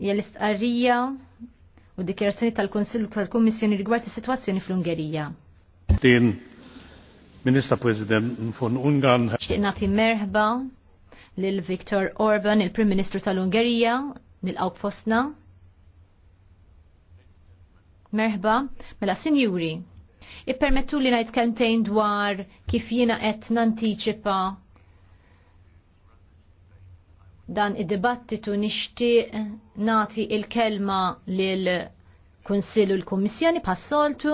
hija l-istqarrija u dikjerazzjoni tal u tal-Kummissjoni rigward is-sitwazzjoni fl-Ungerija. Din Minister President von Ungarn. Xtieq nagħti merħba lil Viktor Orban, il-Prim Ministru tal-Ungerija, nilqgħu fostna. Merħba, mela sinjuri, ippermettu li ngħid kentejn dwar kif jiena qed nantiċipa dan id-dibattitu nixtieq nati il-kelma lil kunsillu l-Kummissjoni passoltu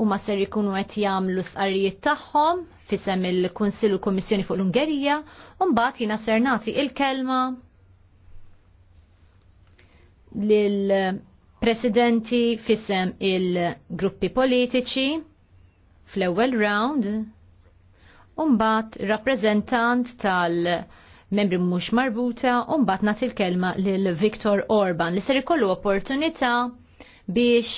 u ma ser ikunu qed jagħmlu sqarrijiet tagħhom fisem il-Kunsillu l-Kummissjoni fuq l-Ungerija u mbagħad jiena ser nagħti il-kelma lil presidenti fisem il-gruppi politiċi fl-ewwel round u mbagħad rappreżentant tal- membri mhux marbuta u mbagħad nagħti l-kelma lil Viktor Orban li ser ikollu opportunità biex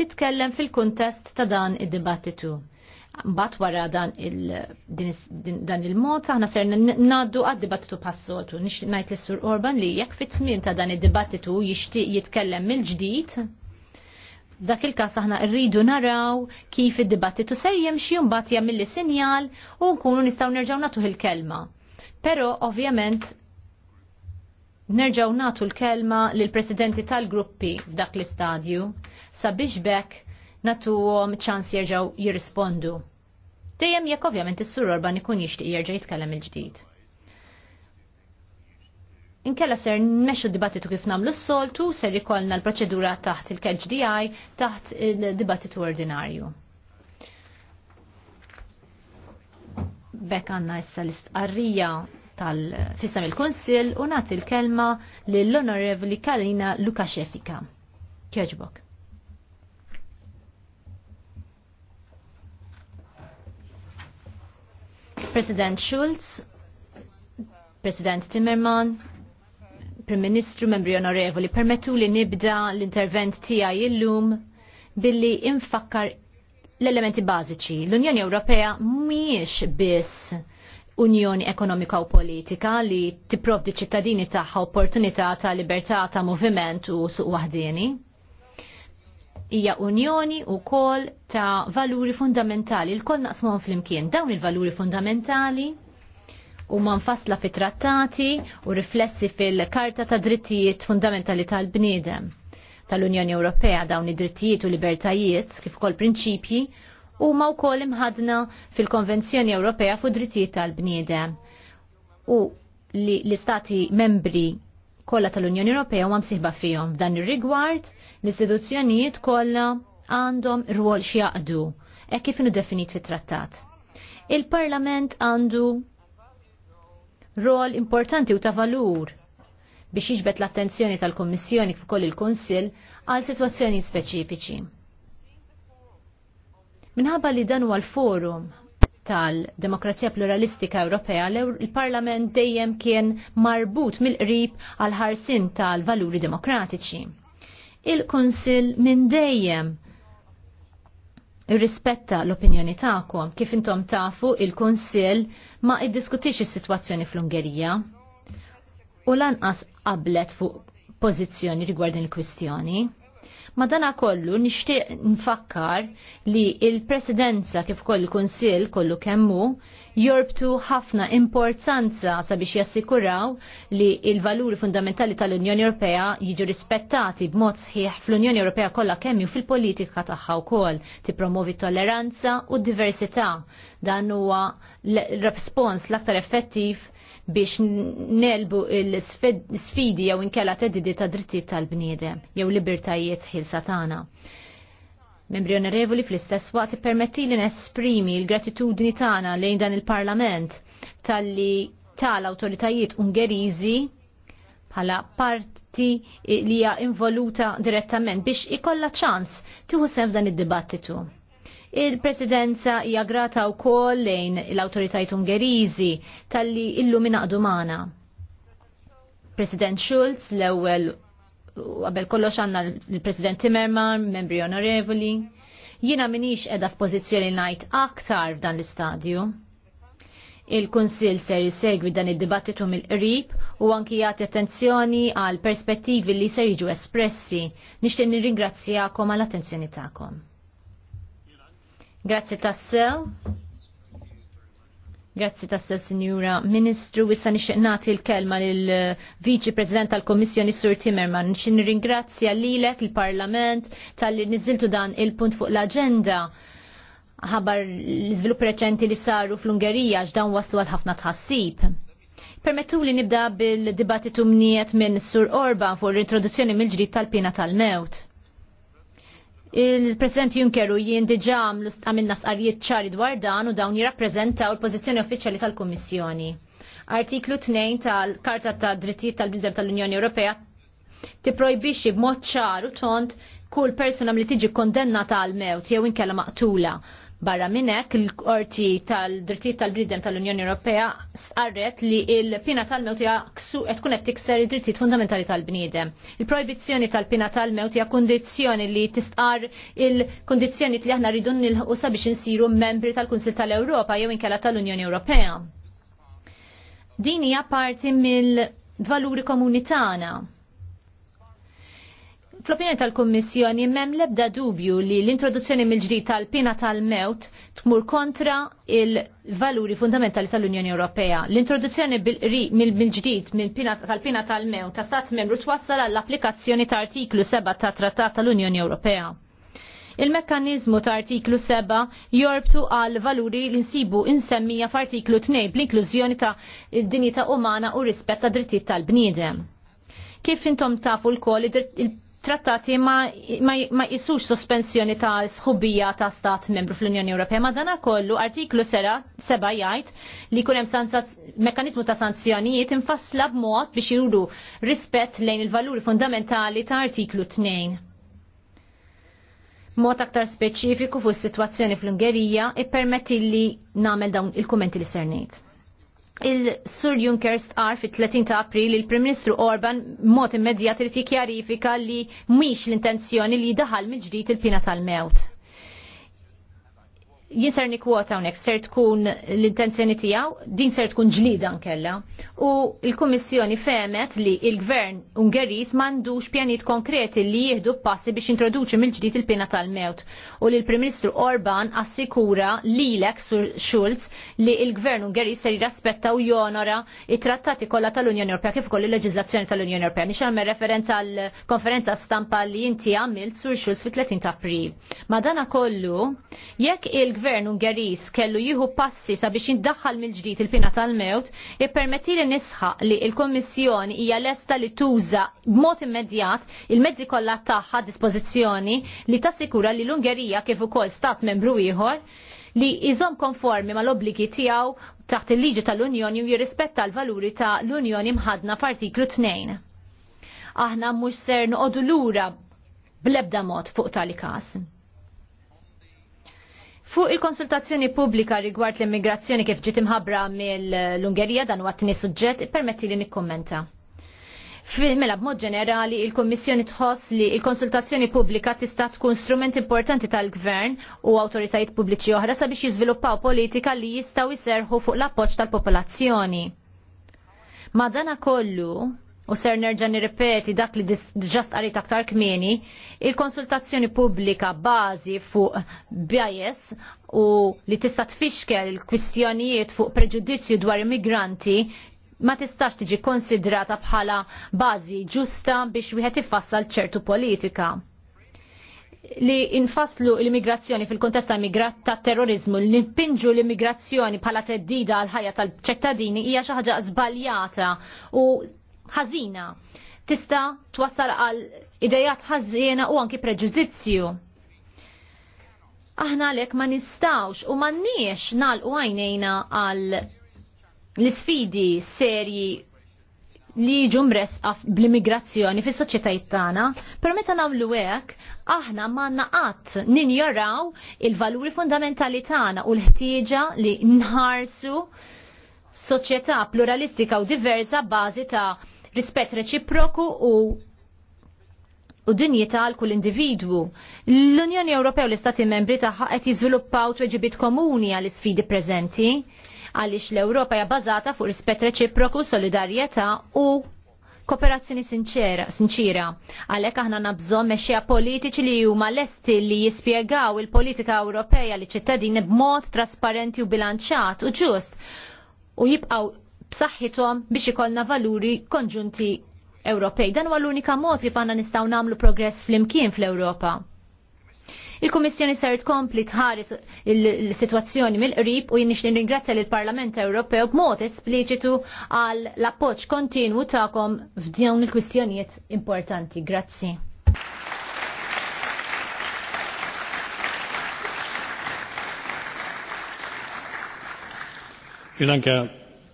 titkellem fil-kuntest ta' dan id-dibattitu. Mbagħad wara dan il-mod aħna ser ngħaddu għad-dibattitu passotu. Nixtieq ngħid lis sur Orban li jekk fit-tmiem ta' dan id-dibattitu jixtieq jitkellem mill-ġdid Dak il-kas aħna rridu naraw kif id-dibattitu ser jimxi mbagħad jagħmilli sinjal u nkunu nistgħu nerġgħu natu il-kelma. Però ovvjament nerġgħu nagħtu l-kelma lill presidenti tal-gruppi f'dak l-istadju sabiex bekk nagħtuhom ċans jerġgħu jirrispondu. Dejjem jekk ovvjament is-sur Orban ikun jixtieq jerġa' jitkellem il-ġdid. Inkella ser nmexxu dibattitu kif nagħmlu s-soltu, ser ikollna l-proċedura taħt il-catch DI taħt il-dibattitu ordinarju. Bekk għanna issa l-istqarrija tal-fissam il-Konsil u nagħti l-kelma lill-Onorevoli Kalina Lukashefika. Kjoġbok. President Schulz, President Timmerman, Prim Ministru, membri onorevoli, permettu li nibda l-intervent tiegħi illum billi infakkar l-elementi bażiċi. L-Unjoni Ewropea mhijiex biss Unjoni Ekonomika u Politika li tipprovdi ċittadini tagħha opportunità ta' libertà ta' moviment u suq waħdieni. Hija unjoni u kol ta' valuri fundamentali, il kol naqsmon fl-imkien. Dawn il-valuri fundamentali u manfasla fi trattati u riflessi fil-Karta ta' Drittijiet Fundamentali tal-Bniedem tal-Unjoni Ewropea dawn id-drittijiet u libertajiet kif ukoll prinċipji huma wkoll imħadna fil-Konvenzjoni Ewropea fuq drittijiet tal-bniedem u li l-istati membri kollha tal-Unjoni Ewropea huma msiħba fihom f'dan ir-rigward l-istituzzjonijiet kollha għandhom rwol x'jaqdu hekk kif inhu definit fit-trattat. Il-Parlament għandu rol importanti u ta' valur biex iġbet l-attenzjoni tal-Kommissjoni kif ukoll il-Kunsill għal sitwazzjoni speċifiċi. Minħabba li dan huwa l-forum tal-Demokrazija Pluralistika Ewropea il-Parlament dejjem kien marbut mill-qrib għal ħarsin tal-valuri demokratiċi. Il-Kunsill minn dejjem rispetta l-opinjoni ta'kom. Kif intom tafu, il-Konsil ma iddiskutix is-sitwazzjoni fl-Ungerija u lanqas qablet fuq pożizzjoni rigward il-kwistjoni dana kollu nixtieq nfakkar li il-presidenza kif koll il-Kunsill kollu kemmu jorbtu ħafna importanza sabiex jassikuraw li il-valuri fundamentali tal-Unjoni Ewropea jiġu rispettati b'mod sħiħ fl-Unjoni Ewropea kollha kemm fil-politika tagħha wkoll tippromovi tolleranza u diversità. Dan huwa l-respons l-aktar effettiv biex nelbu l-sfidi jew inkella teddidi ta' drittijiet tal-bniedem jew libertajiet ħilsa tagħna. Membri onorevoli fl-istess waqt permetti li nesprimi l-gratitudni tagħna lejn dan il-Parlament tal-li tal-autoritajiet Ungeriżi bħala parti li hija involuta direttament biex ikolla ċans tieħu sem f'dan id-dibattitu. Il-presidenza hija grata wkoll lejn l-awtoritajiet Ungeriżi tal-li illu minna President Schulz l-ewwel qabel kollox għandna l-President Timmerman, membri onorevoli. Jiena minix edha f'pożizzjoni ngħid aktar f'dan l-istadju il-Kunsil ser jisegwi dan id-dibattitu mill-qrib u anki jagħti attenzjoni għal perspettivi li ser jiġu espressi. Nixtieq nirringrazzjakom għall attenzjoni tagħkom. Grazzi tassew. Grazzi tassew, Signora Ministru. Issa nixtieq nagħti l-kelma l eh, vici President tal-Kommissjoni Sur Timmerman. Xin ringrazzja lilek il-Parlament tal-li niżiltu dan il-punt fuq l-aġenda ħabar l-iżvilupp reċenti li saru fl-Ungerija x'dan waslu għal ħafna tħassib. Permettu li nibda bil-dibattitu mniet minn Sur Orban fuq l-introduzzjoni mill-ġdid tal-pina tal-mewt. Il-President Juncker u jien diġa għamilna sqarijiet ċari dwar dan u dawn jirrappreżentaw il-pożizzjoni uffiċjali tal-Kummissjoni. Artiklu 2 tal-Karta ta' Drittijiet tal bidder tal-Unjoni Ewropea tipprojbixxi b'mod ċar u tont kull persuna li tiġi kondennata għal mewt jew inkella maqtula Barra minnek, l-qorti tal-drittijiet tal-bridem tal-Unjoni Ewropea arret li il-pina tal-mewt hija qed tkun qed tikser id-drittijiet fundamentali tal-bniedem. Il-projbizzjoni tal-pina tal-mewt hija kundizzjoni li tistqar il-kundizzjoni li aħna rridu nilħu sabiex insiru membri tal-Kunsil tal-Ewropa jew inkella tal-Unjoni Ewropea. Din hija parti mill-valuri komunitana. tagħna Fl-opinjoni tal-Kummissjoni mem l-ebda dubju li l-introduzzjoni mill-ġdid tal-pina tal-mewt tmur kontra il-valuri fundamentali tal-Unjoni Ewropea. L-introduzzjoni mill-ġdid mill-pina tal-pina tal-mewt ta' stat membru twassal għall-applikazzjoni ta' artiklu 7 ta' Trattat tal-Unjoni Ewropea. Il-mekkanizmu ta' artiklu 7 jorbtu għal valuri li nsibu insemmija f'artiklu 2 bl-inklużjoni ta' dinjità umana u rispett ta' drittijiet tal-bniedem. Kif intom tafu l trattati ma, ma, ma jisux sospensjoni ta' sħubija ta' stat membru fl-Unjoni Ewropea. Ma dana kollu artiklu sera, seba jgħid li kunem mekanizmu ta' sanzjonijiet infassla b'mod biex juru rispett lejn il-valuri fundamentali ta' artiklu 2. Mod aktar speċifiku fuq is-sitwazzjoni fl-Ungerija ippermetti li nagħmel dawn il-kummenti li ser ngħid il-Sur Juncker stqar fit 30 ta' April il-Prim Ministru Orban mod immedjat irid jikkjarifika li mhix l-intenzjoni li daħal mill-ġdid il-pina tal-mewt jien ser nikwota hawnhekk ser tkun l-intenzjoni tiegħu, din ser tkun ġlida nkella. U l-Kummissjoni femet li il-Gvern Ungeris m'għandux pjanijiet konkreti li jieħdu passi biex introduċi mill-ġdid il pina tal-mewt. U li l-Prim Ministru Orban assikura lilek Schulz li il-Gvern Ungeris ser jirraspetta u jonora it-trattati kollha tal-Unjoni Europea kif ukoll il leġizlazzjoni tal-Unjoni Europea. Nix għamel referenza għal konferenza stampa li jinti għamilt sur Schulz fit-30 ta' April. Madana kollu, jekk il il-gvern Ungeris kellu jieħu passi sabiex jindaħħal mill-ġdid il-pina tal-mewt, ippermetti li nisħaq li il-Kommissjoni hija lesta li tuża b'mod immedjat il-mezzi kollha tagħha dispożizzjoni li tassikura li l-Ungerija kif ukoll stat membru ieħor li jżomm konformi mal-obbligi tiegħu taħt il-liġi tal-Unjoni u jirrispetta l-valuri ta' l-Unjoni mħadna f'artiklu 2. Aħna mhux ser noqogħdu lura bl-ebda mod fuq tal-ikas. Fuq il-konsultazzjoni pubblika rigward l-immigrazzjoni kif ġiet imħabbra mill-Ungerija dan huwa tieni suġġett, permetti li nikkumenta. Mela b'mod ġenerali, il-Kommissjoni tħoss li il-konsultazzjoni pubblika tista' tkun strument importanti tal-Gvern u awtoritajiet pubbliċi oħra sabiex jiżviluppaw politika li jistgħu jserħu fuq l-appoġġ tal-popolazzjoni. Madanakollu. kollu, u ser nerġa' nirripeti dak li ġast għarit aktar kmieni, il-konsultazzjoni pubblika bażi fuq bias u li tista' tfixkel il-kwistjonijiet fuq preġudizzju dwar immigranti ma tistax tiġi konsidrata bħala bażi ġusta biex wieħed ifassal ċertu politika li infaslu l-immigrazzjoni fil-kontesta ta' terrorizmu li nipinġu l-immigrazzjoni bħala teddida għal ħajja tal ċettadini hija xi ħaġa żbaljata u ħażina tista' twassal għal idejat ħażina u anki preġudizzju. Aħna lek ma nistawx u ma nniex nalqu għajnejna għal l-sfidi serji li ġumres bl-immigrazzjoni fis soċjetajiet tagħna, per meta nagħmlu hekk, aħna m'għandna qatt ninjoraw il-valuri fundamentali tagħna u l-ħtieġa li nħarsu soċjetà pluralistika u diversa bażi ta' rispett reċiproku u u dinjeta għal kull individwu. L-Unjoni Ewropea u l-Istati Membri taħħa qed jiżviluppaw tweġibiet komuni għall isfidi preżenti għaliex l-Ewropa hija bażata fuq rispett reċiproku, solidarjetà u kooperazzjoni sinċera, sinċira. Għalhekk aħna nabżon mexxija politiċi li huma lesti li jispjegaw il-politika Ewropea li ċittadini b'mod trasparenti u bilanċat u ġust u jibqgħu b'saħħithom biex ikollna valuri konġunti Ewropej. Dan huwa l-unika mod kif għandna nistgħu nagħmlu progress flimkien fl-Ewropa. Il-Kummissjoni ser tkompli tħares il-sitwazzjoni mill-qrib u jinnix nirringrazzja lill parlament Ewropew b'mod espliċitu għal l-appoġġ kontinwu tagħkom f'dawn il-kwistjonijiet importanti. Grazzi. Vielen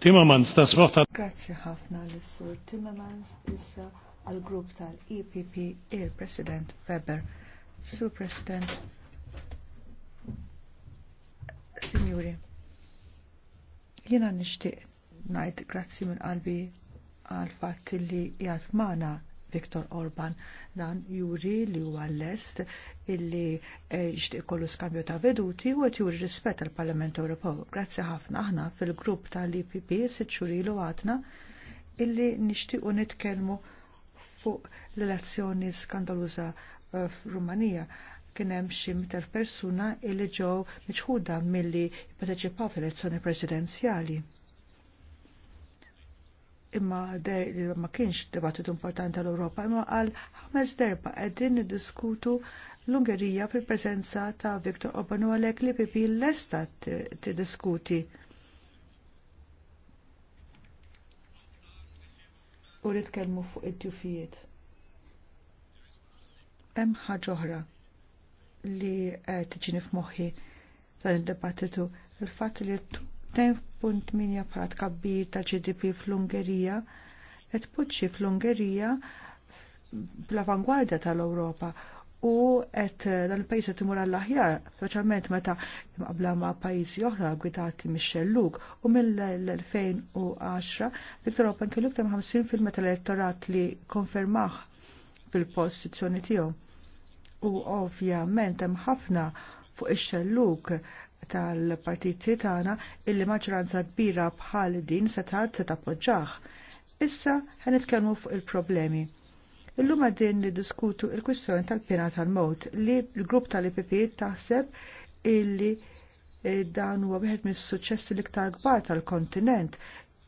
Timmermans, das Wort hat. Grazie Hafna, Lissur. Timmermans, ist al grupp tal-EPP, il-President Weber. Sur President, Signori, jena nishti najt grazie min albi għal fatt li jgħat maħna Viktor Orban. Dan juri li huwa l-est illi eh, jixtieq kollu skambju ta' veduti u qed juri rispett għal parlament Ewropew. Grazzi ħafna aħna fil-grupp tal-IPP sitt xurilu għatna illi nixtiequ nitkellmu fuq l-elezzjoni skandaluża eh, f'Rumanija kien hemm xi mitel persuna illi ġew miċħuda milli jipparteċipaw fil elezzjoni presidenzjali imma der li ma kienx dibattitu importanti tal europa imma għal ħames derba qegħdin niddiskutu l-Ungerija fil-preżenza ta' Viktor Orban u għalek li l-esta lesta diskuti U li tkellmu fuq id-djufijiet. Hemm ħaġa oħra li tiġini f'moħħi dan id debattitu il-fatt li t 2.8 frat kabbir ta' GDP fl-Ungerija qed poġġi fl-Ungerija bl-avangwardja tal-Ewropa u qed dan il-pajjiż qed imur għall-aħjar, specialment meta qabla ma' pajjiżi oħra gwidati mix-xellug u mill-2010 Viktor Orban kellu ktem 50% tal-elettorat li konfermaħ fil-post tiegħu. U ovvjament hemm ħafna fuq ix-xelluk tal-partiti tagħna illi maġranza kbira bħal din setat se tappoġġah. Issa ħan nitkellmu fuq il-problemi. Illum għaddin diskutu il-kwistjoni tal-pena tal-mot li l-grupp tal-IPP taħseb illi eh, dan huwa wieħed mis-suċċessi l-iktar kbar tal-kontinent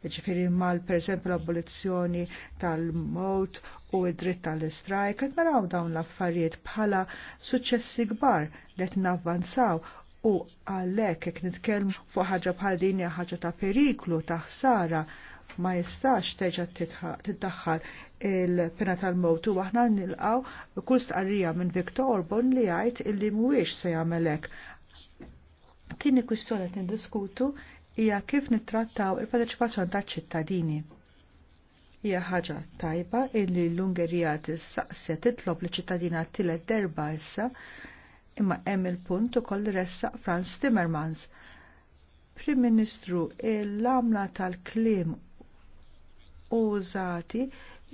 Ġifieri mal pereżempju l-abolizzjoni tal-mot u id-dritt tal-istrajk, qed naraw dawn l-affarijiet bħala suċessi kbar li qed navvanzaw U għalhekk jekk nitkellmu fuq ħaġa bħal din hija ħaġa ta' periklu ta' ħsara ma jistax teġa tiddaħħal il-pena tal-mowt u aħna nilqaw kull stqarrija minn Viktor Bon li jgħid illi mhuwiex se jagħmel hekk. Tieni kwistjoni qed niddiskutu hija kif nittrattaw il-parteċipazzjoni taċ-ċittadini. Hija ħaġa tajba illi l-Ungerija tissaqsja titlob li ċittadina tilet derba issa imma hemm il-punt ukoll ressaq Franz Timmermans. Prim Ministru l-għamla tal-klim użati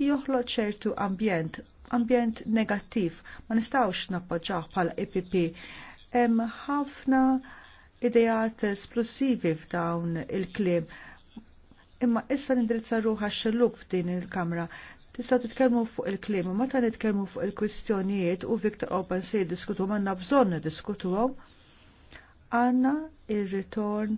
joħloq ċertu ambjent, ambjent negattiv, ma nistawx nappoġġaw bħala EPP. Hemm ħafna idejat esplosivi f'dawn il-klim. Imma issa nindirizza ruħa xelluk f'din il-kamra Tista' titkellmu fuq il-klima, meta nitkellmu fuq il-kwistjonijiet u Viktor Open se jiddiskutu għandna bżonn niddiskutuhom, għandna ir-ritorn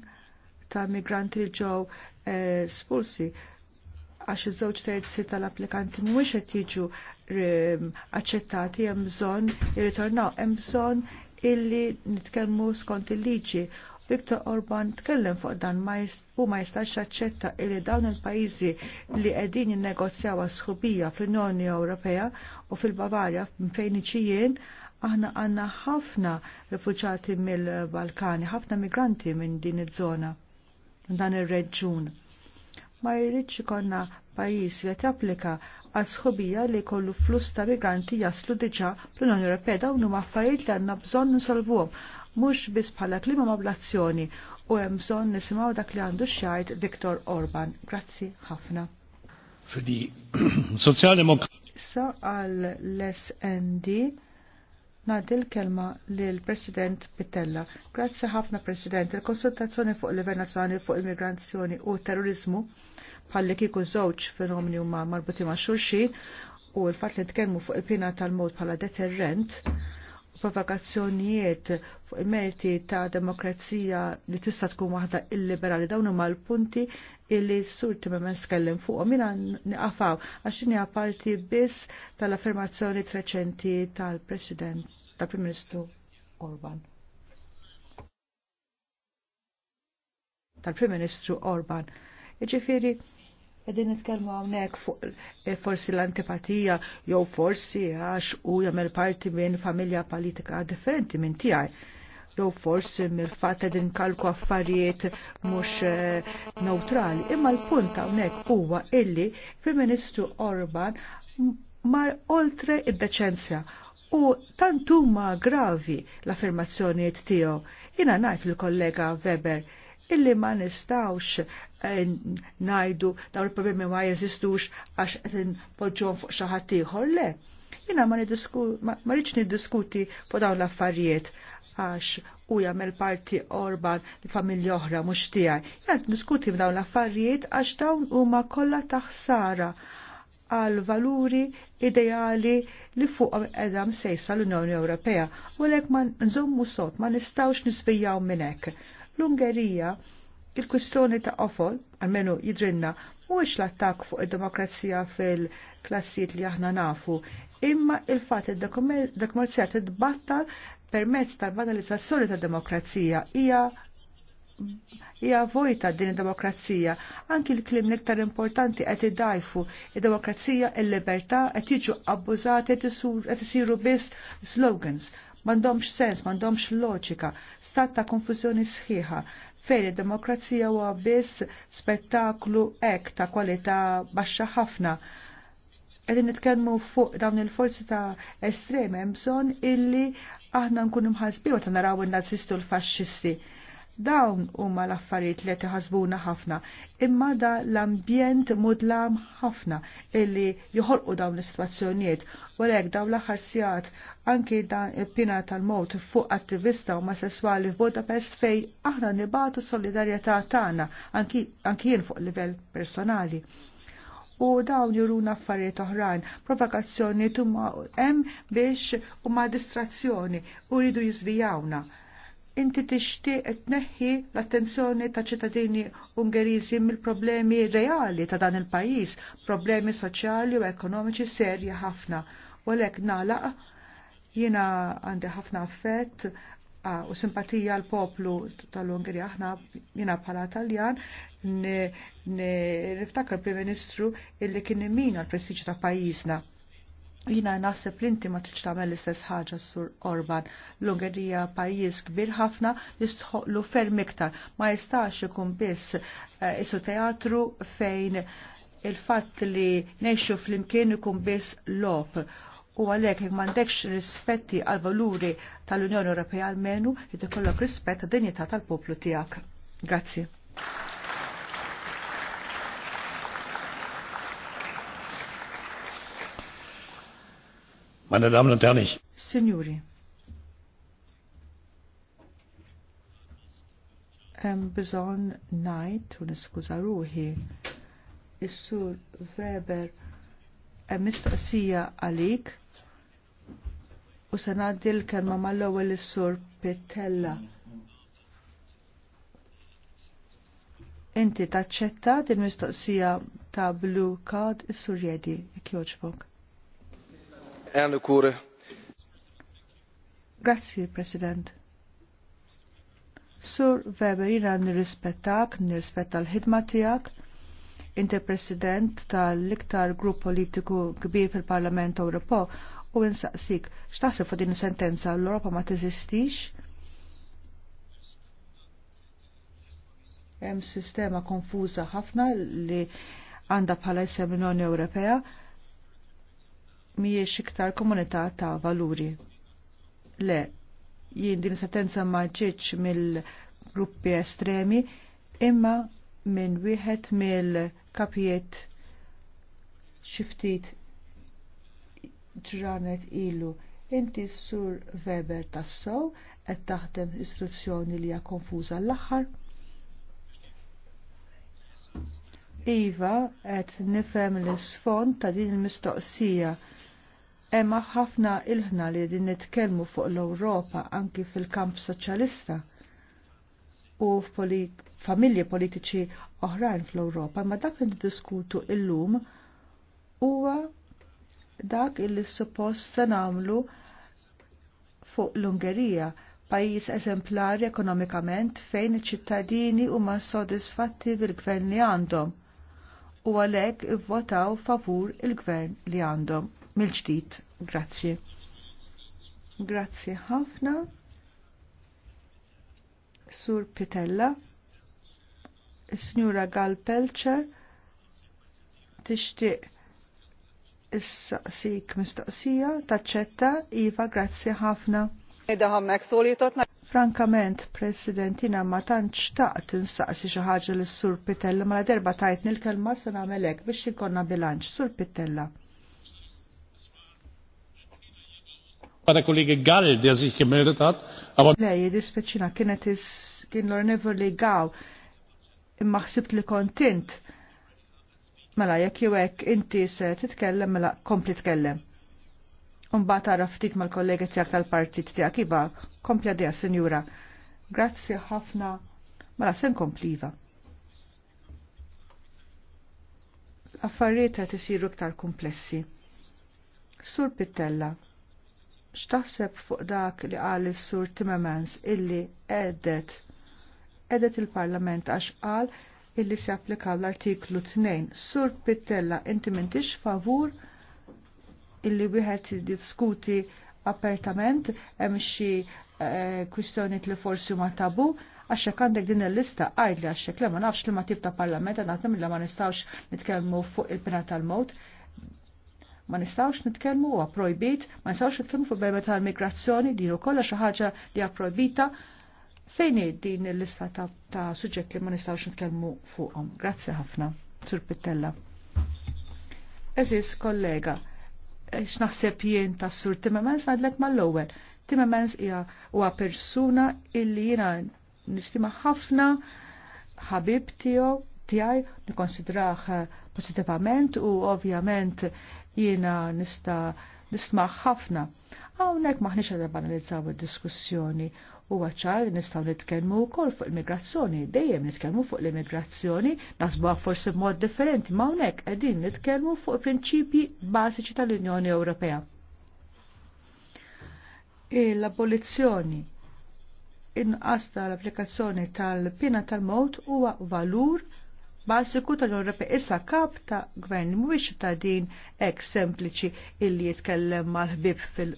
ta' migranti li ġew eh, spulsi għax iż-żewġ terzi tal-applikanti mhuwiex qed jiġu eh, aċċettati hemm bżonn jirritornaw, hemm bżonn illi nitkellmu skont il-liġi Viktor Orban tkellem fuq dan u ma jistax aċċetta li dawn il-pajjiżi li qegħdin jinnegozjaw sħubija fl-Unjoni Ewropea u fil-Bavarja fejn iċijien aħna għandna ħafna rifuġati mill-Balkani, ħafna migranti minn din iż-żona, minn dan ir-reġjun. Ma jridx ikonna pajjiż li tapplika għal sħubija li kollu flus ta' migranti jaslu diġà fl-Unjoni Ewropea dawn huma affarijiet li għandna bżonn nsolvuhom mhux biss bħala klima moblazzjoni u hemm bżonn nisimgħu dak li għandu xajt Viktor Orban. Grazzi ħafna. Fidi Issa għal l-SND Nadil kelma l President Pitella. Grazzi ħafna President, il-konsultazzjoni fuq livell nazzjonali fuq immigrazzjoni u terrorizmu bħalli kieku żewġ fenomeni huma marbuti ma' xulxi u l-fatt li tkellmu fuq il-pina tal-mod bħala deterrent provokazzjonijiet fuq il-meriti ta' demokrazija li tista' tkun waħda illiberali dawn huma l-punti illi s-sur Timmermans tkellem fuq. Mina niqafaw għax hija parti biss tal-affermazzjoni reċenti tal-President tal-Prim Ministru Orban. Tal-Prim Ministru Orban. Iġifieri Għedin nitkellmu hawnhekk eh, forsi l-antipatija jew forsi għax u jamel parti minn familja politika differenti minn tiegħi. Jow forsi mill-fatt qegħdin kalku affarijiet mhux eh, neutrali. Imma l-punt hawnhekk huwa illi Prim Ministru Orban mar oltre id-deċenzja u tantuma gravi l-affermazzjonijiet tiegħu. Jiena ngħid lill kollega Weber illi ma nistawx eh, najdu dawn il-problemi ma jeżistux għax qed inpoġġhom fuq xi ħadd ieħor le. Jina ma rridx niddiskuti fuq dawn l-affarijiet għax u jagħmel parti Orban li familja oħra mhux tiegħi. Jgħid niskuti f'dawn l-affarijiet għax dawn huma kollha taħsara għal valuri ideali li fuqhom edam sejsa l-Unjoni Ewropea u l-ek ma nżommu sot ma nistawx nisvijaw minn hekk. L-Ungerija il-kwistjoni ta' qofol, għalmenu jidrinna, mhuwiex l-attak fuq id-demokrazija fil-klassijiet li aħna nafu, imma il-fatt id-demokrazija titbattal permezz tal-banalizzazzjoni tad-demokrazija hija hija vojta din id-demokrazija. Anki l-klim l-iktar importanti qed idajfu id-demokrazija, il-libertà qed jiġu abbużati qed isiru biss slogans mandomx sens, mandomx loġika, stat ta' konfuzjoni sħiħa, fejn id-demokrazija huwa biss spettaklu ek ta' kwalità baxxa ħafna. Qegħdin nitkellmu fuq dawn il-forzi ta' estremi hemm bżonn illi aħna nkunu mħasbin ta' naraw in nazzisti u l-faxxisti Dawn huma l-affarijiet li tiħasbuna ħafna, imma da l-ambjent mudlam ħafna illi joħolqu dawn l-istituzzjonijiet u lek dawn l-aħħar sigħat anki dan il-pina tal mod fuq attivista u sesswali f'Budapest fej aħna nibatu solidarjetà tagħna anki jien fuq livell personali. U dawn juruna affarijiet oħrajn, provokazzjoni tumma hemm biex huma distrazzjoni u jridu jiżvijawna inti tixtieq tneħħi l-attenzjoni ta' ċittadini Ungeriżi mill-problemi reali ta' dan il-pajjiż, problemi soċjali u ekonomiċi serji ħafna. U għalhekk nalaq jiena għandi ħafna affett u simpatija l poplu tal-Ungerija, aħna jina bħala Taljan, niftakar Prim Ministru illi kien min l-prestiġi ta' pajjiżna. Jina naħseb li inti ma tridx tagħmel l-istess ħaġa sur Orban. L-Ungerija pajjiż kbir ħafna jistħoqlu ferm iktar. Ma jistax ikun biss eh, isu teatru fejn il-fatt li neċu fl-imkien ikun biss l-op. u għalek jek mandekx rispetti għal valuri tal-Unjoni Ewropea għal-menu, jitikollok rispett għad-dinjità tal-poplu tijak. Grazie. Meine Damen und Herren, ich. Signori. Hemm bżonn ngħid u niskuża ruħi. Is-sur Weber hemm mistoqsija għalik u se ngħaddi l-kelma mal-ewwel is-sur Pittella. Inti taċċetta din mistoqsija ta' blue card is-sur jedi, jekk jogħġbok elnök úr! Grazie, President. Sur Weber, jina nirrispettak, nirrispetta l-ħidma tijak, inti President tal-iktar grupp politiku kbir fil-Parlament Ewropew u insaqsik, x'taħseb fuq din sentenza l europa ma teżistix? Hemm sistema konfuża ħafna li għandha bħala jisem l-Unjoni Ewropea miex iktar komunità ta' valuri. Le, jien din sentenza ma ġietx mill-gruppi estremi, imma minn wieħed mill-kapijiet xiftit ġranet ilu. Inti sur Weber tassow qed taħdem istruzzjoni li hija konfuża l-aħħar. Iva qed nifhem l-isfond ta' din il-mistoqsija Emma ħafna ilħna li din nitkellmu fuq l-Ewropa anki fil-kamp soċjalista u familji politiċi oħrajn fl-Ewropa, ma dak li diskutu illum huwa dak illi suppost se nagħmlu fuq l-Ungerija, pajjiż eżemplari ekonomikament fejn iċ-ċittadini huma sodisfatti bil-gvern li għandhom u għalhekk ivvotaw favur il-gvern li għandhom mill-ġdid. Grazzi. Grazzi ħafna. Sur Pitella. Signora Gal Pelcher. Tixtieq is-saqsik mistoqsija taċċetta Iva grazzi ħafna. Idaħam megszólítatna. Frankament, President, jina ma tantx taqt insaqsi xi ħaġa lis sur Pitella, ma la derba tajt nil-kelma se nagħmelek biex ikonna bilanċ. Sur Pitella. Għada kollegi Gall, der sich gemeldet hat. Lej, dispeċina kienet kien l-ornevor li għaw, imma xsibt li kontint. Mela, jekk jew hekk inti se titkellem, mela kompli tkellem. Umbagħad tara ftit mal kollegi tiegħek tal-partit tiegħek iba, kompli għadija, senjura. Grazzi ħafna. Mela, se nkompliva. L-affarijiet qed isiru komplessi. Sur Pittella x'taħseb fuq dak li qal is-Sur Timmermans illi edet edet il-Parlament għax qal illi se applikaw l-artiklu 2. Sur Pittella, inti m'intix favur illi wieħed diskuti apertament hemm xi eh, kwistjonijiet li forsi ma tabu għax hekk għandek din il-lista għajd li għax hekk ma nafx li ma tibta parlament għandna li ma nistgħux nitkellmu fuq il-pena tal mod ma nistawx nitkellmu huwa projbit, ma nistawx nitkellmu problema l migrazzjoni din u xi ħaġa li hija fejn din il-lista ta', ta suġġett li ma nistawx nitkellmu fuqhom. Grazzi ħafna, Sur Pittella. Eżis kollega, x'naħseb jien tas Sur Timmermans ngħidlek mal-ewwel. Timmermans hija huwa persuna illi jiena nistima ħafna ħabib tiegħu tijaj, nikkonsidrah eh, pożittivament u ovvjament jiena nista' nisma' ħafna. Hawnhekk maħniex qed banalizzaw id-diskussjoni u għacċar nistaw nitkelmu kol fuq immigrazzjoni, dejjem nitkelmu fuq l-immigrazzjoni, nasbu forsi b'mod differenti, ma unek għedin nitkelmu fuq prinċipji basiċi tal-Unjoni Ewropea. L-abolizzjoni inqas l applikazzjoni tal-pina tal-mowt huwa valur basiku tal europa issa kap ta' gvern mhuwiex ta' din hekk sempliċi illi jitkellem mal-ħbib fil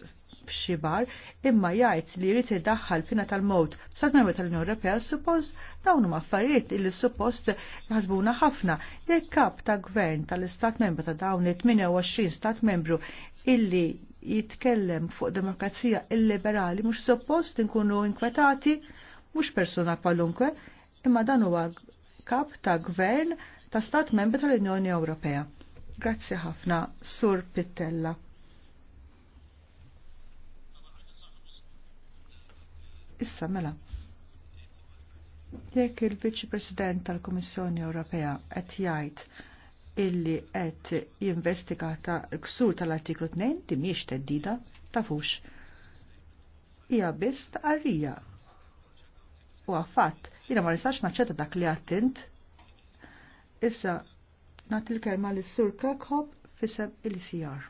f'xibar imma jgħid li jrid idaħħal fina tal-mod sal-membru tal-Unjoni Ewropea suppost dawn huma affarijiet illi suppost jħasbuna ħafna jekk kap ta' gvern tal-istat membru ta' dawn 28 stat membru illi jitkellem fuq demokrazija illiberali mhux suppost inkunu inkwetati mhux persuna kwalunkwe imma dan huwa kap ta' gvern ta' stat membri tal-Unjoni Ewropea. Grazzi ħafna, Sur Pittella. Issa mela. Jekk il-Viċi President tal-Kummissjoni Ewropea qed jgħid illi qed jinvestiga ta' ksur tal-artiklu 2 di mhijiex teddida tafux. Hija biss tqarrija u għaffat, jina ma nistax naċċetta dak li għattint. Issa, nati l-kelma lis sur Kirkhop fisem il-CR.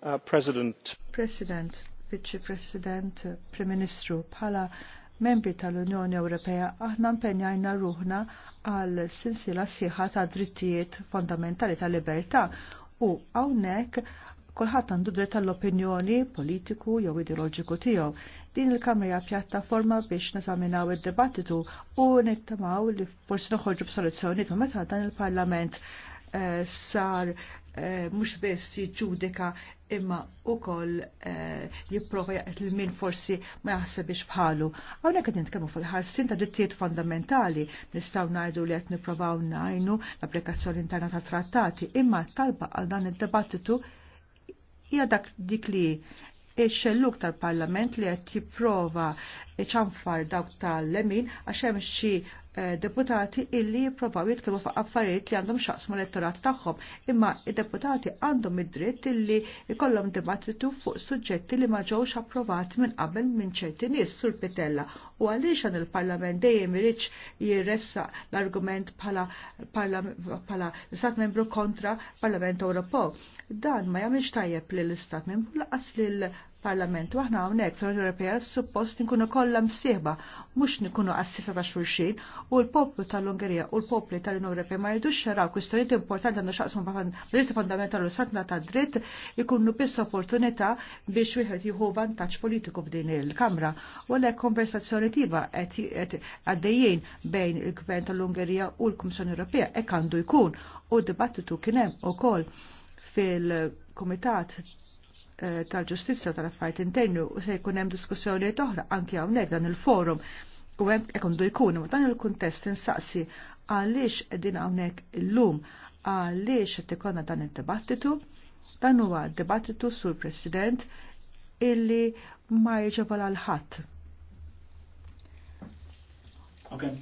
Uh, President. President, Vice President, Prim Ministru, bħala membri tal-Unjoni Ewropea aħna mpenjajna ruħna għal sinsila sħiħa ta' drittijiet fondamentali ta' libertà u hawnhekk kulħadd għandu dritt tal-opinjoni politiku jew ideologiku tiegħu din il-Kamra pjattaforma biex nasaminaw id debattitu u nittamaw li forsi noħorġu b'soluzzjoniet ma meta dan il-Parlament eh, sar mux eh, mhux biss jiġġudika imma u koll eh, jipprova jaqet il min forsi ma jaħseb biex bħalu. Hawnhekk qed kemmu fil-ħarsin ta' drittijiet fondamentali nistgħu ngħidu li qed niprofaw najnu l-applikazzjoni interna ta' trattati imma talba għal dan id debattitu hija dak dik li il-xelluk tal-Parlament li qed jipprova ċanfar dawk tal-lemin għax hemm xi eh, deputati illi jipprovaw jitkellmu fuq affarijiet li għandhom xaqsmu elettorat tagħhom, imma id-deputati għandhom id-dritt illi jkollhom dibattitu fuq suġġetti li ma ġewx approvati minn qabel minn ċerti nies sur Pitella. U għaliex għan il-Parlament dejjem irid jirressa l-argument bħala bħala l-Istat membru kontra Parlament Ewropew. Dan ma jagħmilx tajjeb lill-Istat membru laqas lil parlament waħna hawnhekk fl-Unjoni Ewropea suppost nkunu kollha msieħba mhux nkunu assisa ta' xulxin u l-poplu tal-Ungerija u l-popli tal-Unjoni Ewropea ma jridux xaraw kwistjonijiet importanti għandu xaqsmu dritt fondamentali u satna ta' dritt ikunu biss opportunità biex wieħed jieħu vantaġġ politiku f'din il-Kamra. U għalhekk konversazzjoni tiba qed għaddejjin bejn il-Gvern tal-Ungerija u l-Kummissjoni Ewropea hekk għandu jkun u dibattitu kien hemm ukoll fil-Komitat Eh, tal-ġustizja tal-affarijiet internu u se jkun hemm diskussjoni oħra anke hawnhekk dan il-forum u hemm ikundu jkunu. Dan il-kuntest insaqsi għaliex qegħdin hawnhekk illum għaliex qed ikolna dan id-dibattitu. Dan huwa dibattitu sul President illi ma jiġobola għal ħadd Okay.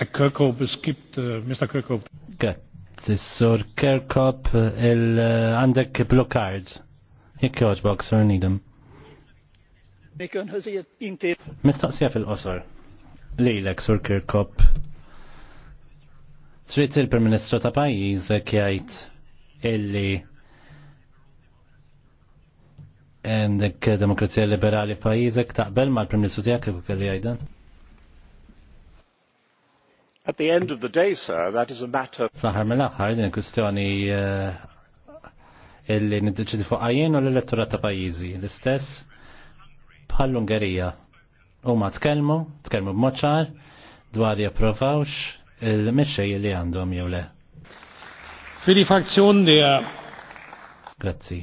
Eh, Kirkhope, es gibt, uh, Mr. Kirkhope. Good. Sur Kerkop il-għandek eh, blue card. Jekk joġbok, sur nidem. Mistoqsija fil-qosor. Lilek, sur Kirkop. Trid il prem ministru ta' pajjiżek jgħid illi għandek demokrazija liberali f'pajjiżek taqbel mal-Prim-Ministru tiegħek kif kelli jgħidan? At the end of the day, sir, that is a matter... Fl-ħar mill aħħar din kustjoni eh, illi niddeċidi fuq għajin u l-elettorat ta' pajizi. L-istess bħall-Ungerija. U ma tkellmu, tkellmu b'moċar, dwar japprovawx il-mixxej li għandhom jew le. Fili fazzjon li eh, Grazzi.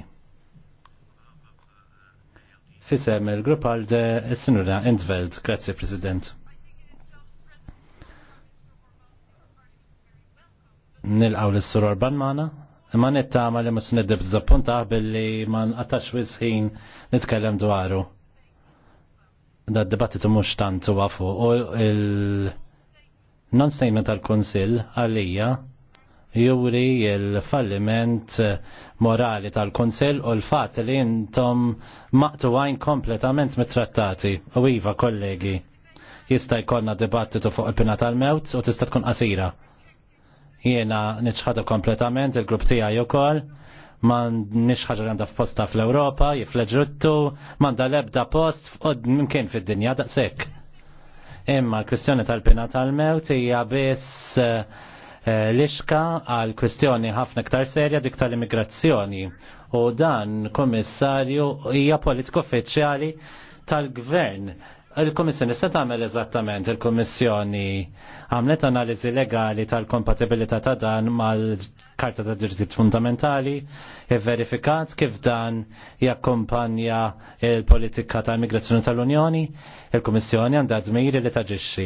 Fisem il-grupp għal de Sinura Entveld, grazzi President. nilqaw l-sur Orban maħna, imma nittama li mus niddib zappunta billi ma nqatax wisħin nitkellem dwaru. Da d-dibattitu mux tant u għafu u il-non-statement tal-Konsil għalija juri il-falliment morali tal-Konsil u l-fat li jintom maqtu għajn kompletament mit-trattati u iva kollegi jista' jkollna dibattitu fuq il-pina tal-mewt u tista' tkun qasira Jiena nitxħadu kompletament il-grupp tiegħi jukol, ma nixħaġa għanda f'posta fl-Europa, jifleġruttu, manda lebda post minn fid-dinja daqsek. Imma l-kwistjoni tal-pina tal-mewt hija biss eh, l-ixka għal kwistjoni ħafna ktar serja dik tal-immigrazzjoni. U dan, komissarju, hija politiko uffiċjali tal-gvern Il-Komissjoni se tagħmel eżattament il-Komissjoni għamlet analiżi legali tal-kompatibilità ta' dan mal-Karta ta' Diritti Fundamentali, verifikat kif dan jakkompanja il-politika ta' immigrazzjoni tal-Unjoni, il-Komissjoni għandha dmiri li taġixxi.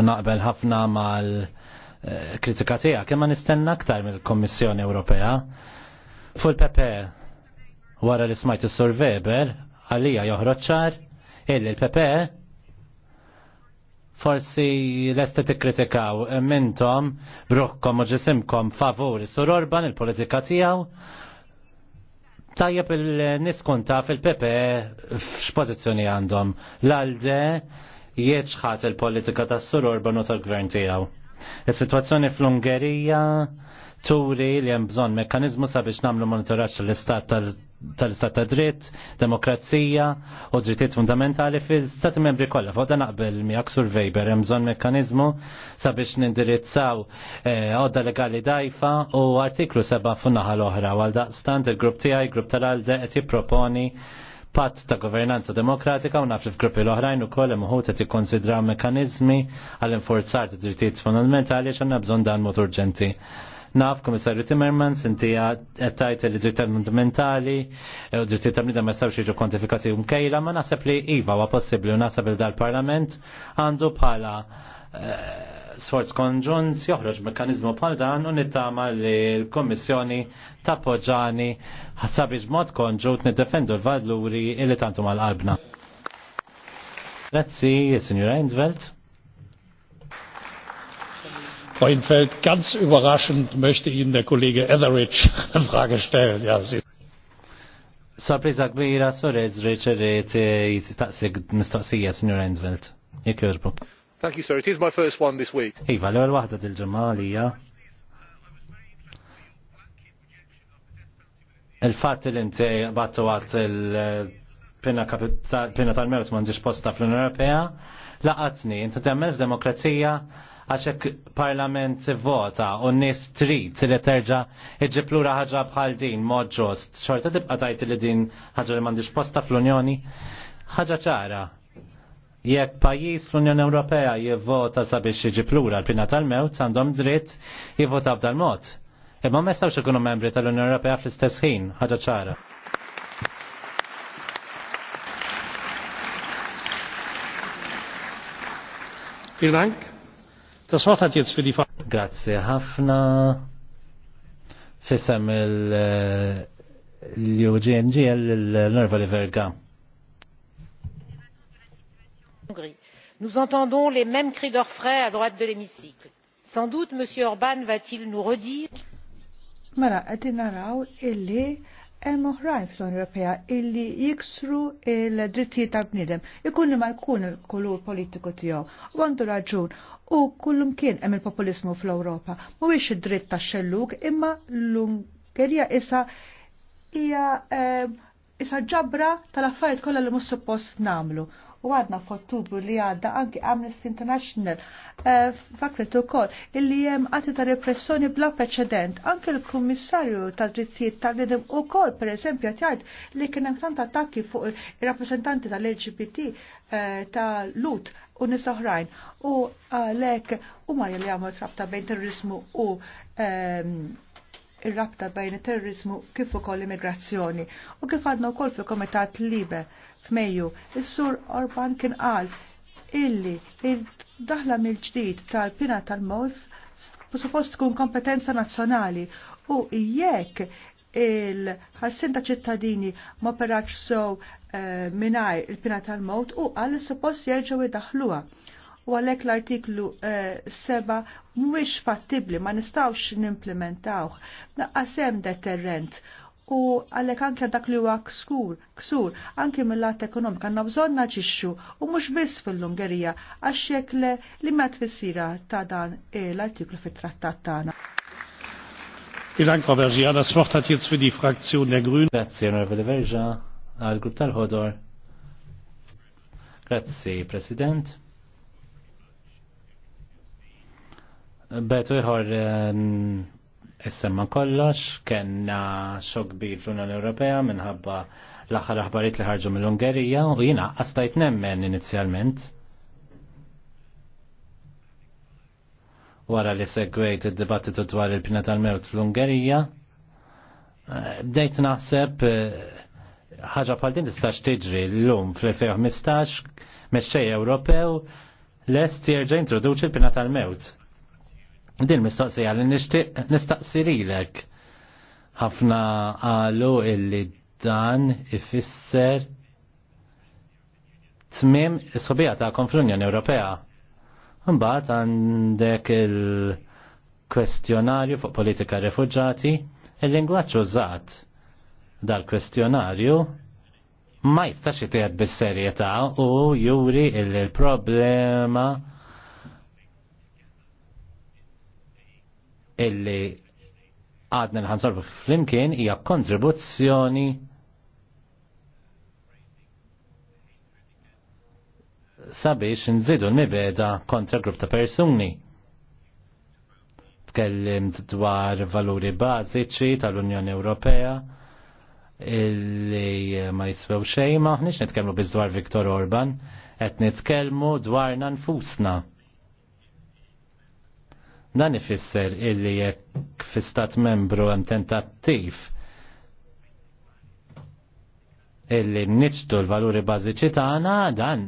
U naqbel ħafna mal-kritika eh, tiegħek kemm ma nistenna aktar mill-Kommissjoni Ewropea. Fu l pp e, wara li smajt is-Sur Weber għalija joħroċ ċar il l-PPE forsi lesta tikkritikaw mintom bruħkom u ġisimkom favur sur Orban il-politika tijaw tajjeb il-niskunta fil-PP f'x'pożizzjoni għandhom l-alde jieċħat il-politika tas sur Orban u tal-gvern tijaw. Il-situazzjoni fl-Ungerija turi li hemm bżonn mekkaniżmu sabiex nagħmlu monitoraġġ l-istat tal-istat ta' dritt, demokrazija u drittijiet fundamentali fil-stati membri kollha. Fuq dan naqbel miegħek Sur hemm bżonn mekkaniżmu sabiex nindirizzaw eh, għodda legali dajfa u artiklu seba' naħa l-oħra għal daqstant il-grupp tiegħi, grupp tal-Alde qed jipproponi patt ta' governanza demokratika u naf li f'gruppi l-oħrajn ukoll hemm uħud qed ikkonsidraw mekkaniżmi għall-infurzar ta' drittijiet fundamentali għaliex għandna bżonn dan mod urġenti. Naf, komissarju Timmermans, inti għattajt li dritta fundamentali, u dritt tal-mida ma jistawx jiġu kwantifikati um kejla, ma nasab li Iva wa possibli u nasab li dal-parlament għandu bħala eh, sforz konġunt joħroġ mekanizmu bħal dan u nittama li l-Kommissjoni tappoġġani ħasabiex mod konġunt niddefendu l-valuri illi tantu mal-qalbna. Grazzi, signora Endvelt. Frau Infeld, ganz überraschend möchte Ihnen der Kollege Etheridge eine Frage stellen. Ja, Sie Sorpriza kbira, sorry, Richard, eh, jittaqsik mistaqsija, signor Endveld. Jek jorbu. Thank you, sir. It is my first one this week. Iva, l għal wahda dil-ġemalija. Il-fat il inti battu għat il-pina tal-mewt mandiġ posta fl-Unjoni Ewropea, laqatni, inti temmel f-demokrazija, għaxek parlament vota u nis trit li terġa iġiplura ħagġa bħal din, mod ġost, xorta tibqa tajt li din ħagġa li mandiġ posta fl-Unjoni, ħagġa ċara. Jekk pajis fl-Unjoni Ewropea jivvota sabiex iġiplura l-pina tal-mewt, għandhom dritt jivvota b'dal mod. Imma ma jistawx ikunu membri tal-Unjoni Ewropea fl-istess ħin, ħagġa ċara. Vielen Dank. Das Wort hat jetzt für die Grazie ħafna. Fissam l eh, ugng l-Nerva li verga. Nous entendons les mêmes cris d'orfraie à droite de l'hémicycle. Sans doute, M. Orban va-t-il nous redire Mela, għedin naraw illi hemm oħrajn fl-Unjoni Ewropea illi jiksru il-drittijiet tal-bniedem, ikun li ma jkun il-kulur politiku tiegħu. U għandu raġun u kullum kien hemm il populismu fl-Ewropa. Mhuwiex id-dritt tax-xelluk imma l-Ungerija isa hija eh, isa ġabra tal-affarijiet kollha li mhux suppost nagħmlu u għadna f'Ottubru li għadda anki Amnesty International uh, eh, fakret ukoll illi hemm għati ta' repressjoni bla preċedent. Anke l-Kummissarju tad drittijiet tal-Bnedem ukoll pereżempju qed jgħid li kien hemm tant attakki fuq ir-rappreżentanti tal-LGBT eh, tal ta' Lut u nis oħrajn. U għalhekk u ma li għamlu rabta bejn terrorizmu u ehm, ir-rabta bejn terrorizmu kif ukoll immigrazzjoni. U kif għadna wkoll fil-Komitat Libe f'Mejju. Is-Sur Orban kien qal illi id-daħla mill-ġdid tal-pina tal mols suppost tkun kompetenza nazzjonali u jekk il-ħarsin ta' ċittadini ma peraċ sow eh, minaj il-pina tal-mowt u għal suppost jerġgħu idaħluha. U għalek l-artiklu 7 eh, mhuwiex fattibli ma nistawx nimplementawh. hemm deterrent u għalek anke dak li huwa ksur, ksur, anke mill-lat ekonomika għanna bżonn naġixxu u mux biss fil lungerija għax xekle li ma tfissira ta' dan l-artiklu fit-trattat tagħna. Vielen Dank, Frau Bergia. Das Wort hat jetzt für die Fraktion Grazie, onorevole Vergia, għal Grupp tal ħodor Grazie, President. Beto iħor ehm, Issemma kollox, kena xok kbir fl-Unjoni Ewropea minħabba l-aħħar aħbarijiet li ħarġu mill-Ungerija u jiena qastajt nemmen inizjalment. Wara li segwejt id-dibattitu dwar il-pina tal-mewt fl-Ungerija, eh, bdejt naħseb eh, ħaġa bħal din tistax tiġri l-lum fl-2015 mexxej Ewropew lest jerġa' introduċi l-pina tal-mewt Din mistoqsija li nixtieq nistaqsi lilek. Ħafna għalu illi dan ifisser tmim is-sobija ta' konfl-Unjoni Ewropea. Mbagħad għandek il-kwestjonarju fuq politika refuġġati, il-lingwaġġ użat dal-kwestjonarju ma jistax jitqiegħed bis-serjetà u juri il-problema il problema illi għadna nħansorbu flimkien hija kontribuzzjoni sabiex nżidu nibeda kontra grupp ta' persuni. Tkellimt dwar valuri bażiċi tal-Unjoni Ewropea illi ma jiswew xejn ma ħniex nitkellmu biż dwar Viktor Orban, qed nitkellmu dwarna nfusna. Dan ifisser illi jekk fi stat membru hemm tentattiv illi nniġtu l-valuri bażiċi tagħna dan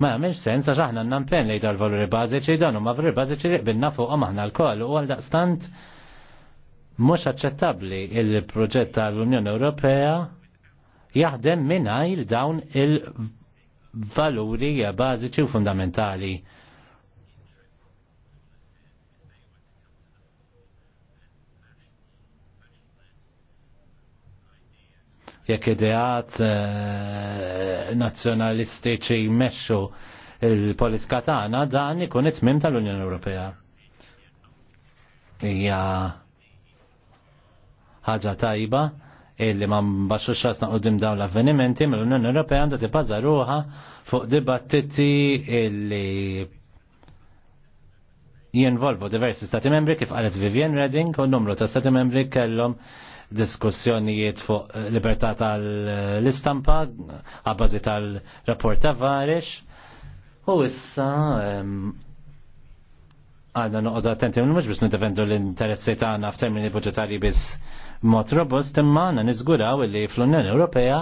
ma jagħmilx sens għax aħna nampen lejn dal-valuri bażiċi dan huma valuri bażiċi li qbilna fuqhom aħna lkoll u għal daqstant mhux aċċettabbli il-proġett tal-Unjoni Ewropea jaħdem mingħajr dawn il-valuri bażiċi u fundamentali jekk ideat eh, nazzjonalistiċi jmexxu il-politika tagħna dan ikun it-tmim tal-Unjoni Ewropea. Hija ħaġa tajba illi ma mbaxux rasna qudiem dawn l-avvenimenti mill-Unjoni Ewropea għandha tibbaża ruha fuq dibattiti illi jinvolvu diversi stati membri kif qalet Vivian Redding u numru ta' stati membri kellhom diskussjonijiet fuq libertà tal-istampa għabbażi tal-rapport ta' Varex. U issa għadna noqod attenti minn mhux biex nidefendu l-interessi tagħna f'termini budgetari biss mod robust imma għandna niżguraw li fl-Unjoni Ewropea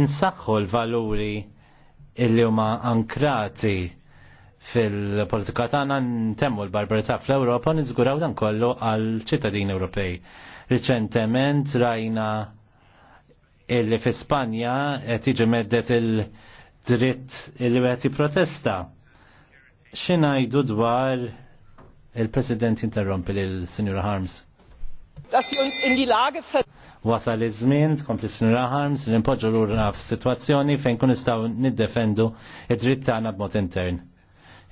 insaħħu l-valuri illi huma ankrati fil-politika tagħna ntemmu l-barbarità fl-Ewropa niżguraw dan kollu għal ċittadini Ewropej. Riċentement rajna illi fi Spanja qed jiġi meddet il-dritt illi qed protesta. X'ingħidu dwar il-President interrompi lil Sinjura Harms. Wasal iż-żmien tkompli Sinjura Harms li npoġġu lura f'sitwazzjoni fejn kun nistgħu niddefendu id-dritt tagħna b'mod intern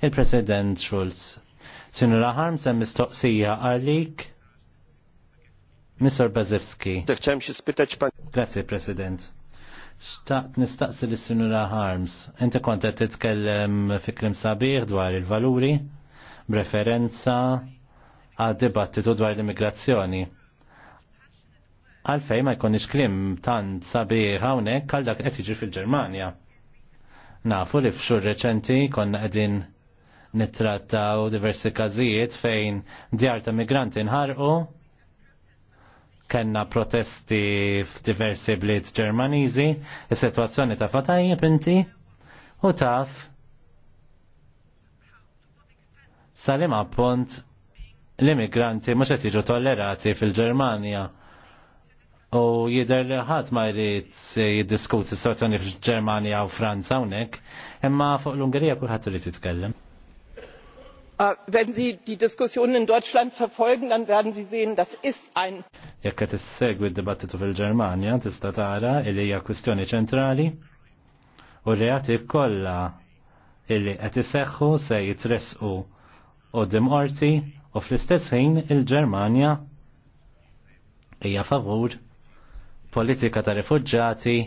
il-President Schulz. Sinura Harms hemm mistoqsija għalik Mr. Bazewski. Chciałem pan... Grazie, President. Xtaqt nistaqsi li sinura Harms. Inti konta titkellem fi klim sabiħ dwar il-valuri, b'referenza għad dibattitu dwar l-immigrazzjoni. Għalfej ma jkunix klim tan sabiħ hawnhekk għal dak qed fil-Ġermanja. Nafu li f'xhur reċenti konna qegħdin nittrattaw diversi każijiet fejn djar ta' migranti nħarqu kenna protesti f'diversi bliet ġermaniżi, is-sitwazzjoni ta' fatajja inti u taf salim appunt l-immigranti mhux qed jiġu tollerati fil-Ġermanja. U jider li ħadd ma jrid jiddiskuti s-sitwazzjoni fil-Ġermanja u Franza hawnhekk, imma fuq l-Ungerija kulħadd irid jitkellem. Äh, wenn Sie die Diskussionen in Deutschland verfolgen, dann werden Sie sehen, das ist ein. Jekk qed issegwi d-dibattitu fil-Ġermanja, tista' tara li hija kwistjoni ċentrali u reati kollha illi qed iseħħu se jitresqu qudiem qorti u fl-istess ħin il-Ġermanja hija favur politika ta' rifuġġati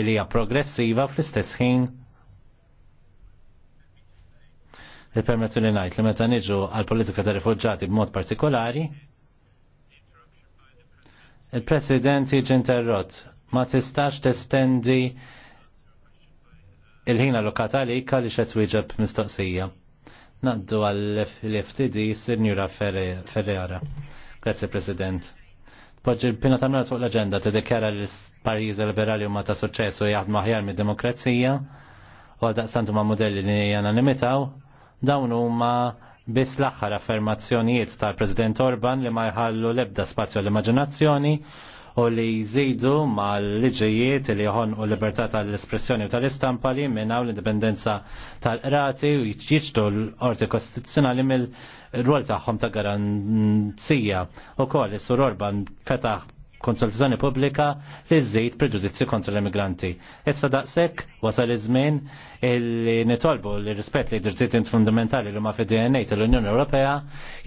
illi hija progressiva fl-istess ħin Il-permettu li najt li meta niġu għal-politika ta' rifugġati b'mod partikolari, il-President jiġi interrott ma tistax testendi il-ħin allokat għalika li qed wieġeb mistoqsija. Naddu għall-FTD Sirnjura Ferreira. Grazie, President. Poġġi l-pina tamra fuq l-agenda t-dekjara li l parijiz Liberali huma ta' suċċessu jgħad maħjar mid-demokrazija u għal santu ma' modelli li jgħana nimitaw Dawn huma biss l-aħħar affermazzjonijiet tal-President Orban li ma jħallu l-ebda spazju l-immaġinazzjoni u li jżidu mal-liġijiet li jħon u libertà tal-espressjoni u tal-istampa li minnaw l-indipendenza tal-qrati u jċiċdu l-orti kostituzzjonali mill-rwol tagħhom ta' garanzija. U koll, Sur Orban fetaħ konsultazzjoni pubblika li żżid preġudizzju kontra l-immigranti. Issa daqshekk wasal iż-żmien li nitolbu li rispett li drittijiet fundamentali li huma fid-DNA tal-Unjoni Ewropea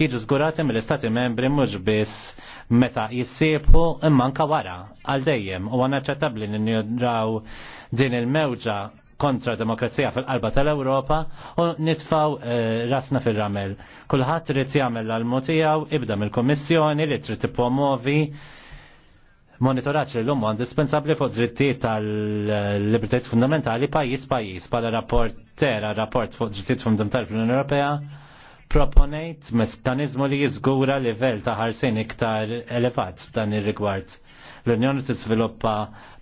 jiġu żgurati mill-Istati membri mhux biss meta jissibħu imma anke wara għal dejjem u naċċettabbli li niraw din il-mewġa kontra demokrazija fil-qalba tal-Ewropa u nitfaw eh, rasna fil-ramel. Kulħadd trid jagħmel l-almu tiegħu ibda mill-Kummissjoni li trid tippromovi monitoraċ li l-umma indispensabli fuq drittijiet tal-libertajiet fundamentali pajis pajis pala rapportera rapport fuq drittijiet fundamentali fl-Unjoni Ewropea proponejt meskanizmu li jizgura livell ta' ħarsin iktar elevat f'dan ir-rigward. L-Unjoni tiżviluppa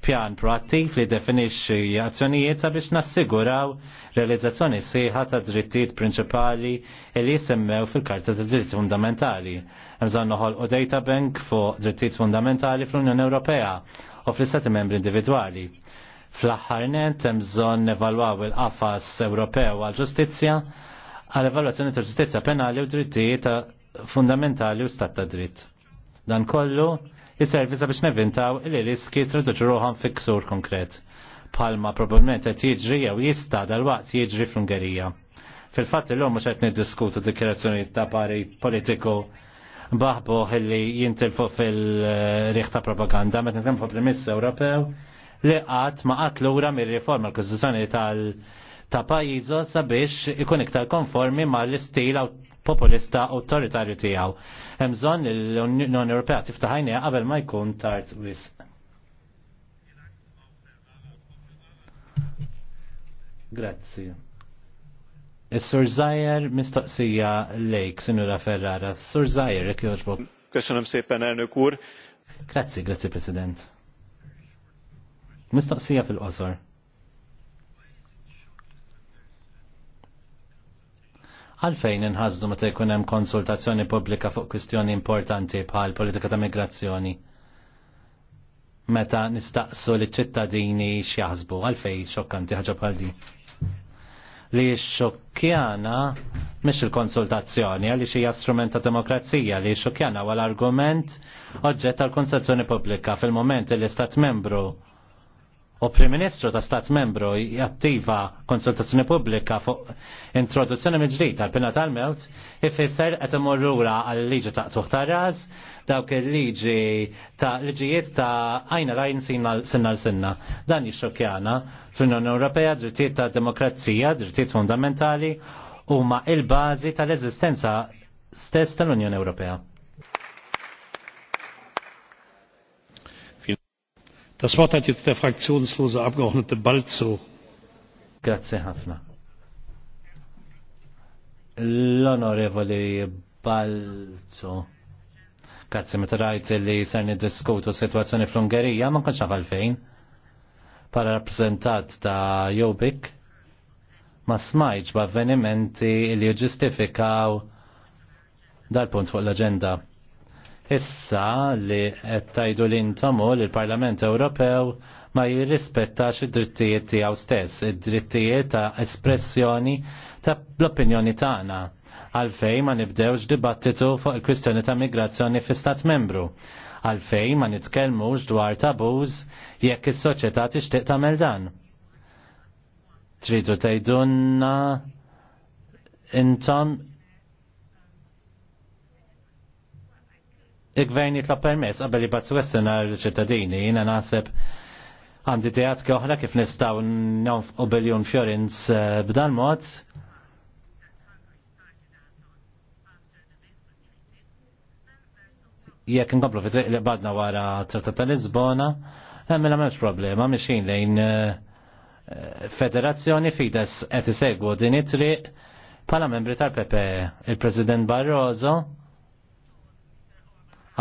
pjan proattiv li definixxi azzjonijiet sabiex nassiguraw realizzazzjoni sieħa ta' drittijiet prinċipali li jisemmew fil-Karta ta' drittijiet Fundamentali. Hemm noħolqu data bank fuq drittijiet fundamentali fl-Unjoni Ewropea u fl-Istati membri individwali. Fl-aħħar net hemm bżonn nevalwaw il-qafas Ewropew għal-ġustizzja għal evalwazzjoni ta' ġustizzja penali u drittijiet fundamentali u stat ta' dritt. Dan kollu jisservi sabiex nevintaw li riski traduċu ruħan fi ksur konkret. Palma probabilment qed jiġri jew jista' dal-waqt jiġri fl-Ungerija. Fil-fatt illum mhux qed niddiskutu dikjerazzjonijiet ta' pari politiku baħboħ li jintilfu fil-riħ ta' propaganda, meta nitkellmu fuq premiss Ewropew li qatt ma qatt lura mir-riforma l-Kostituzzjoni tal- ta' pajjiżu sabiex ikun iktar konformi mal-istil populista autoritarju tiegħu. Hemm bżonn l-Unjoni Ewropea tiftaħajnija qabel ma jkun tard wis. Grazzi. Is-Sur Zajer mistoqsija lejk, Sinura Ferrara. Sur Zajer, jek joġbok. Kessunem sejpen elnök úr. Grazzi, grazzi, President. Mistoqsija fil-qosor. Għalfejn inħazdu meta jkun hemm konsultazzjoni pubblika fuq kwistjoni importanti bħal politika ta' migrazzjoni? Meta nistaqsu li ċittadini x'jaħsbu għalfejn xokkanti ħaġa bħal din. Li xokkjana mhix il-konsultazzjoni għaliex hija strument ta' demokrazija li xokkjana għal argument oġġett tal-konsultazzjoni pubblika fil-moment li stat membru u Prim Ministru ta' Stat Membru jattiva konsultazzjoni pubblika fuq introduzzjoni mill-ġdid tal pina tal-mewt ifisser qed imur lura għall-liġi ta' tuħ ta' ras dawk il-liġi ta' liġijiet ta' għajna lajn sinna l-sinna. Dan jixxokjana fl-Unjoni Ewropea drittijiet ta' demokrazija, drittijiet fundamentali huma il-bażi tal-eżistenza stess tal-Unjoni Ewropea. Das Wort hat jetzt der fraktionslose Abgeordnete Balzo. Grazie ħafna. L-onorevoli Balzo. Grazie meta rajt li ser niddiskutu situazzjoni fl-Ungerija ma nkunx naf għalfejn. Para rappresentat ta' Jobbik ma smajġ b'avvenimenti li ġustifikaw dal-punt fuq l-agenda issa li qed li intomu li l-Parlament Ewropew ma jirrispettax id-drittijiet tiegħu stess, id-drittijiet ta' espressjoni ta' l-opinjoni tagħna għalfej ma nibdewx dibattitu fuq il-kwistjoni ta' migrazzjoni fi stat membru għalfej ma nitkellmux dwar tabuż jekk is-soċjetà tixtieq tagħmel dan. Tridu tgħidulna intom il-gvern jitla permess qabel jibat s-wessin ċittadini jina naħseb għandi teatka oħra kif nistaw u biljon fjorins eh, b'dan mod. Jekk nkomplu fizzik li badna wara trattat ta' Lisbona, għamil eh, mela għamilx problema, miexin lejn eh, federazzjoni fides qed isegwu din it-triq pala membri tal-PP e. il-President Barroso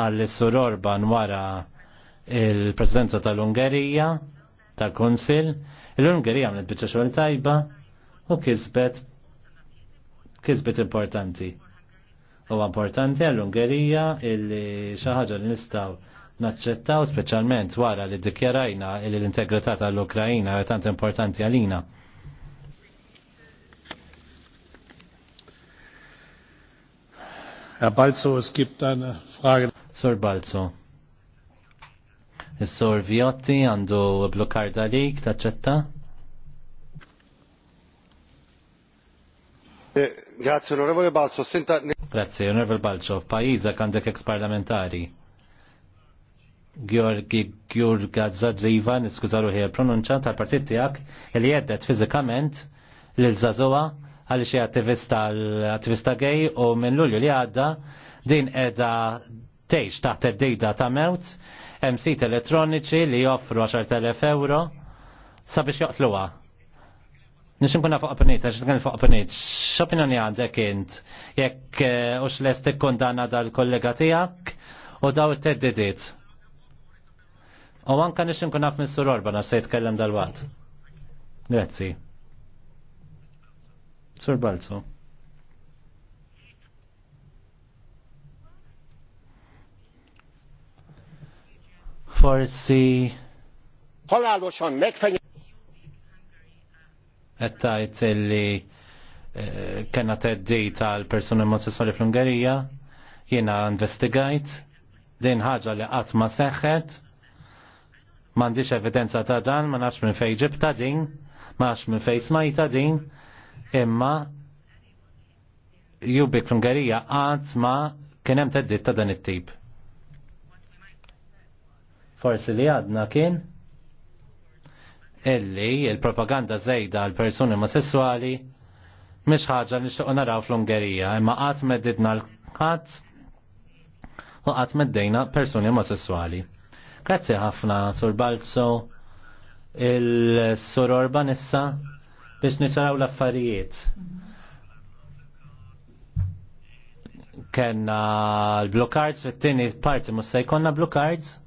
għall sur Orban wara il-presidenza tal-Ungerija, tal-Konsil, l-Ungerija għamlet bieċa xogħol tajba u kisbet kisbet importanti. U importanti għall-Ungerija illi xi ħaġa li nistgħu naċċettaw speċjalment wara li ddikjarajna li l-integrità tal-Ukrajina hija tant importanti għalina. Herr Balzo, es gibt eine Frage. Sur Balzu. Is-sur Viotti għandu blokkarda lik taċċetta? Eh, grazie, onorevole Balzo. Senta... Grazie, onorevole Balzo. Pajiza għandek ex parlamentari. Gjorgi Gjurga Zadriva, niskużaru ħie pronunċa tal-partit tijak, li jeddet fizikament l-Zazoa għal xie attivista gay u minn lulju li għadda din edha Tejx, taħt id-dejda ta' mewt hemm elettroniċi li joffru 10,000 euro sabiex joqtluha. Nix nkunna fuq apnit, għax nkunna fuq apnit. X'opinjoni għandek int jekk eh, u x'lest ikkondanna dal-kollega tiegħek u daw it teddidit U għanka nix nkunna naf Mr. Orban għax se jitkellem dal-waqt. Grazzi. Sur Balzo. Forsi. Halálosan megfenyeget. Ettajt illi eh, kena teddi tal-persuni omosessuali fl ungarija jiena investigajt, din ħaġa li qatt ma seħħet, m'għandix evidenza ta' dan, ma nafx minn fejn ġibta din, ma nafx minn fejn smajta din, imma jubik fl ungarija qatt ma kien hemm teddit ta' dan it-tip forsi li għadna kien illi il-propaganda zejda għal persuni omosessuali mish ħaġa li xoqna naraw fl-Ungerija imma qatt meddidna l-ħadd u qatt meddejna persuni omosessuali. Grazzi ħafna sur Balzo il-sur Orbanissa, biex niċaraw l-affarijiet. Kenna l-blue cards fit-tieni parti mus se jkollna blue cards.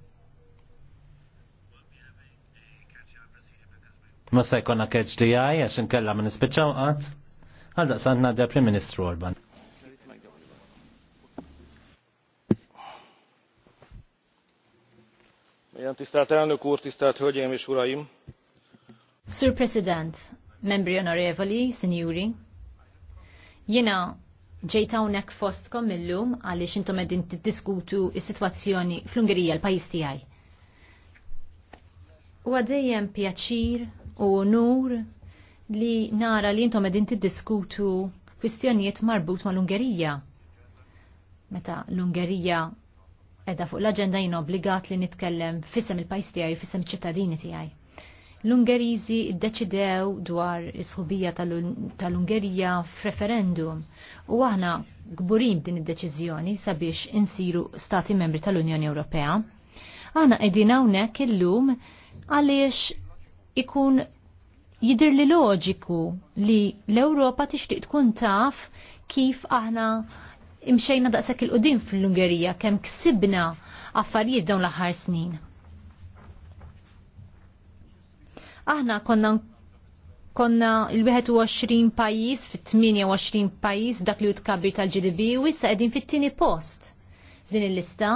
Ma se jkollna keċ di għaj, għax nkella ma nispiċċaw qatt. Għal daqsan nadja Prim Ministru Orban. Jan tisztelt elnök úr, tisztelt hölgyeim és uraim! Sir President, membri onorevoli, signori, jena ġejta unek fostkom illum għaliex intom t tiddiskutu s sitwazzjoni fl-Ungerija l-pajis tiegħi. U għadejjem pjaċir u nur li nara li intom edin tiddiskutu kwistjonijiet marbut ma l-Ungerija. Meta l-Ungerija edha fuq l-agenda jina obbligat li nitkellem fissem il-pajs tijaj, fissem ċittadini tijaj. L-Ungerizi id-deċidew dwar isħubija tal-Ungerija f'referendum u aħna gburim din id-deċizjoni sabiex insiru stati membri tal-Unjoni Ewropea. Aħna edin hawnhekk illum għaliex ikun jidir li loġiku li l-Ewropa tixtieq tkun taf kif aħna imxejna daqshekk il-qudiem fl-Ungerija kemm ksibna affarijiet dawn l-aħħar snin. Aħna konna konna il-21 pajis fit-28 pajis b'dak li utkabir tal-GDP u issa qegħdin fit-tieni post. Din il-lista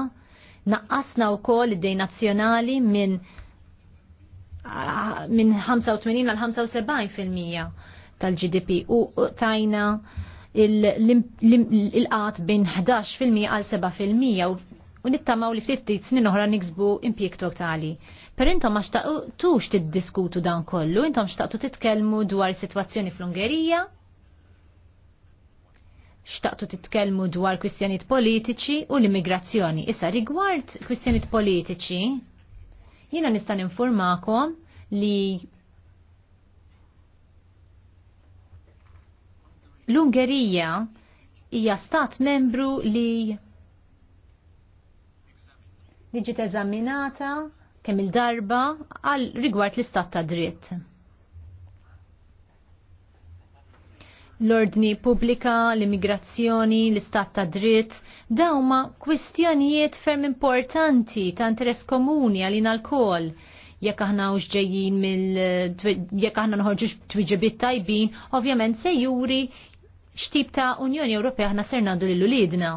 naqqasna wkoll id-dej nazzjonali minn minn 85 għal 75% tal-GDP u tajna il-qat bin 11% għal 7% u nittamaw li ftit snin oħra niksbu impjek totali. Per intom ma xtaqtux tiddiskutu dan kollu, intom xtaqtu titkellmu dwar situazzjoni fl-Ungerija, xtaqtu titkellmu dwar kwistjoniet politiċi u l-immigrazzjoni. Issa rigward kwistjoniet politiċi, Jiena nista' informakom li l-Ungerija hija stat membru li li ġiet eżaminata kemm il-darba għal rigward l-istat ta' dritt. l-ordni pubblika, l-immigrazzjoni, l-istat ta' dritt, dawma kwistjonijiet ferm importanti ta' interess komuni għalina l-kol. Jekk aħna ġejjin mill jekk aħna nħorġux twiġibiet tajbin, ovvjament se juri x'tip ta' Unjoni Ewropea aħna ser nagħdu lil ulidna.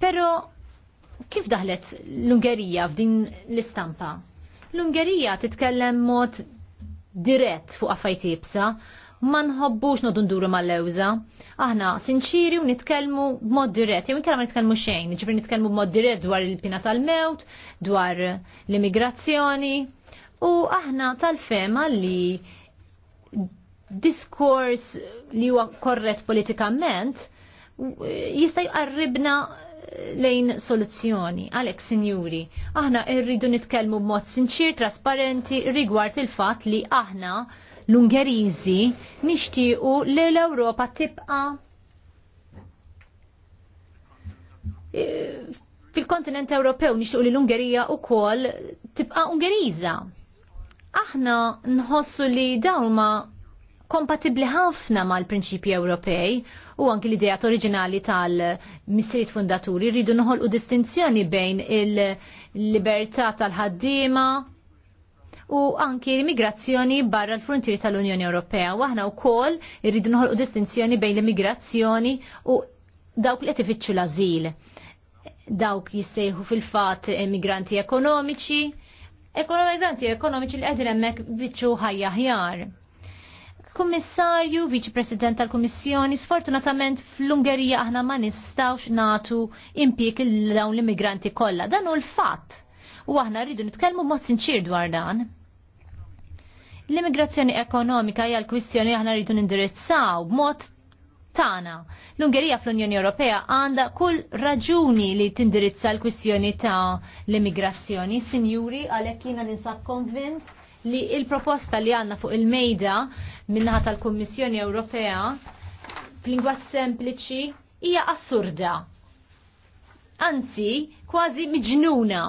Però kif daħlet l-Ungerija f'din l-istampa? L-Ungerija titkellem mod dirett fuq affajt ibsa, ma nħobbux nodu nduru mal-lewza. Aħna sinċiri u nitkellmu b'mod dirett, jew ma nitkellmu xejn, ġifri nitkellmu b'mod dirett dwar il-pina tal-mewt, dwar l-immigrazzjoni. U aħna tal-fema li diskors li huwa korret politikament jista' jqarribna lejn soluzzjoni. Għalek, sinjuri, aħna irridu nitkellmu b'mod sinċir, trasparenti rigward il-fat li aħna l-Ungeriżi nixtiequ li l-Ewropa tibqa' e, fil-kontinent Ewropew nixtiequ li l-Ungerija wkoll tibqa' Ungeriża. Aħna nħossu li dawn ma kompatibli ħafna mal-prinċipji Ewropej u anki l-idejat oriġinali tal-missirit fundaturi rridu noħolqu distinzjoni bejn il-libertà tal-ħaddiema u anki l-immigrazzjoni barra l-frontier tal-Unjoni Ewropea. Waħna u kol irridu noħolqu distinzjoni bejn l-immigrazzjoni u dawk li qed ifittxu l-azil. Dawk jissejħu fil-fat immigranti ekonomiċi, ekonomigranti ekonomiċi li qegħdin hemmhekk biċċu ħajja ħjar. Kummissarju, Viċi President tal-Kummissjoni, sfortunatament fl-Ungerija aħna ma nistawx natu impjek l-dawn l-immigranti kollha. Dan hu l-fatt u aħna rridu nitkellmu mod sinċir dwar dan. L-immigrazzjoni ekonomika hija l-kwistjoni aħna rridu nindirizzaw b'mod tagħna. L-Ungerija fl-Unjoni Ewropea għandha kull raġuni li tindirizza l-kwistjoni ta' l-immigrazzjoni. Sinjuri, għalhekk jiena ninsab konvint li il-proposta li għandna fuq il-mejda minnaħa tal-Kummissjoni Ewropea f'lingwaġġ sempliċi hija assurda. Anzi, kważi miġnuna.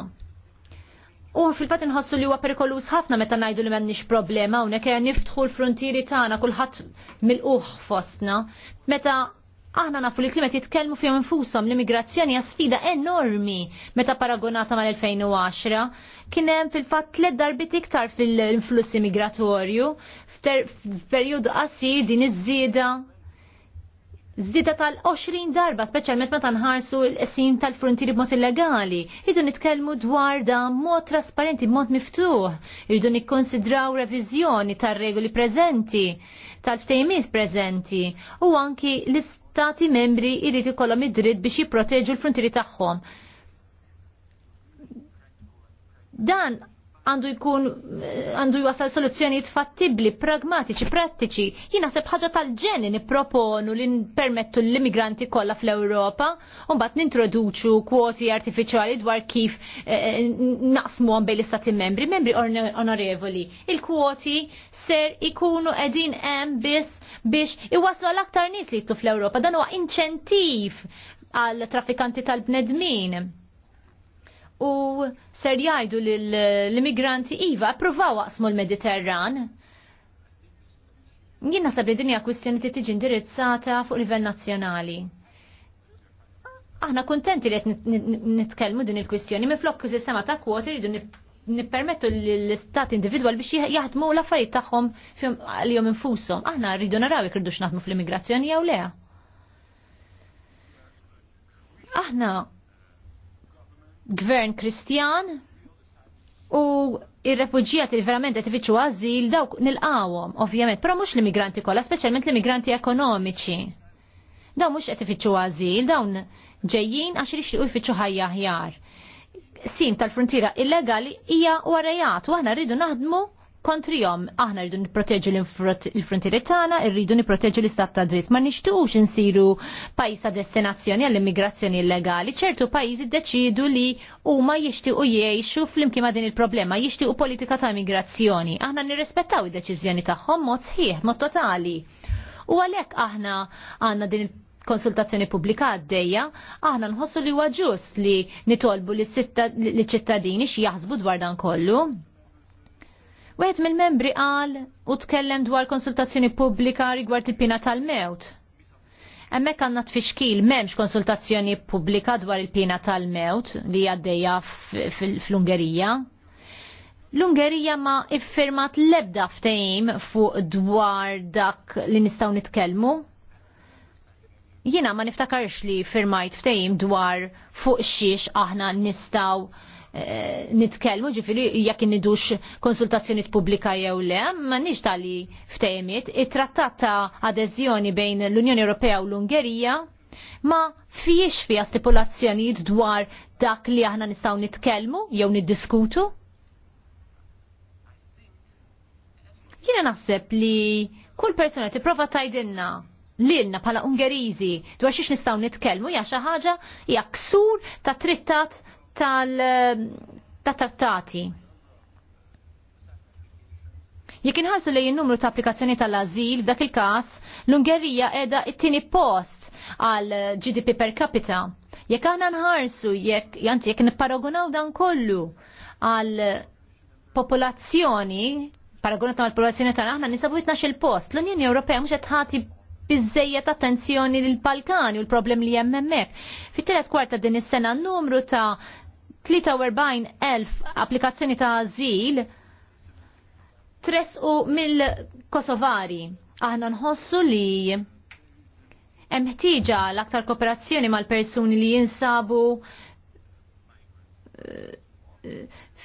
U fil-fat nħossu li huwa perikolus ħafna meta ngħidu li m'għandniex problema hawnhekk hija niftħu l-frontieri tagħna kulħadd mill-uħ fostna. Meta aħna nafu li kliet jitkellmu fihom infushom l-immigrazzjoni hija sfida enormi meta paragonata mal-2010. Kien hemm fil-fatt tliet darbit iktar fil-influss immigratorju f'perjodu qasir din iż-żieda Zdida tal-20 darba, speċjalment meta nħarsu l-qsim tal-frontieri b'mod illegali. Irridu nitkellmu dwar da mod trasparenti, mod miftuħ. Irridu nikkonsidraw reviżjoni tar-regoli preżenti, tal-ftejmiet preżenti u anki l-istati membri jrid ikollhom id-dritt biex jipproteġu l-frontieri tagħhom. Dan għandu jkun għandu jwasal soluzzjonijiet fattibli, pragmatiċi, prattiċi. Jien naħseb ħaġa tal-ġeni nipproponu li npermettu l-immigranti kollha fl-Ewropa u mbagħad nintroduċu kwoti artifiċjali dwar kif eh, eh, naqsmu għan bejn l-istati membri, membri onorevoli. Il-kwoti ser ikunu qegħdin hemm biss biex iwaslu għal aktar nies li jitlu fl europa Dan huwa inċentiv għal traffikanti tal-bnedmin u ser jgħidu l-immigranti Iva provaw waqsmu l-Mediterran. Jien naħseb li dinja kwistjoni li tiġi indirizzata fuq livell nazzjonali. Aħna kontenti li qed nitkellmu din il-kwistjoni miflok sistema ta' kwoti rridu nippermettu l-istat individwal biex jaħdmu l-affarijiet tagħhom jom infushom. Aħna rridu naraw jekk rridux naħdmu fl-immigrazzjoni jew le. Aħna gvern kristjan u il refuġijat li verament qed ifittxu għażil dawk nilqawhom, ovvjament, però mhux l-immigranti kollha, speċjalment l-immigranti ekonomiċi. Dawn mhux qed ifittxu għażil, dawn ġejjin għax jixtiequ jfittxu ħajja aħjar. Sim tal-frontiera illegali hija warajat u aħna rridu naħdmu kontrihom aħna rridu nipproteġu l frontiri tagħna, rridu nipproteġu l-istat ta' dritt. Ma nixtuqx insiru pajjiż ta' destinazzjoni għall-immigrazzjoni illegali. ċertu pajjiżi ddeċidu li huma jixtiequ jgħixu flimkien ma' din il-problema, jixtiequ politika ta' immigrazzjoni. Aħna nirrispettaw id-deċiżjoni tagħhom mod sħiħ, mod totali. U għalhekk aħna għandna din il konsultazzjoni pubblika għaddejja, aħna nħossu li huwa ġust li nitolbu li ċittadini xi jaħsbu dwar dan kollu. Wieħed mill-membri qal u tkellem dwar konsultazzjoni pubblika rigward il-pina tal-mewt. Hemmhekk għandna tfixkil m'hemmx konsultazzjoni pubblika dwar il-pina tal-mewt li għaddejja fl-Ungerija. L-Ungerija ma iffirmat l-ebda ftehim fuq dwar dak li nistgħu nitkellmu Jiena ma niftakarx li firmajt ftehim dwar fuq xiex aħna nistgħu. Eh, nitkellmu ġifiri jekk nidux konsultazzjoni pubblika jew le, ma nix tali ftejmiet, it-trattat ta' adeżjoni bejn l-Unjoni Ewropea u l-Ungerija ma fiex fija stipulazzjonijiet dwar dak li aħna nistgħu nitkellmu jew niddiskutu? Jiena naħseb li kull persuna tipprova tajdinna lilna pala Ungeriżi dwar xiex nistgħu nitkellmu hija xi ħaġa hija ksur ta' trittat tal-trattati. Ehm, jekk inħarsu lejn in numru ta' applikazzjoni tal-azil, f'dak il-każ, l-Ungerija qiegħda it-tieni post għal GDP per capita. Jekk aħna nħarsu jekk janti jekk nipparagunaw dan kollu għal popolazzjoni, paragunat mal popolazzjoni tagħna aħna nisabu jitnax il-post. L-Unjoni Ewropea mhux qed ħati biżejjed attenzjoni lill balkani u l-problem li hemm hemmhekk. Fit-tielet kwarta din is-sena n numru ta' 43.000 applikazzjoni ta' azil tresqu mill-Kosovari. Aħna nħossu li hemm ħtieġa l-aktar kooperazzjoni mal-persuni li jinsabu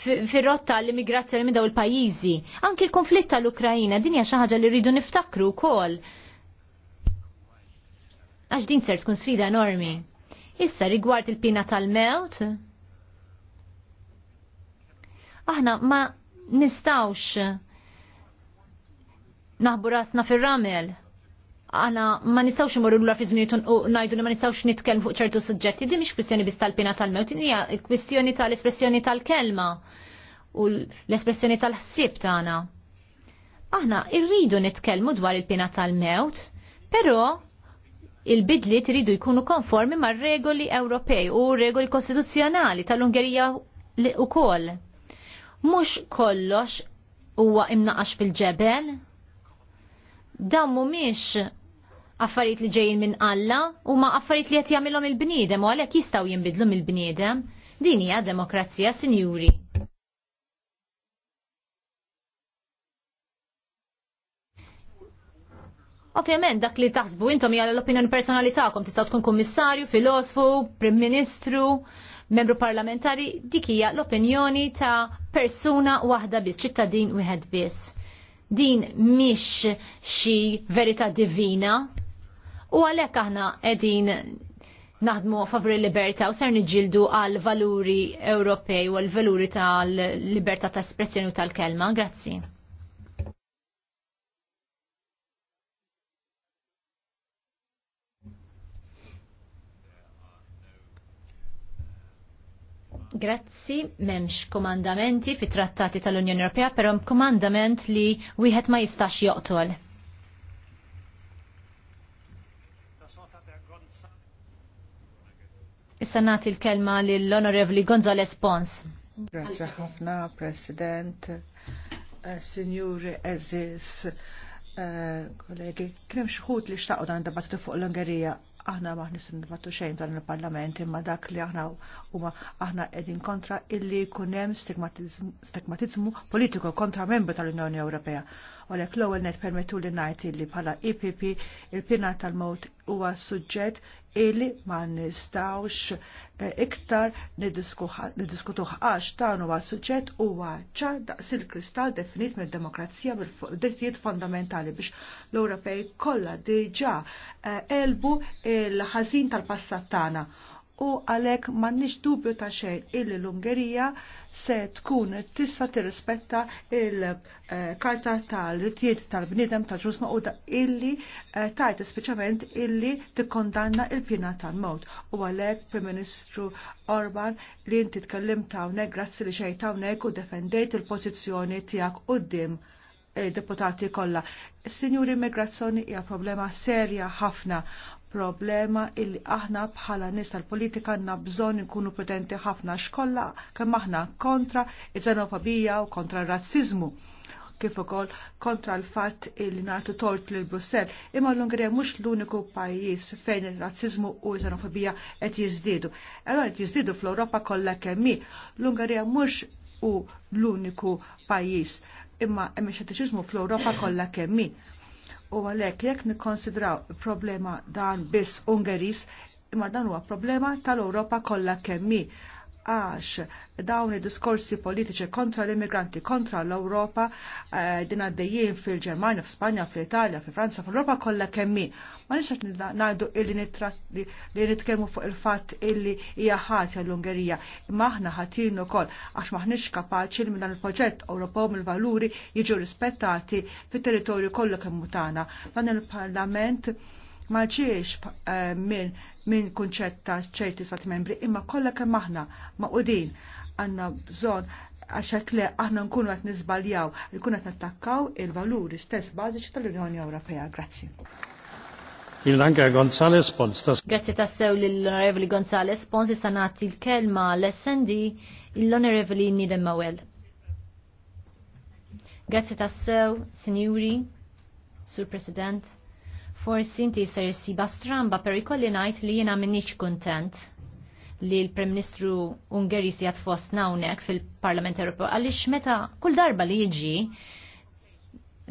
fir-rotta l-immigrazzjoni minn daw il-pajjiżi. Anki l-konflitt tal-Ukrajina din hija xi ħaġa li rridu niftakru wkoll. Għax din ser tkun sfida enormi. Issa rigward il-pina tal-mewt, aħna ma nistawx naħbu rasna fir-ramel. aħna ma nistawx imorru l-għar fizminiet u najdu li ma nistawx nitkelm fuq ċertu suġġetti, di mhix kwistjoni biss tal-pina tal-mewt, hija kwistjoni tal-espressjoni tal-kelma u l-espressjoni tal-ħsieb tagħna. Aħna irridu nitkellmu dwar il-pina tal-mewt, però il-bidli tridu jkunu konformi mar regoli Ewropej u regoli kostituzzjonali tal-Ungerija u kol mhux kollox huwa imnaqax fil-ġebel. Dawn mhumiex affarijiet li ġejjin minn Alla huma affarijiet li qed jagħmilhom il-bniedem u għalhekk jistgħu jinbidlu mill-bniedem. Din hija demokrazija, sinjuri. Ovvjament dak li taħsbu intom hija l-opinjoni personali tagħkom tista' tkun kummissarju, filosofu, prim ministru, membru parlamentari dik hija l-opinjoni ta' persuna waħda biss, ċittadin wieħed biss. Din mhix xi verità divina u għalhekk aħna qegħdin naħdmu favri l-libertà u ser niġildu għal valuri Ewropej u għal valuri tal-libertà ta' espressjoni u tal-kelma. Grazzi. Grazzi, memx komandamenti fi trattati tal-Unjoni Ewropea, però komandament li wieħed ma jistax joqtol. Issa nagħti l-kelma lill-Onorevoli Gonzales Pons. Grazie ħafna, President, eh, Signori Eżis, eh, kollegi. Kien hemm xi li xtaqgħu dan dibattitu fuq l-Ungerija aħna maħni s-nibattu xejn dan il-parlament imma dak li aħna huma aħna edin kontra illi kunem stigmatizmu politiku kontra membru tal-Unjoni Ewropea. Olek l-ewwel net permettu li ngħid illi bħala IPP e il-pina tal-mewt huwa suġġett illi ma nistawx eh, iktar nidiskutuħ għax ta' huwa suġġett huwa ċar daqs il-kristall definit mid-demokrazija bil-drittijiet fondamentali biex l-Ewropej kollha diġà eh, elbu il-ħażin tal-passat tagħna u għalek mannix dubju ta' xejn illi l-Ungerija se tkun tista' tirrispetta il-karta tal-rittijiet tal-bniedem ta' ġusma u da' illi eh, tajt speċjament illi tikkondanna il-pjena tal-mod. U għalek Prim Ministru Orban li inti tkellim hawnhekk grazzi li xejn hawnhekk u defendejt il-pożizzjoni tiegħek qudiem deputati kollha. Sinjuri immigrazzjoni hija problema serja ħafna problema illi aħna bħala nies tal-politika għandna bżonn nkunu prudenti ħafna xkolla kemm aħna kontra iż-xenofobija u kontra r razzizmu kif ukoll kontra l-fatt illi nagħtu tort lil Brussell. Imma l-Ungerija mhux l-uniku pajjiż fejn ir-razziżmu u xenofobija qed jiżdiedu. Allora qed jiżdiedu fl-Ewropa kollha kemm L-Ungerija mhux u l-uniku pajjiż imma hemm xettiċiżmu fl-Ewropa kollha kemm U għalhekk jekk nikkonsidraw problema dan biss Ungeris, imma dan huwa problema tal-Ewropa kollha kemm għax dawn id-diskorsi politiċi kontra l-immigranti, kontra l-Europa, eh, din għaddejjien fil-Ġermanja, f'Spanja, fil italja fil-Franza, fl-Europa kollha kemmi. Ma nixtieq ngħidu illi li nitkellmu fuq il-fatt illi hija ħatja l-Ungerija, imma aħna ħatin ukoll għax maħniex kapaċi li dan il-proġett Ewropew mill-valuri jiġu rispettati fit-territorju kollu kemm tagħna. Dan il-Parlament ma ġiex eh, minn min kunċett ta' ċerti sat membri imma kollha kemm aħna ma' għandna bżonn għaxek le aħna nkunu għat nizbaljaw, nkunu għat nattakkaw il-valuri stess bażiċi tal-Unjoni Ewropea. Grazzi. Il-danka Gonzales Pons. Grazzi tassew l-Onorevoli Gonzales Pons sanati l-kelma l-SND l-Onorevoli Nidem Mawel. Grazzi tassew, Signori, Sur President. Forsi inti ser siba stramba per ikolli najt li jena minniċ kontent li l-Prem Ministru Ungeri si fost nawnek fil-Parlament Europeo għaliex meta kull darba li jiġi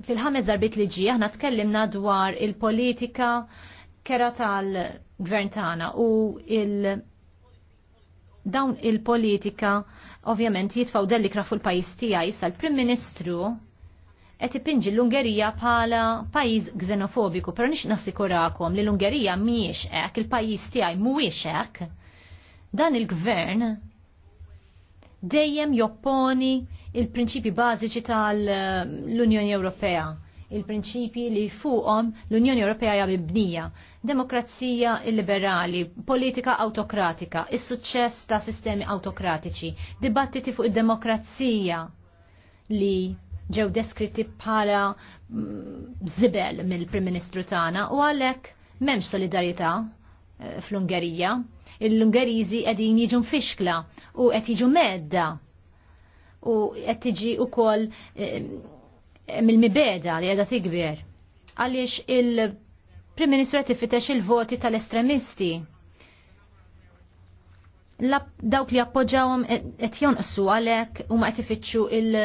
fil-ħames darbit li ġi aħna tkellimna dwar il-politika kera tal-gvern tagħna u il- dawn il-politika ovvjament jitfaw dellikra fuq il-pajis tiegħi issa l-Prim Ministru qed ipinġi l-Ungerija bħala pajjiż xenofobiku, però nix nassikurakom li l-Ungerija mhijiex hekk, il-pajjiż tiegħi mhuwiex hekk. Dan il-gvern dejjem jopponi il-prinċipi bażiċi tal-Unjoni Ewropea il-prinċipi li fuqhom l-Unjoni Ewropea hija mibnija. Demokrazija illiberali, politika autokratika, is-suċċess ta' sistemi autokratiċi, dibattiti fuq id-demokrazija li ġew deskritti bħala mm, zibel mill-Prim Ministru tagħna u għalhekk m'hemmx solidarjetà eh, fl-Ungerija. Il-Ungeriżi qegħdin jiġu mfixkla u qed jiġu medda u qed tiġi wkoll eh, mill-mibeda li qiegħda tikber. Għaliex il-Prim Ministru qed tifitex il-voti tal-estremisti dawk li appoġġawhom qed jonqsu għalhekk u ma qed ifittxu il-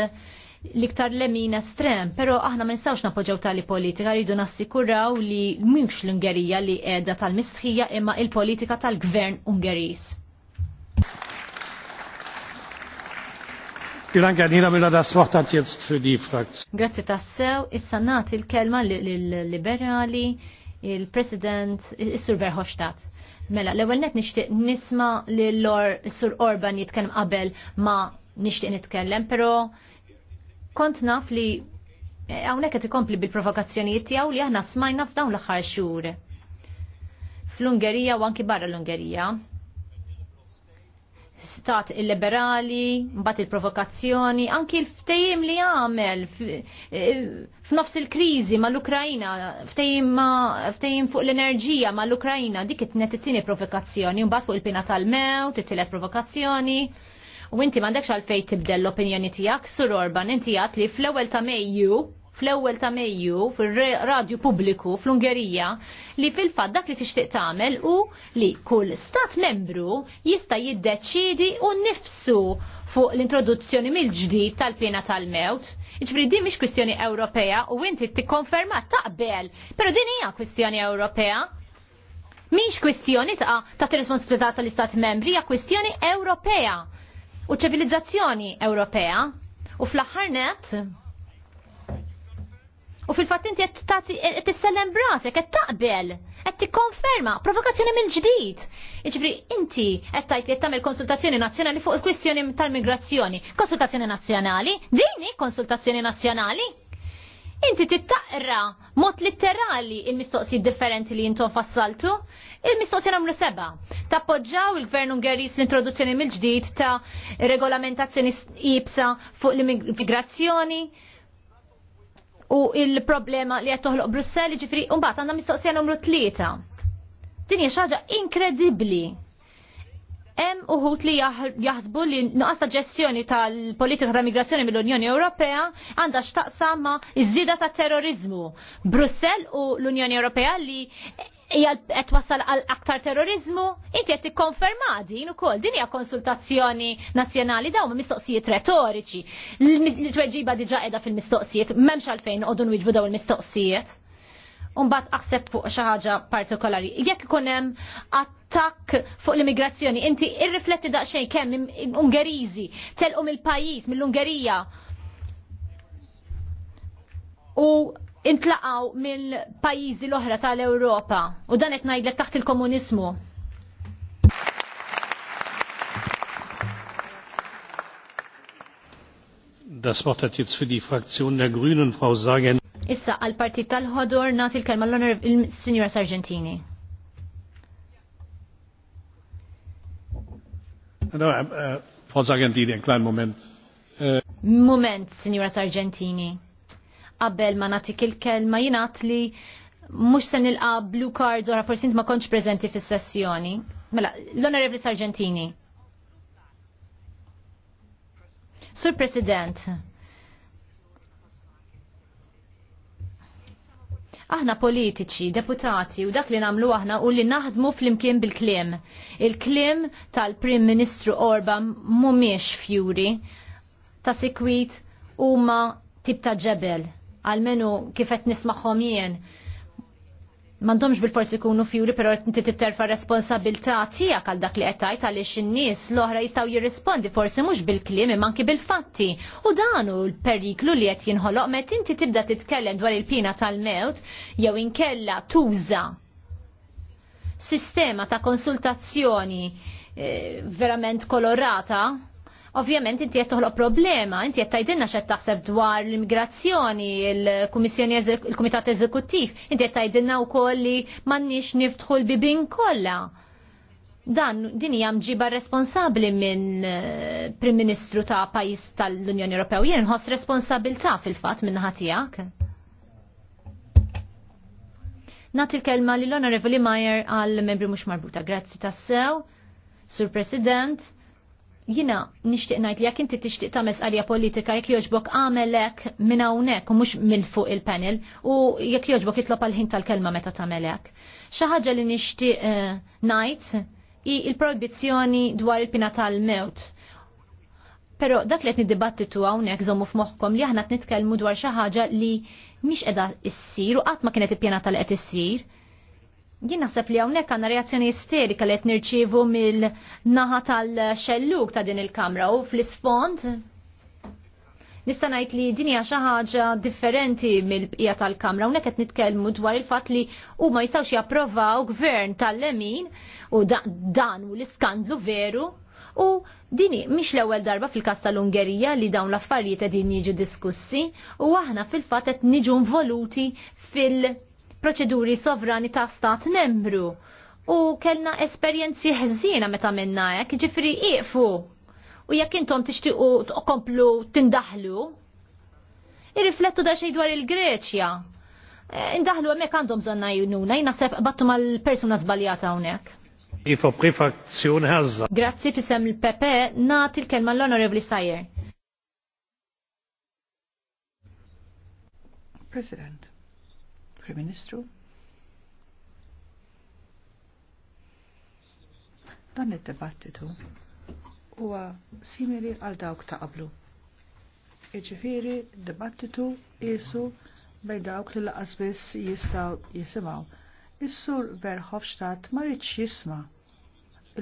l-iktar lemin estrem, pero aħna ma nistawx napoġġaw tali politika, rridu nassikuraw li mhux l-Ungerija li qiegħda tal-mistħija imma il-politika tal-gvern Ungeris. Grazie tassew, issa nagħti il-kelma lill-liberali il-President Is-Sur Verhofstadt. Mela, l-ewwel net nixtieq nisma' lil Sur Orban jitkellem qabel ma nixtieq nitkellem, però kont naf li eh, hawnhekk qed ikompli bil-provokazzjonijiet tiegħu li aħna smajna f'dawn l-aħħar xhur. Fl-Ungerija u anki barra l-Ungerija. Stat illiberali, mbagħad il-provokazzjoni, anki l-ftejim li għamel eh, f'nofs il-kriżi mal ukrajina ftejim fuq l-enerġija mal ukrajina dik it-tnet it-tieni provokazzjoni, mbagħad fuq il-pina tal-mewt, t-tillet provokazzjoni. U inti m'għandekx fej tibdel l-opinjoni tiegħek sur Orban inti għat li fl-ewwel ta' Mejju fl-ewwel ta' Mejju fir-radju pubbliku fl-Ungerija li fil-fatt dak li tixtieq tagħmel u li kull stat membru jista' jiddeċidi u nifsu fuq l-introduzzjoni mill-ġdid tal-pena tal-mewt. Iġbri din mhix kwistjoni Ewropea u inti tikkonferma taqbel, però din hija kwistjoni Ewropea. Mhix kwistjoni ta' ta' responsabilità tal-Istat membri, hija kwistjoni Ewropea u ċivilizzazzjoni Ewropea u fl-aħħar net u fil-fatt inti qed tissellem brasek qed taqbel qed tikkonferma provokazzjoni mill-ġdid. Jiġifieri inti qed tgħid li tagħmel konsultazzjoni nazzjonali fuq il-kwistjoni tal-migrazzjoni. Konsultazzjoni nazzjonali? Dini konsultazzjoni nazzjonali? Inti tittaqra mod litterali il-mistoqsijiet differenti li jintom fassaltu? Il-mistoqsija numru seba. Tappoġġaw il-Gvern Ungeris l-introduzzjoni mill-ġdid ta' regolamentazzjoni ibsa fuq l-immigrazzjoni u il-problema li qed toħloq Brussell ġifri u mbagħad għandna mistoqsija numru tlieta. Din hija xi ħaġa inkredibbli Hemm uħut li jaħsbu li nuqqas ta' ġestjoni tal-politika ta' migrazzjoni mill-Unjoni Ewropea għandha x'taqsam ma' iż-żieda ta' terrorizmu. Brussell u l-Unjoni Ewropea li hija qed wassal għal aktar terrorizmu, inti qed tikkonferma jien ukoll din hija konsultazzjoni nazzjonali dawn ma' mistoqsijiet retoriċi. L-tweġiba diġà qiegħda fil-mistoqsijiet m'hemmx għalfejn qogħdu nwiġbu dawn il-mistoqsijiet. Umbat aħseb fuq xi ħaġa partikolari. Jekk ikun hemm attakk fuq l-immigrazzjoni, inti irrifletti daqsxejn kemm Ungeriżi telqu mill-pajjiż mill-Ungerija u intlaqaw mill-pajizi l-oħra tal ewropa u dan qed ngħidlek taħt il komunizmu Das Wort hat jetzt für die Fraktion der Grünen Frau Sagen. Issa għal partit tal-ħodor nagħti l-kelma l-Honor il-Sinjora Sargentini. Uh, Frau Sargentini, ein kleinen Moment. Uh, Moment, Signora Sargentini qabel ma natik il-kelma jingħat li mhux se nilqa' blue cards ora forsi int ma kontx preżenti fis-sessjoni. Mela, l onorevli Sargentini. Sur President, aħna politiċi, deputati u dak li namlu aħna u li naħdmu fl-imkien bil-klim. Il-klim tal-Prim Ministru Orban mumiex fjuri ta' sikwit u ma tib ta' ġebel għalmenu kifet nismaħħom jien. Mandomx bil-forsi kunu fjuri, pero inti titterfa responsabilta tija għal dak li għetajt għalix in-nies l-oħra jistaw jirrispondi forsi mux bil-klim manki bil-fatti. U danu l-periklu li għet jinħoloq met inti tibda titkellem dwar il-pina tal-mewt jew inkella tuża sistema ta' konsultazzjoni eh, verament kolorata Ovvjament inti qed toħloq problema, inti qed tgħidilna x'qed taħseb dwar l-immigrazzjoni, il-Kummissjoni il-Kumitat Eżekuttiv, inti qed tgħidilna wkoll li m'għandniex niftħu l-bibin kollha. Dan din hija mġiba responsabbli minn eh, Prim Ministru ta' pajjiż tal-Unjoni Ewropew. Jien nħoss responsabilità fil-fatt minn tiegħek. Nati l-kelma lill onorevoli Majer għal membri mhux marbuta. Grazzi tassew, Sur President jina nishtiq najt li jak inti tishtiq ta' għalija politika jek joġbok għamelek minn hawnhekk u mhux minn fuq il-panel u jekk joġbok jitlob għal-ħin tal-kelma meta tamelek. Xi ħaġa li nixtieq uh, eh, ngħid i il-proibizzjoni dwar il-pina tal-mewt. Pero dak li qed niddibattitu hawnhekk żommu f'moħħkom li aħna qed nitkellmu dwar xi ħaġa li mhix qiegħda issir u qatt ma kienet ippjana tal qed issir Jien naħseb li hawnhekk għandna reazzjoni isterika li qed nirċievu mill-naħa tal-xelluk ta' din il-kamra u fl-isfond nista' ngħid li din hija xi ħaġa differenti mill-bqija tal-kamra hawnhekk qed nitkellmu dwar il-fatt li huma jistgħux japprovaw gvern tal-lemin u dan u l-iskandlu veru u dini mhix l-ewwel darba fil-każ tal-Ungerija li dawn l-affarijiet qegħdin jiġu diskussi u aħna fil-fatt qed niġu involuti fil- proċeduri sovrani ta' stat membru. U kellna esperjenzi ħżina meta minna hekk, eh, ġifri iqfu. U jekk intom tixtiequ tkomplu tindaħlu, irriflettu da xejn dwar il-Greċja. Eh, indaħlu hemmhekk għandhom bżonna jina sepp battu mal-persuna żbaljata għonek. Ifa prefakzjon ħazza. Grazzi fissem il-Pepe, nagħti l-kelma l honorable Sajer. President. Prim Ministru. Dan id debattitu huwa simili għal dawk ta' qablu. Iġifieri debattitu qisu bejn dawk li laqas biss jistgħu jisimgħu. Is-sur Verhofstadt ma rridx jisma'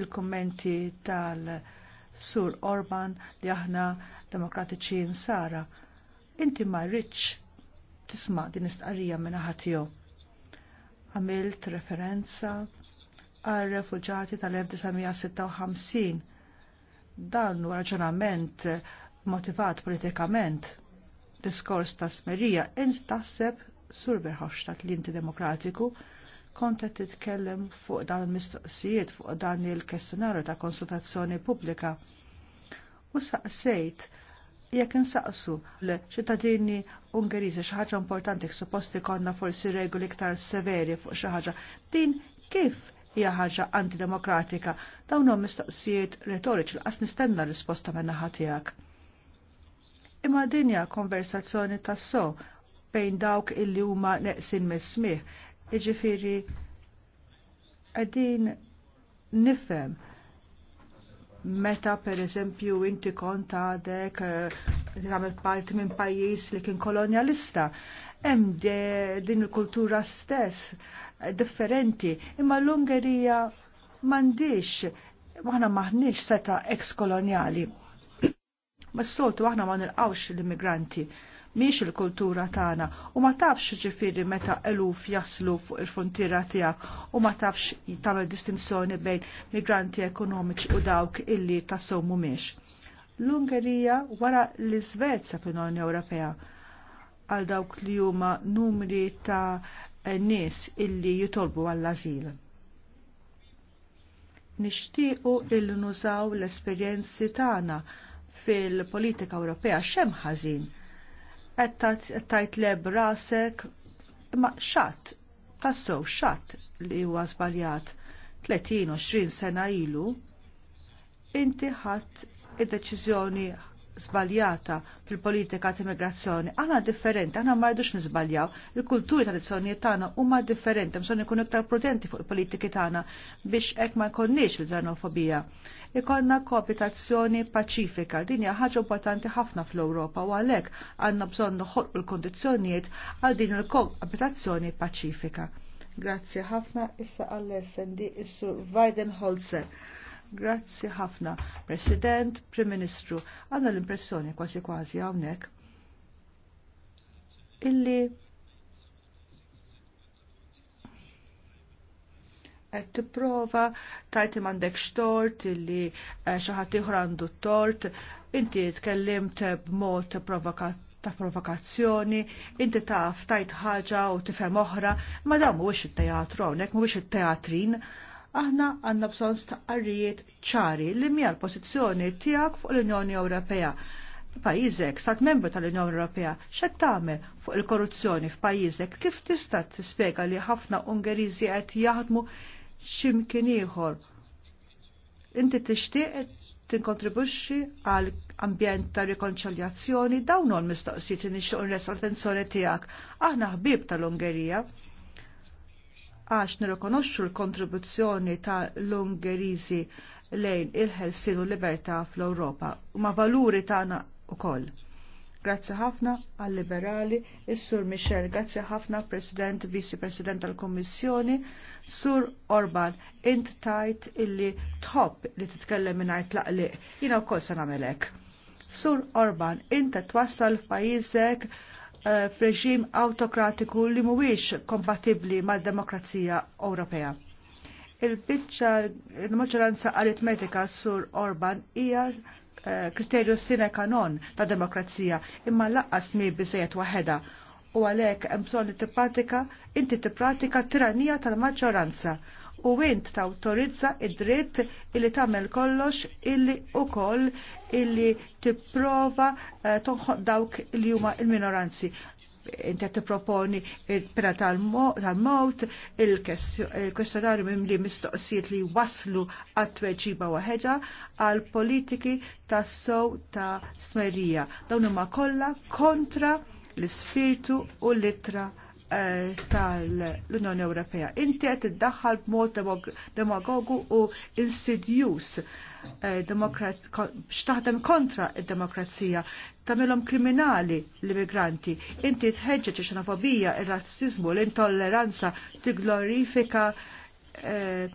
il-kummenti tal-sur Orban li aħna demokratiċi nsara. Inti ma rridx tisma' din istqarrija minn ħatiju. Għamilt referenza għal refuġati tal-1956. Dan u raġunament motivat politikament diskors ta' smerija int taħseb sur Verhofstadt li inti demokratiku kontet titkellem fuq dan mistoqsijiet fuq dan il kestjonarju ta' konsultazzjoni pubblika u saqsejt jekk insaqsu l-ċittadini Ungeriżi xi ħaġa importanti supposti konna forsi regoli iktar severi fuq xi ħaġa, din kif hija ħaġa antidemokratika dawn mistoqsijiet retoriċi l qas nistenna risposta minn naħa tiegħek. Imma din hija konversazzjoni tas-so bejn dawk illi huma neqsin mis-smih, jiġifieri qegħdin nifhem meta per eżempju inti kont għadek eh, għamil parti minn pajjiż li kien kolonjalista. Hemm din il-kultura stess eh, differenti, imma l-Ungerija m'għandix, aħna maħniex seta ex koloniali Ma s-soltu aħna ma nilqawx l-immigranti miex il-kultura tagħna u ma tafx ġifiri meta eluf jaslu fuq il-frontiera tiegħek u ma tafx tagħmel distinzjoni bejn migranti ekonomiċi u dawk illi tassew mhumiex. L-Ungerija wara l-Iżvezja fl-Unjoni Ewropea għal dawk li huma numri ta' nies illi jitolbu għall-azil nixtiequ il nużaw l-esperjenzi tagħna fil-politika Ewropea xemm ħażin qed tajt rasek imma xatt tassew xatt li huwa żbaljat 30-20 sena ilu inti ħadd id-deċiżjoni zbaljata fil-politika ta' immigrazzjoni, għana differenti, għana marduċ nizbaljaw, il-kulturi tradizzjonijiet tagħna huma differenti, mson ikun iktar prudenti fuq il-politiki tagħna biex hekk ma jkollniex l-xenofobija ikonna kooperazzjoni paċifika. Din hija ħaġa importanti ħafna fl-Ewropa u għalhekk għandna bżonn noħolqu l-kondizzjonijiet għal din il-kooperazzjoni paċifika. Grazzi ħafna issa għall-SND issu Holze. Grazzi ħafna, President, Prim Ministru, għandna l-impressjoni kważi kważi hawnhekk illi qed tipprova tajti m'għandekx tort illi eh, xi ħadd ieħor għandu tort, inti tkellimt b'mod ta' provokazzjoni, inti taf tajt ħaġa u tifhem oħra, ma dan mhuwiex it-teatru hawnhekk mhuwiex it-teatrin. Aħna għandna bżonn staqarrijiet ċari li mija l-pożizzjoni tiegħek fuq l-Unjoni Ewropea pajizek, sat membru tal-Unjoni Ewropea, xed tagħmel fuq il-korruzzjoni f'pajjiżek, kif tista' tispjega li ħafna Ungeriżi qed jaħdmu ximkien ieħor. Inti tixtieq tinkontribwixxi għal ambjent ta' rikonċiljazzjoni dawn hol mistoqsijiet li nixtieq nres l-attenzjoni tiegħek. Aħna ħbieb tal-Ungerija għax nirrikonoxxu l-kontribuzzjoni ta' l-Ungeriżi lejn il-ħelsin u libertà fl-Ewropa ma' valuri tagħna ukoll. Grazzi ħafna għal liberali is-Sur Michel, grazzi ħafna President, Vice President tal-Kommissjoni. Sur Orban, int tajt illi top li titkellem għajt tlaqliq, jina u kosa namelek. Sur Orban, inta twassal f'pajizek eh, f'reġim autokratiku li mhuwiex kompatibbli mad-demokrazija Ewropea. Il-bicċa l-maġġoranza aritmetika sur Orban hija eh, kriterju sine kanon ta' demokrazija imma laqqas mi biżejjed waħedha u għalhekk hemm bżonn li pratika inti t-pratika tiranija tal-maġġoranza u int tawtorizza id-dritt illi tagħmel kollox illi koll illi tipprova eh, toħoq dawk li huma il-minoranzi inti t-proponi tipproponi pena tal mot il-kwestjonarju mim li mistoqsijiet li waslu għat-tweġiba waħedja għal politiki tas-sow ta' smerija. Dawn huma kollha kontra l-ispirtu u l litra eh, tal-Unjoni Ewropea. Inti qed iddaħħal b'mod demagogu u insidjus eh, x'taħdem kontra id-demokrazija. Tamilhom kriminali l-immigranti. Inti tħeġġeġ xenofobija, ir-razzizmu, l-intolleranza, tiglorifika eh,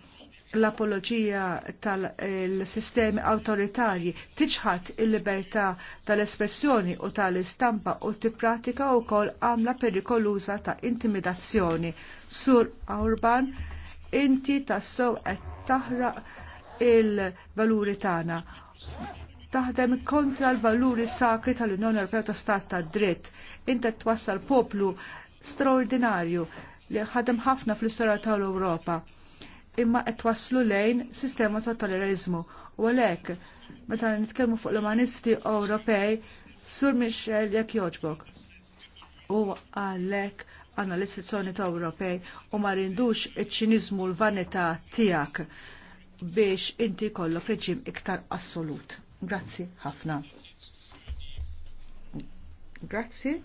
l-apologija tal-sistemi autoritarji tiġħat il-libertà tal-espressjoni u tal-istampa u tippratika u kol għamla perikoluza ta' intimidazzjoni. Sur Urban, inti tassow qed taħra il-valuri tagħna. Taħdem kontra l-valuri sakri tal-Unjoni Ewropea ta' Stat ta' Dritt. Inti twassal poplu straordinarju li ħadem ħafna fl-istorja tal-Ewropa imma qed waslu lejn sistema ta' tolerizmu. U għalhekk, meta nitkellmu fuq l-umanisti Ewropej, Sur Michel jekk joġbok. U għalhekk għandna l-istituzzjoni ta' Ewropej u ma rindux iċ-ċiniżmu l-vanità tiegħek biex inti kollok reġim iktar assolut. Grazzi ħafna. Grazzi.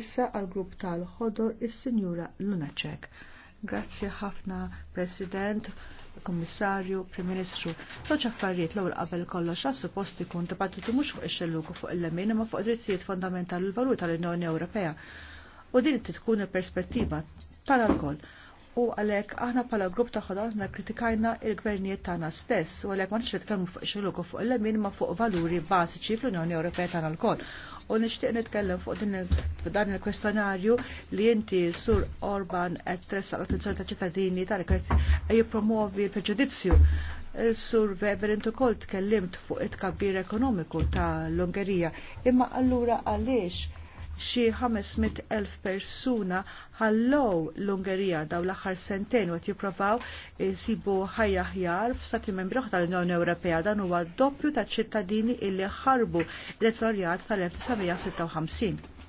Issa għal grupp tal-ħodor is-Sinjura Lunaċek. Grazzi ħafna, President, Kommissarju, Prim Ministru. Toċ affarijiet l-ewwel qabel kollox għas suppost ikun dibattitu mhux fuq ix-xelluku fuq il-lemin imma fuq drittijiet fondamentali l-valur tal-Unjoni Ewropea. U din tkun il-perspettiva tal-alkoll u għalhekk aħna bħala grupp ta' ħodorna kritikajna il-gvernijiet tagħna stess u għalhekk ma nix nitkellmu fuq ix-xelluku fuq il lemin imma fuq valuri bażiċi fl-Unjoni Ewropea tal-alkol u nixtieq nitkellem fuq din dan il-kwestjonarju li inti sur Orban qed tressa l-attenzjoni ta' ċittadini tal qed jippromuovi l-preġudizzju. Eh, sur Weber intu kol tkellimt fuq it-kabbir ekonomiku ta' l-Ungerija. Imma allura għaliex xi 500,000 persuna ħallow l-Ungerija daw l-aħħar sentejn u qed jippruvaw isibu ħajja ħjar f'stati membri oħra tal-Unjoni Ewropea dan huwa doppju ta' ċittadini illi ħarbu l-etorjat tal-1956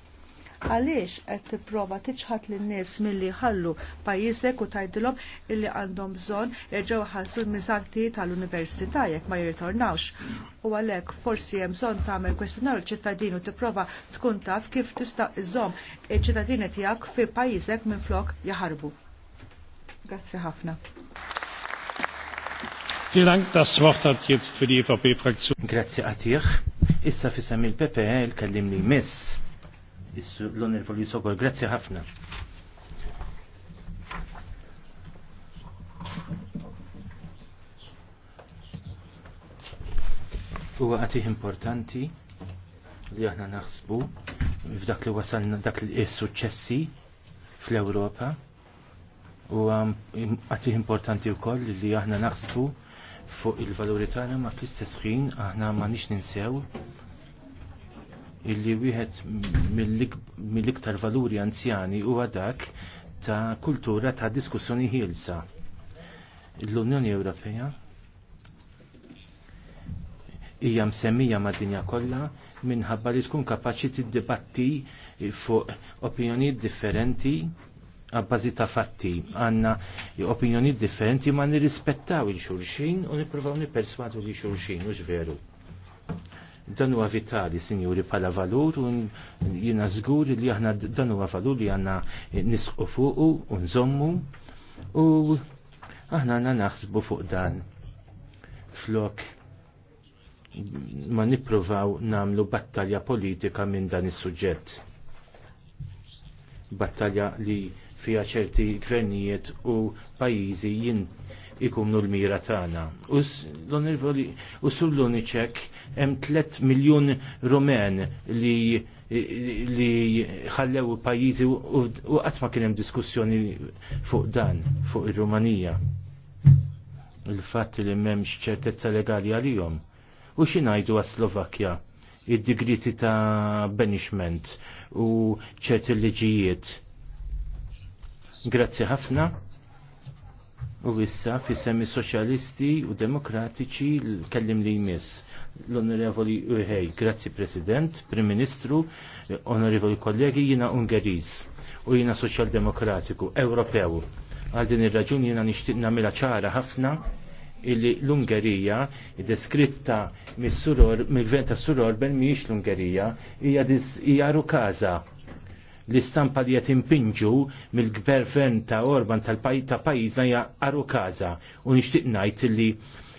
għaliex qed tipprova tiċħat lin nies milli ħallu pajjiżek u tgħidilhom illi għandhom bżonn jerġgħu ħassu l-miżati tal-università jekk ma jirritornawx. U għalhekk forsi hemm bżonn tagħmel kwestjonar ċittadin u tipprova tkun taf kif tista' iżomm iċ-ċittadini tiegħek fi pajjiżek minflok jaħarbu. Grazzi ħafna. Grazie a tiegħek. Issa fisem il-PPE il-kellim li miss l-onorevoli Sogol. Grazzi ħafna. Huwa għatih importanti li aħna naħsbu f'dak li wasalna dak il-suċċessi fl-Ewropa u għatih importanti wkoll li aħna naħsbu fuq il-valuri tagħna ma fl-istess ħin aħna ma nix ninsew illi wieħed mill-iktar valuri anzjani huwa dak ta' kultura ta' diskussjoni ħielsa. L-Unjoni Ewropea hija msemmija mad-dinja kollha minħabba li tkun kapaċi tiddibatti fuq opinjonijiet differenti għabbażi ta' fatti għanna opinjoni differenti ma' nirrispettaw il-xurxin u niprofaw nipperswadu li xurxin, u veru. Dan huwa vitali, sinjuri, pala valur, un jina zgur li aħna dan huwa valur li għanna nisqu fuqu, nżommu. u aħna għanna naħsbu fuq dan. Flok, ma niprovaw namlu battalja politika minn dan is-suġġett. Battalja li fija ċerti gvernijiet u pajizi jien ikunu l-mira tagħna. U sulluni ċek hemm 3 miljun Rumen li li ħallew pajjiżi u qatt ma kien hemm diskussjoni fuq dan, fuq ir-Rumanija. Il-fatt li m'hemmx ċertezza legali għalijom. U xi ngħidu għas-Slovakkja id-digriti ta' banishment u ċerti liġijiet. Grazzi ħafna U issa fis-semi soċjalisti u demokratiċi l-kellim li jmiss l-Onorevoli Uħej, grazzi President, Prim Ministru, Onorevoli kollegi, jina Ungeriż u jina Soċjal-Demokratiku, Ewropew. Għal din ir-raġun jina nixtieq nagħmilha ċara ħafna illi l-Ungerija deskritta mill venta suror ben Orben mhijiex l-Ungerija, hija rukaza l-istampa li qed impinġu mill-gvern ta' Orban tal-pajta pajjiżna hija aru kaza u nixtieq ngħid li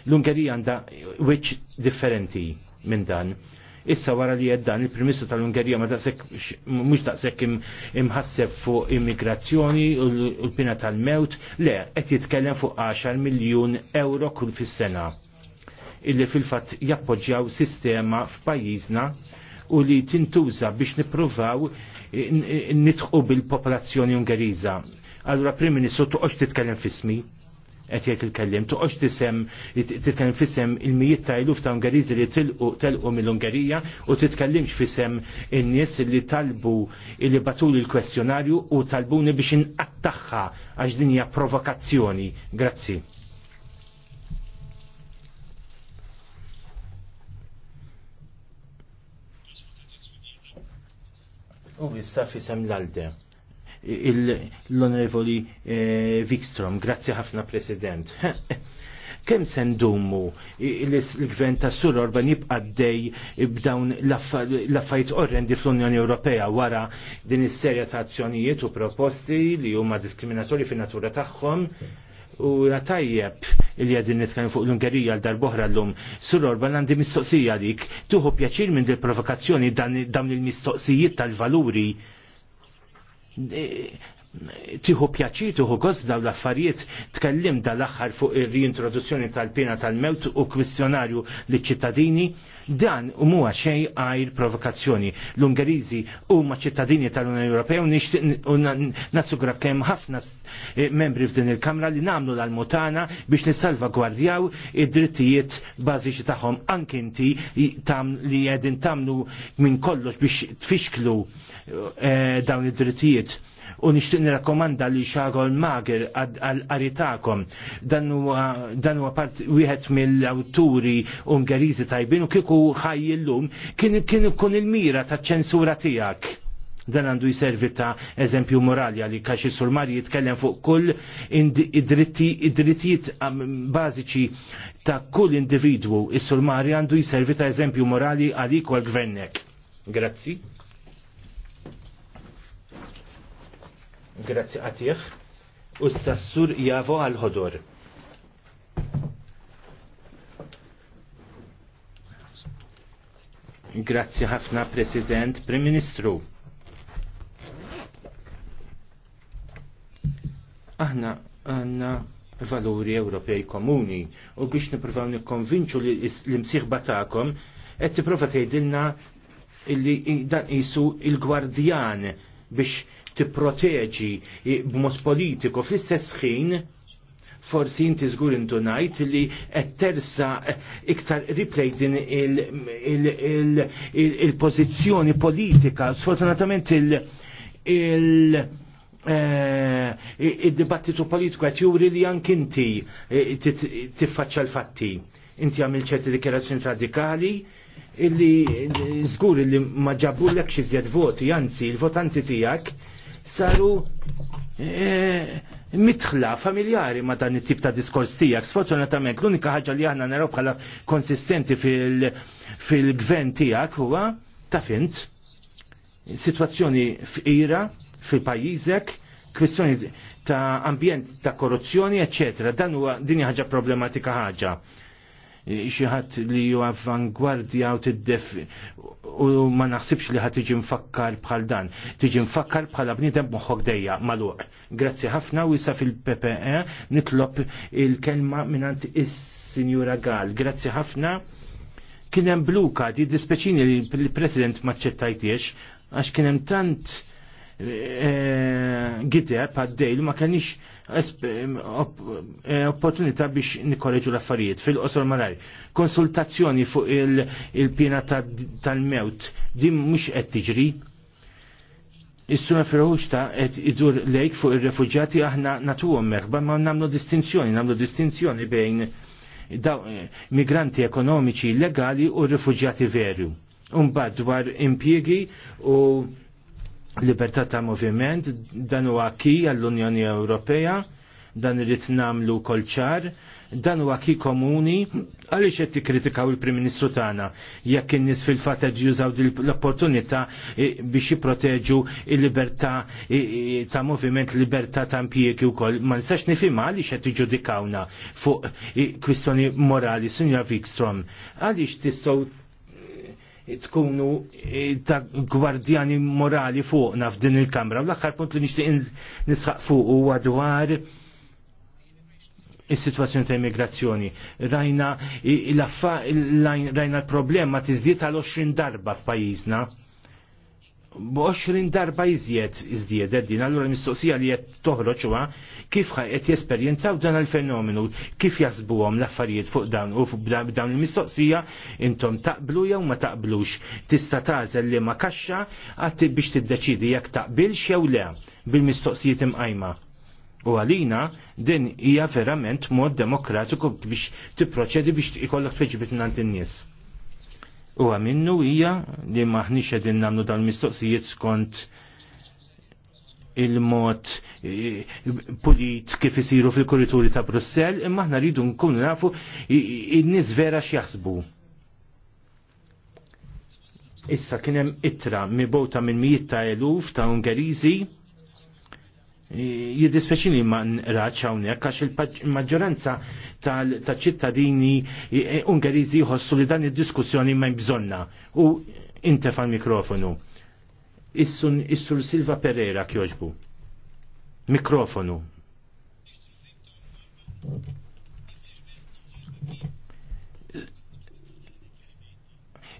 l-Ungerija għandha wiċċ differenti minn dan. Issa wara li dan il-Primistru tal-Ungerija ma daqsek, mhux daqshekk imħassef fuq immigrazzjoni u l-pina tal-mewt, le qed jitkellem fuq 10 miljun euro kull fis-sena illi fil fat jappoġġjaw sistema f'pajjiżna u li tintuża biex nippruvaw nitħu bil-popolazzjoni Ungeriża. Allura Prim Ministru toqgħodx titkellem fismi qed jgħid il-kellim, toqgħodx tisem titkellem fisem il-mijiet ta' iluf ta' Ungeriżi li tilqu telqu mill-Ungerija u titkellimx fisem in-nies li talbu li batul il-kwestjonarju u talbuni biex inqattaħħa għax din hija provokazzjoni. Grazzi. U issa fisem l-alde. L-onorevoli Vikstrom, eh, grazzi ħafna President. Kem sen dummu l-gvern ta' Sur Orban jibqa' dej b'dawn l-affajt orrendi fl-Unjoni Ewropea wara din is-serja ta' azzjonijiet u proposti li huma diskriminatorji fin-natura tagħhom u tajjeb il jedin nitkellem fuq l-Ungerija għal darbohra l-lum. Sur banan għandi mistoqsija dik, tuħu pjaċir minn il-provokazzjoni dan il-mistoqsijiet tal-valuri e, tiħu pjaċir, tiħu gost daw l-affarijiet tkellim dal aħħar fuq ir-reintroduzzjoni tal-pena tal-mewt u kwistjonarju li ċittadini, dan u muwa xej għajr provokazzjoni. L-Ungarizi u ma ċittadini tal-Unjoni Ewropea u nixtieq nassugra kemm ħafna eh, membri f'din il-Kamra li namlu l-mutana biex nissalvagwardjaw id-drittijiet bażiċi tagħhom anki inti li qegħdin tamlu minn kollox biex tfixklu eh, dawn id-drittijiet u nixtieq nirrakkomanda li xagol mager għall qaritakom dan huwa part wieħed mill-awturi Ungeriżi tajbin u kieku illum kien ikun il-mira taċ-ċensura tiegħek. Dan għandu jservi ta' eżempju morali għalli kaxi marji jitkellem fuq kull id-drittijiet bażiċi ta' kull individwu. is marji għandu jiservi ta' eżempju morali għalik għal gvernek. Grazzi. Grazzi għatieħ. U s-sassur javo għal-ħodor. Grazzi ħafna, President, Prim Ministru. Aħna għanna valuri Ewropej komuni u biex niprofaw nikkonvinċu li l-imsiħba ta'kom qed tipprova tgħidilna li dan isu il-gwardjan biex tipproteġi b'mod politiku fl-istess ħin forsi inti żgur intu ngħid li qed tersa iktar riplej din il-pożizzjoni politika. Sfortunatament il- il-dibattitu eh, politiku qed juri li anke inti eh, tiffaċċa l-fatti. Inti għamil ċerti dikjerazzjoni radikali, illi zgur eh, li ma ġabru l voti, janzi, il-votanti tijak saru e, mitħla familjari ma dan it-tip ta' diskors tijak. Sfortunatament, l-unika ħagġa li aħna naraw bħala konsistenti fil-gvern tijak huwa ta' fint situazzjoni f'ira fil-pajizek, kwistjoni ta' ambjent ta' korruzzjoni, eccetera. Dan huwa din ħaġa problematika ħaġa xi ħadd li ju avangwardja u tiddef u ma naħsibx li ħadd tiġi mfakkar bħal dan. Tiġi mfakkar bħala bniedem moħħok dejja maluq. Grazzi ħafna u jisa fil-PPE nitlob il-kelma mingħand is-Sinjura Gall. Grazzi ħafna. Kien hemm bluka di dispeċini li l-President maċċettajtiex għax kien hemm tant eh, gideb għaddej li ma kenix Eh, opportunità biex nikolleġu l-affarijiet fil-qosor malaj. Konsultazzjoni fuq il pina tal-mewt din mhux qed tiġri. Is-suna firħuċta qed idur lejk fuq ir-refuġjati aħna natuhom merħba ma nagħmlu distinzjoni, nagħmlu distinzjoni bejn eh, migranti ekonomiċi legali u rifuġjati veru. Umbad dwar impjiegi u libertà ta' moviment, dan huwa ki għall-Unjoni Ewropea, dan irrid namlu kolċar, dan huwa ki komuni għaliex qed tikkritikaw il-Prim Ministru tagħna jekk in-nies fil-fatt qed jużaw l-opportunità eh, biex jipproteġu il-libertà eh, eh, ta' moviment, libertà ta' impjiegi wkoll. Ma nistax nifhim għaliex qed iġudikawna fuq kwistjoni morali, Sinja Vikstrom. Għaliex tistgħu tkunu eh, ta' gwardjani morali fuqna f'din il-kamra. L-aħħar punt li nixtieq nisħaq fuq u għadwar is-sitwazzjoni ta' immigrazzjoni. Rajna l-problema tizdiet għal 20 darba f'pajjiżna b-20 darba iżjed iżjed eddin, għallura mistoqsija li qed toħroġ huwa kif qed jesperjenzaw dan il-fenomenu, kif jaħsbuhom l-affarijiet fuq dawn u b'dawn il-mistoqsija intom taqblu jew ma taqblux. Tista' tagħżel li ma kaxxa għatti biex tiddeċidi jekk taqbilx jew le bil-mistoqsijiet imqajma. U għalina din hija verament mod demokratiku biex tipproċedi biex ikollok tweġibit nant in-nies. U għaminnu hija li maħniċ edin namnu dal-mistoqsijiet skont il-mod pulit kif isiru fil-korrituri ta' Brussel, imma aħna rridu nkunu nafu in-nies vera x'jaħsbu. Issa kien hemm ittra mibota minn mijiet ta' eluf ta' Ungeriżi jiddispeċini ma nraċ hawnhekk għax il-maġġoranza tal-ċittadini Ungeriżi jħossu li dan id-diskussjoni ma jbżonna u intefa' fa' mikrofonu Issur Silva Pereira kjoġbu. Mikrofonu.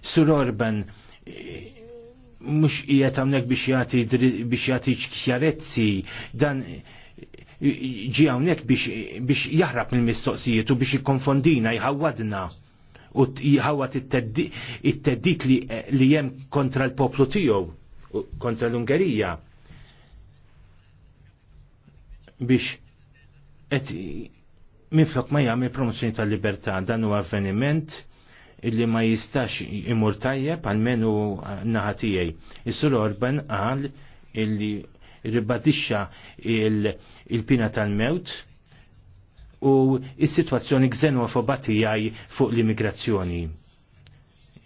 Sur Orban, mux qiegħed hawnhekk biex jati biex jagħti dan ġi hawnhekk biex jaħrab mill-mistoqsijiet u biex jikonfondina jħawwadna u jħawad it-teddit li jem kontra l-poplu tiegħu kontra l-Ungerija biex qed minflok ma jagħmel promozjoni tal-libertà dan huwa avveniment illi ma jistax imur tajjeb għalmenu uh, naħatijaj. Is-sur Orban għal illi ribadixxa il-pina il pina tal mewt u is-sitwazzjoni xenofoba tiegħi fuq l-immigrazzjoni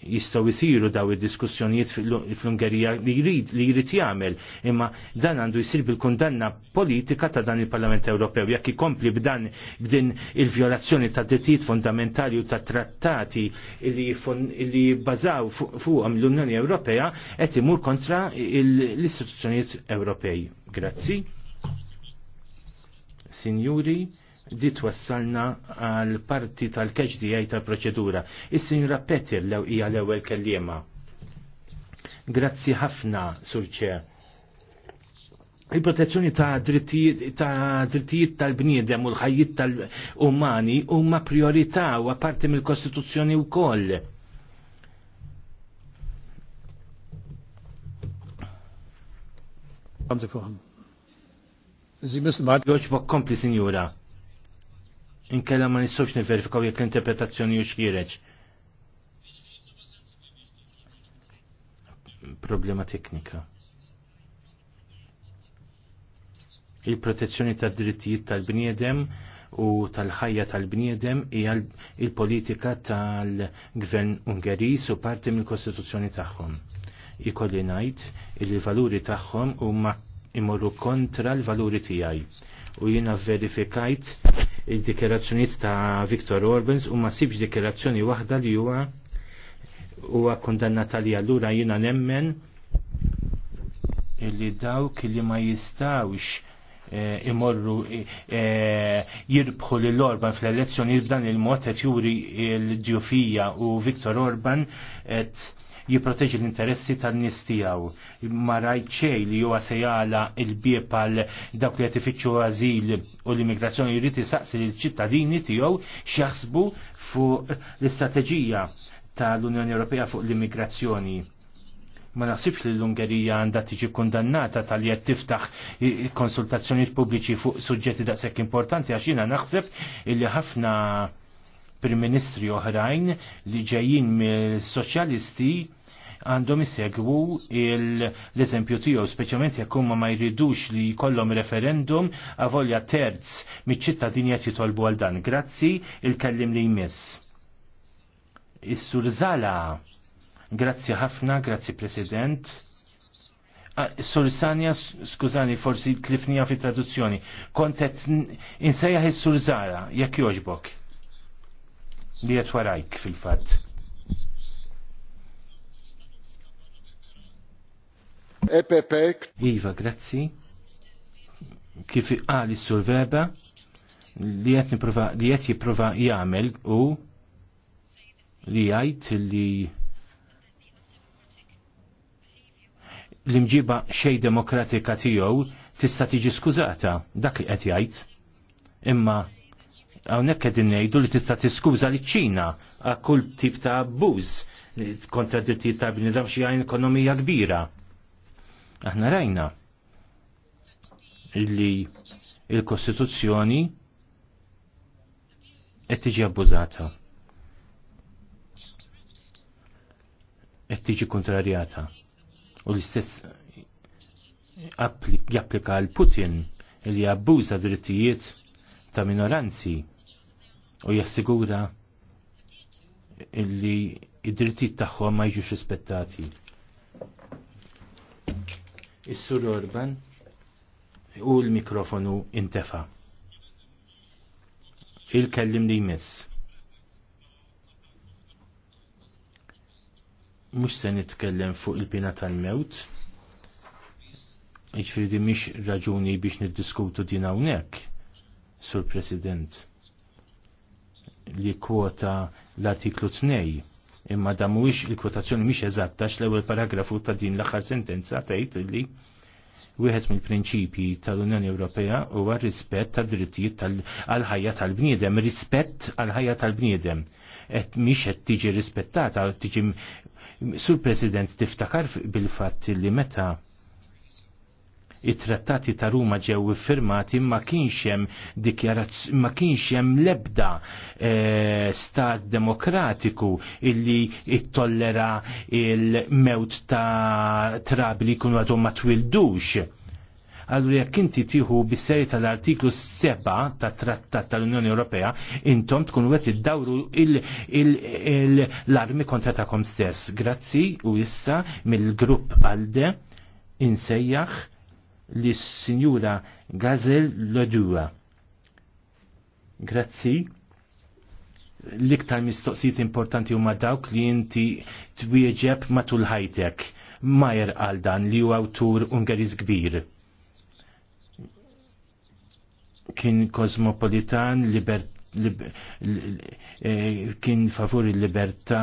jistaw jisiru daw id-diskussjonijiet fl-Ungerija li jrid li jrid jagħmel, imma dan għandu jsir bil-kundanna politika ta' dan il-Parlament Ewropew jekk ikompli b'dan b'din il-vjolazzjoni ta' drittijiet fundamentali u ta' trattati li li fuqhom l-Unjoni Ewropea qed imur kontra l-istituzzjonijiet Ewropej. Grazzi. Signori di twassalna għal parti tal-keġdijaj tal-proċedura. Is-sinjura Petir lew ija l-ewwel kellima. Grazzi ħafna, Surċe. Il-protezzjoni ta' drittijiet ta' tal-bniedem u l-ħajjiet tal-umani huma priorità u apparti mill-Kostituzzjoni wkoll. Għanzi fuħam. Zi misma. Joċ kompli, sinjura inkella ma nistgħux niverifikaw jekk l-interpretazzjoni u x'jireġ. Problema teknika. Il-protezzjoni tad drittijiet tal-bniedem u tal-ħajja tal-bniedem hija l politika tal-Gvern Ungeris u parti mill-Kostituzzjoni tagħhom. Ikolli ngħid il-valuri tagħhom huma imorru kontra l-valuri tiegħi u jina verifikajt il-dikerazzjoniet ta' Viktor Orbens u ma sibx dikerazzjoni waħda li huwa huwa kondannat li allura jina nemmen illi dawk li ma jistawx eh, imorru eh, eh, jirbħu l Orban fl-elezzjoni b'dan il-mod qed juri l-ġufija u Viktor Orban qed jipproteġi l-interessi tan-nies tiegħu. Ma rajt li huwa se jala l-bieb għal dawk li qed ifittxu u l-immigrazzjoni jrid isaqsi l ċittadini tiegħu x'jaħsbu fuq l-istrateġija tal-Unjoni Ewropea fuq l-immigrazzjoni ma naħsibx li l-Ungerija għandha tiġi kundannata tal jett tiftaħ konsultazzjonijiet pubbliċi fuq suġġetti daqshekk importanti għax jiena naħseb illi ħafna prim-ministri oħrajn li ġejjin mill-soċjalisti għandhom isegwu l-eżempju tiegħu, speċjalment jekk huma ma jridux li jkollhom referendum avolja terz miċ-ċittadini qed jitolbu għal dan. Grazzi il-kellim li jmiss. Is-sur Zala. Grazzi ħafna, grazzi President. Sursanja, skużani, forsi tlifnija fi traduzzjoni, kontet insejjaħ is-surzara, jekk joġbok. Li qed warajk fil-fatt. EPP. Iva, grazzi. Kif għali s-surveba li jett niprofa, li jett jiprofa jgħamil u li jgħajt li l mġiba xej demokratika tiegħu tista' tiġi skużata dak li qed jgħid. Imma hawnhekk qed innejdu li tista' tiskuża liċ ċina għal kull tip ta' abbuż kontra d bini dam bnidem xi ekonomija kbira. Aħna rajna li il-Kostituzzjoni qed tiġi abbużata. Qed tiġi kontrarjata. U l-istess japplika għal Putin li jabbuża drittijiet ta' minoranzi u jassigura illi id-drittijiet tagħhom ma jiġux rispettati. Is-Sur Orban u l-mikrofonu intefa. Il-kellim li jmiss. Mux se nitkellem fuq il-pina tal-mewt, ġifridi mux raġuni biex niddiskutu din hawnhekk, Sur President, li kwota l-artiklu 2 imma da il-kwotazzjoni mhix eżatta l-ewwel paragrafu ta' din l-aħħar sentenza tgħid li wieħed mill-prinċipji tal-Unjoni Ewropea huwa rispett tad drittijiet għal ħajja tal-bniedem, rispett għal ħajja tal-bniedem. Et mhix qed tiġi rispettata, tiġi Sur President tiftakar bil-fatt li meta it-trattati ta' Ruma ġew firmati ma kienx hemm ma kienx hemm lebda e, stat demokratiku illi ittollera il-mewt ta' trabi li jkunu għadhom ma twildux. Allura jekk inti tieħu bis-seri tal-artiklu 7 tat Trattat tal-Unjoni Ewropea, intom tkunu qed iddawru l-armi kontra tagħkom stess. Grazzi u issa mill-grupp Alde insejjaħ li s-Sinjura Gazel Lodua. Grazzi. L-iktar mistoqsijiet importanti huma dawk li inti twieġeb matul ħajtek. Majer għal dan li huwa awtur Ungeriż kbir. Kien kosmopolitan, libert Eh, kien favur il-libertà,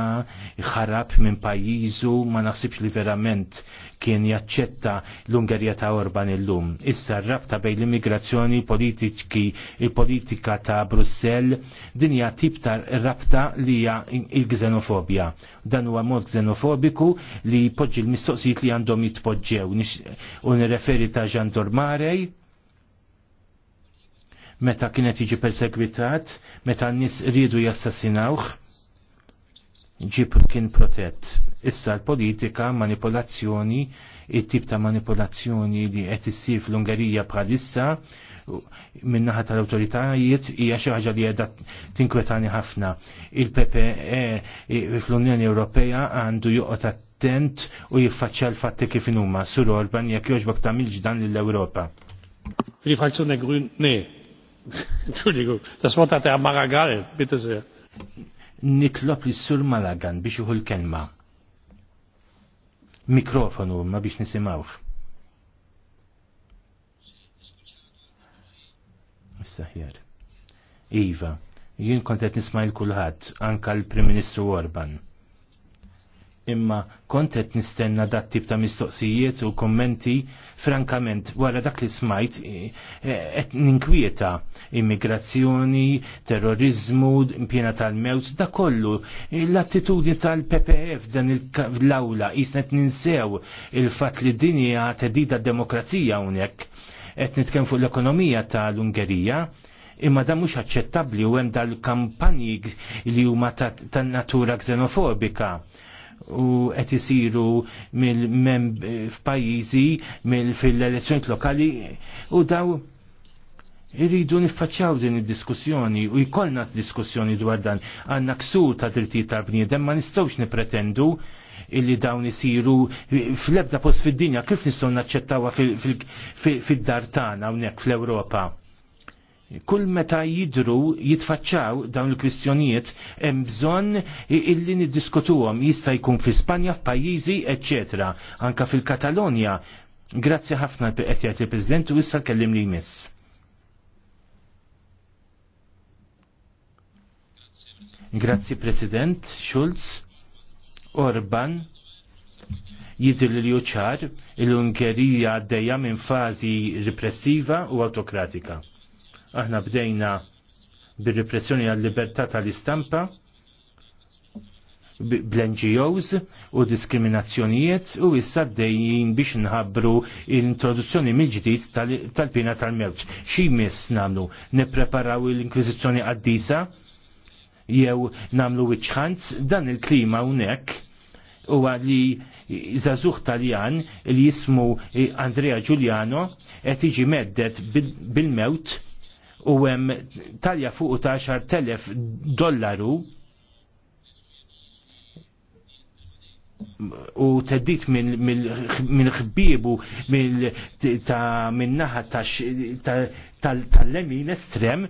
ħarab minn pajizu, ma naħsibx li verament kien jaċċetta l-Ungerija ta' Orban illum. Issa r-rabta bejn l-immigrazzjoni politiċki, il-politika ta' Brussell, din hija tip ta' rabta li hija il-gżenofobja. Dan huwa mod gżenofobiku li poġġi l-mistoqsijiet li għandhom jitpoġġew. U nirreferi ta' Ġandor meta kienet jiġi persegwitat, meta n-nis ridu jassassinawx, ġib kien protett. Issa l-politika, manipolazzjoni, it-tip ta' manipolazzjoni li qed issir fl-Ungerija bħalissa minnaħa tal-autoritajiet hija xi ħaġa li qiegħda tinkwetani ħafna. Il-PPE fl-Unjoni Ewropea għandu joqgħod attent u jiffaċċja l-fatti kif inhuma. Sur Orban jekk jogħġbok tagħmilx dan lill-Ewropa. Rifalzone grün, ne, Entschuldigung, das Wort hat Herr Maragall, bitte sehr. Nitlob li sur Malagan biex juhu l-kelma. Mikrofonu ma biex nisimawx. Saħjar. Iva, jien kontet nisma' il anka l-Prim Ministru Orban imma kontet nistenna dat tip ta' mistoqsijiet u kommenti frankament wara dak li smajt e, e, qed ninkwieta immigrazzjoni, terrorizmu, impjena tal-mewt, da kollu e, l-attitudni tal-PPF dan l-awla jisnet ninsew il-fat li dinja tedida demokrazija unek qed nitken fuq l-ekonomija tal-Ungerija imma da mhux aċċettabbli u hemm dal-kampanji li huma ta' natura xenofobika u qed isiru mill f'pajjiżi mill fil-elezzjoni lokali u daw irridu niffaċċjaw din id-diskussjoni u jkollna diskussjoni dwar dan għandna ksur ta' drittijiet tal-bniedem ma nistgħux nipretendu illi dawn isiru fl-ebda post fid-dinja kif nistgħu naċċettawha fid-dar tagħna hawnhekk fl-Ewropa kull meta jidru jitfaċċaw dawn il-kwistjonijiet hemm bżonn illi niddiskutuhom jista' jkun fi Spanja, f'pajjiżi, eċċetera, anka fil-Katalonja. Grazzi ħafna qed jgħid il-President u issa kellim li jmiss. Grazzi President Schulz, Orban, jidhir li juċar il-Ungerija għaddejja minn fażi repressiva u autokratika Aħna bdejna bir-repressjoni għal-libertà tal-istampa, bl-NGOs u diskriminazzjonijiet u issa dejjin biex nħabru l-introduzzjoni mill-ġdid tal-pina tal-mewġ. Xi miss namlu? Nippreparaw l-Inkwiżizzjoni qaddisa? Jew namlu wiċċħanz dan il-klima hawnhekk u li zazuħ taljan li jismu Andrea Giuliano qed jiġi meddet bil-mewt bil mewt u hemm talja fuq ta' telef dollaru u teddit minn ħbibu minn naħa tal-lemin estrem,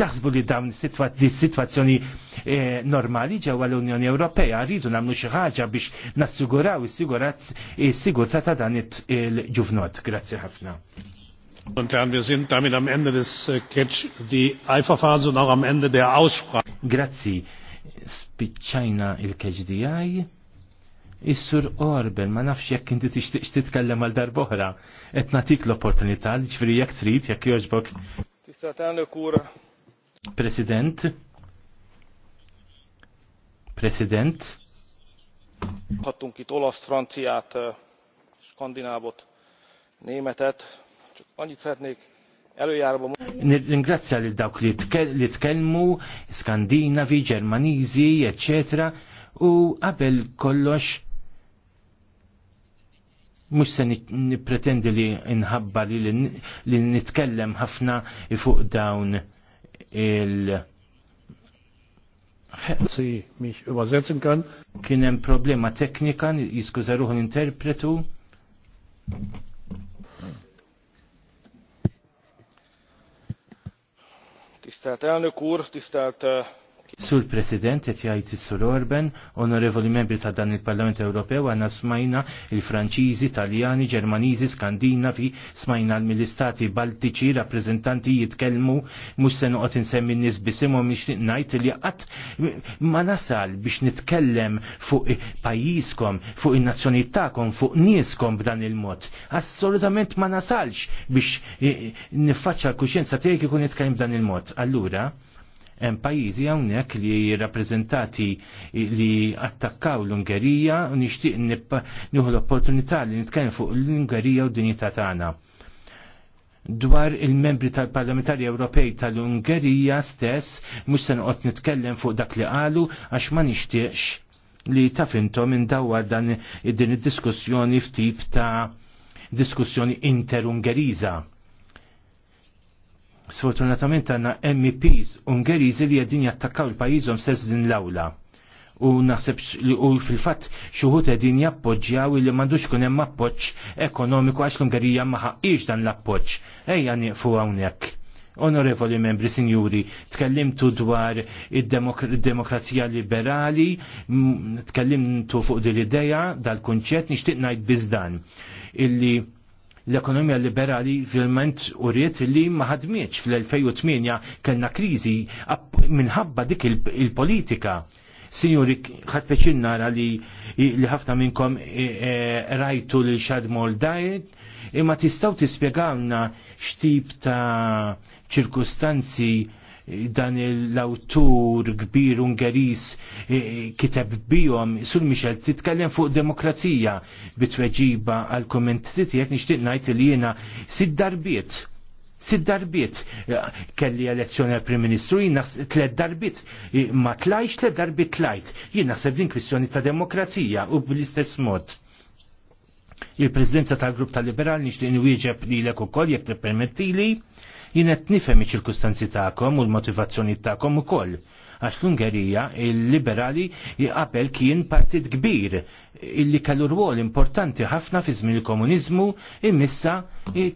taħsbu li dawn situazzjoni eh, normali ġewwa l-Unjoni Ewropea rridu nagħmlu xi ħaġa biex nassiguraw is-sigurtà ta' dan il-ġuvnot. Grazzi ħafna. Äh, Grazzi. Spiċċajna il-Catch the Is-sur Orben, ma nafx jekk inti tixtieq titkellem għal darbohra, qed nagħtik l-opportunità li ġifieri jekk trid jekk jogħġbok. Tista' kura. President. President. Ħattunk itt olasz, franciát, eh, skandinávot, németet, annyit szeretnék Ringrazzja li dawk li tkellmu, Skandinavi, Ġermaniżi, eccetera, u qabel kollox mux se nipretendi li nħabba li nitkellem ħafna fuq dawn il- Si, miex, wazerzin kan? Kienem problema teknika, jiskuza ruħu interpretu tisztelt elnök úr tisztelt eh, Sur President qed jgħid Sur Orben, onorevoli membri ta' dan il-Parlament Ewropew għanna smajna il-Franċiżi, Italjani, Ġermaniżi, Skandinavi, smajna mill-istati Baltiċi rappreżentanti jitkellmu mhux se noqgħod insemmi n-nies bisimhom biex ngħid li qatt ma nasal biex nitkellem fuq pajjiżkom, fuq in-nazzjonijiet fuq nieskom b'dan il-mod. Assolutament ma nasalx biex nifaċċa l-kuxjenza tiegħek ikun jitkellem b'dan il-mod. Allura, hemm pajjiżi hawnhekk li rappreżentati li attakkaw l-Ungerija u nixtieq nieħu l-opportunità li nitkellem fuq l-Ungerija u d-dinjità tagħna. Dwar il-membri tal-Parlamentari Ewropej tal-Ungerija stess mhux se noqgħod nitkellem fuq dak li qalu għax ma nixtieqx li tafintom indawwar dan din id-diskussjoni f'tip ta' diskussjoni inter-Ungeriża Sfortunatament għanna MEPs Ungerizi li għedin jattakkaw il-pajizom sess din l-awla. U naħseb li u fil fat xuħut għedin jappoġġjaw li mandux kun hemm appoġġ ekonomiku għax l-Ungerija maħaqix dan l-appoġġ. Ejja nieqfu hawnhekk. Onorevoli membri, sinjuri, tkellimtu dwar id-demokrazija liberali, tkellimtu fuq dil-ideja, dal konċet nixtieq ngħid bizdan. illi l-ekonomija liberali filment u riet li maħadmieċ fl-2008 kellna krizi minħabba dik il-politika. Signori, ħat peċin nara li li ħafna minnkom e- e- rajtu li xadmol dajt, imma tistaw tispiegawna xtib ta' ċirkustanzi dan l-awtur kbir Ungeris eh, kiteb bijom sul Michel titkellem fuq demokrazija bitweġiba għal kommenti jek nixtieq ngħid li jiena sid darbiet sid darbiet kelli elezzjoni għal prim ministru jina tled darbiet ma tlajx tlet darbiet tlajt jina seb din kwistjoni ta' demokrazija u bl-istess mod il-presidenza tal-grupp tal-liberal nixtieq wieġeb li l-ek ukoll jekk permettili Jien qed nifhem iċ-ċirkustanzi tagħkom u l-motivazzjoni tagħkom ukoll għax fl-Ungerija il-liberali jqabel kien partit kbir illi kellu rwol importanti ħafna fi żmien il-komuniżmu imissa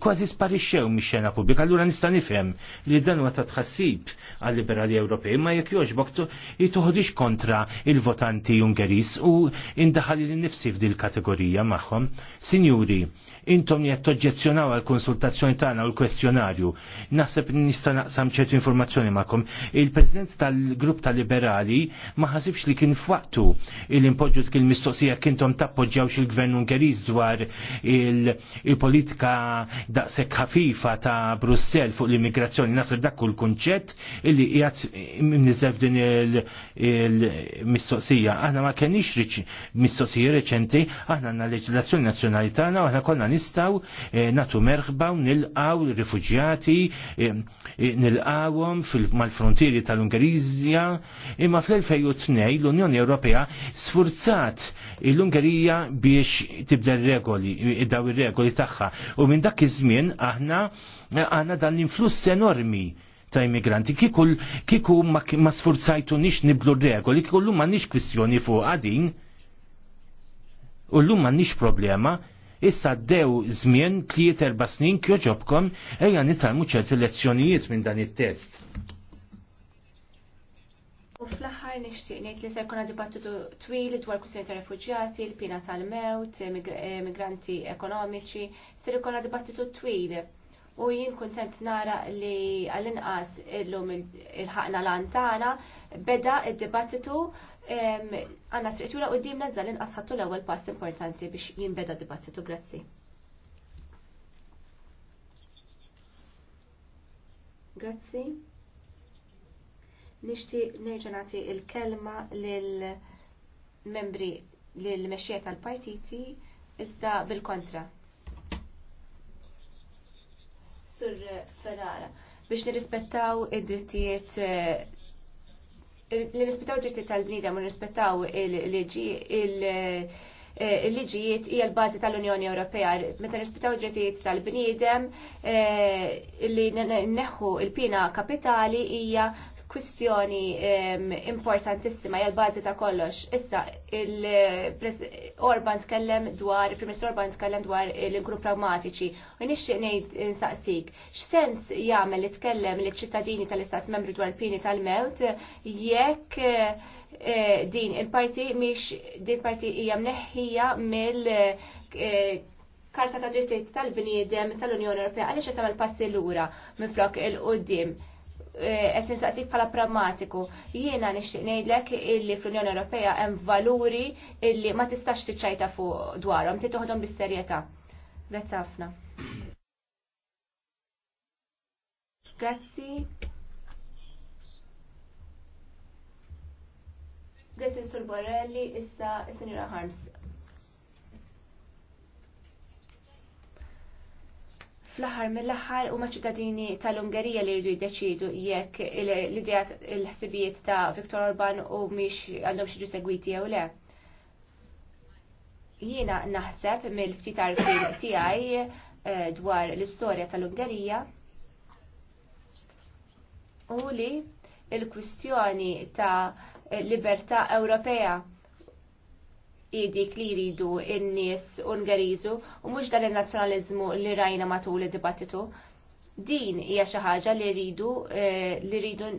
kważi sparixxew mix-xena pubblika. Allura nista' nifhem li dan huwa ta' tħassib għall liberali Ewropej, ma jekk jogħġbok toħodix kontra il-votanti Ungeris u indaħal li nifsi f'dil kategorija magħhom. Sinjuri, intom qed toġġezzjonaw għall konsultazzjoni tagħna u l-kwestjonarju. Naħseb nista' naqsam ċertu informazzjoni magħhom. Il-President tal-Grupp tal-Liberali ma ħasibx li kien f'waqtu il-impoġġu tkil mistoqsija kintom intom tappoġġjawx il-gvern Ungeriż dwar il-politika daqshekk ħafifa ta' Brussell fuq l-immigrazzjoni nasib dak kull kunċett illi qiegħed mniżef din il-mistoqsija. Aħna ma kenniex mistoqsija reċenti, aħna għandna leġislazzjoni nazzjonali tagħna u aħna konna nistgħu eh, natu merħba u nilqgħu rifuġjati eh, eh, nilqgħuhom mal-frontieri tal-Ungerizja imma fl-2002 l-Unjoni Ewropea sfurzat il l-Ungerija biex tibda regoli, daw ir-regoli tagħha. U minn dak iż-żmien aħna għandna dan l-influss enormi ta' immigranti. Kiku, kiku ma, ma sforzajtu nix niblu regoli, kiku l-lum nix kwistjoni fuq għadin, u l-lum nix problema, issa dew żmien tliet erba' snin kjoġobkom ejja nitalmu ċerti lezzjonijiet minn dan it-test. U fl-aħħar nixtieq ngħid li se jkun dibattitu twil dwar kwistjoni ta' refuġjati, l pina tal-mewt, migranti ekonomiċi, ser jkun dibattitu twil. U jien kuntent nara li għall-inqas illum il l-antana beda id-dibattitu għandna triqtura u dimna żda inqas ħattu l-ewwel pass importanti biex jinbeda dibattitu. Grazzi. Grazzi. Nixtieq nerġa' nagħti l kelma lill membri lill mexxija tal-partiti iżda bil-kontra. Sur Ferrara, biex nirrispettaw id-drittijiet li eh, nirrispettaw id-drittijiet tal-bniedem u nirrispettaw il-liġi eh, il-liġijiet hija l-bażi tal-Unjoni Ewropea. Meta nirrispettaw id-drittijiet tal-bniedem eh, li neħħu il-pina kapitali hija kwistjoni importantissima jgħal bażi ta' kollox. Issa, il-Orban tkellem dwar, il-Prim-Ministru Orban tkellem dwar il prim orban tkellem dwar l grupp pragmatiċi. U nixtieq ngħid insaqsik, x'sens jagħmel li tkellem li ċittadini tal-Istat Membri dwar pini tal-mewt jekk eh, din il-parti miex din parti hija mneħħija mill eh, karta ta' drittijiet tal-bniedem tal-Unjoni Ewropea għaliex qed tagħmel passi lura minflok il-qudiem qed nistaqsik bħala pragmatiku. Jiena nixtieq ngħidlek illi fl-Unjoni Ewropea hemm valuri illi ma tistax tiċċajta fuq dwarhom, ti toħodhom bis-serjetà. Grazzi ħafna. Grazzi. Grazzi Sur Borelli, issa is-Sinjura Harms fl-aħħar mill-aħħar huma ċittadini tal-Ungerija li jridu jiddeċidu jekk l-idea l-ħsibijiet ta' Viktor Orban u miex għandhom xi segwiti jew le. Jiena naħseb mill-ftit arfin tiegħi eh, dwar l-istorja tal-Ungerija u li il-kwistjoni ta' libertà Ewropea dik li jridu in-nies Ungeriżu u mhux dan in-nazzjonaliżmu li rajna matul id-dibattitu. Din hija xi ħaġa li jridu eh, li jridu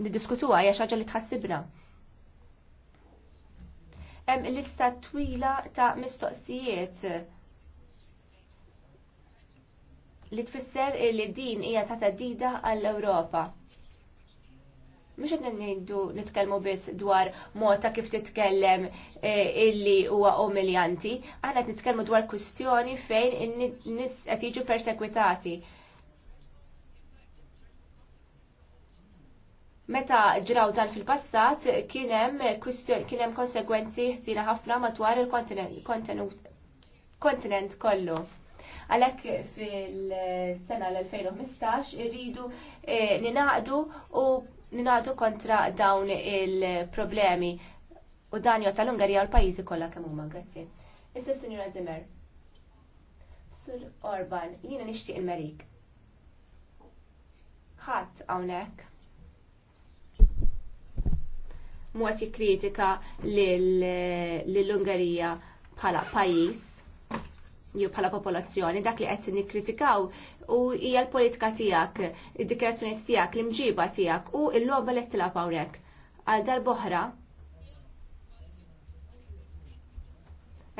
niddiskutuha hija xi ħaġa li tħassibna. Hemm lista twila ta' mistoqsijiet li tfisser li din hija ta' tadida għall-Ewropa. Mux għedna nejdu nitkelmu biss dwar mota kif titkellem eh, illi huwa umiljanti, għana nitkelmu dwar kustjoni fejn n-nis qed persekwitati. Meta ġraw dan fil-passat kienem kienem konsekwenzi ħsina ħafna matwar il-kontinent kollu. Għalek fil-sena l-2015 irridu eh, ninaqdu u ninaħdu kontra dawn il-problemi u dan jota tal-Ungarija u l-pajizi kollha kemm huma, grazzi. Issa Sinjura Zimmer. Sur Orban, jiena nixtieq il-merik. Ħadd hawnhekk. Mwati kritika lill-Ungarija bħala pajjiż jew bħala popolazzjoni dak li qed nikkritikaw u hija l-politika tiegħek, id-dikrazzjonijiet tiegħek, l-imġiba tiegħek u l-logħba li tilab hawnhekk. Għal darb'oħra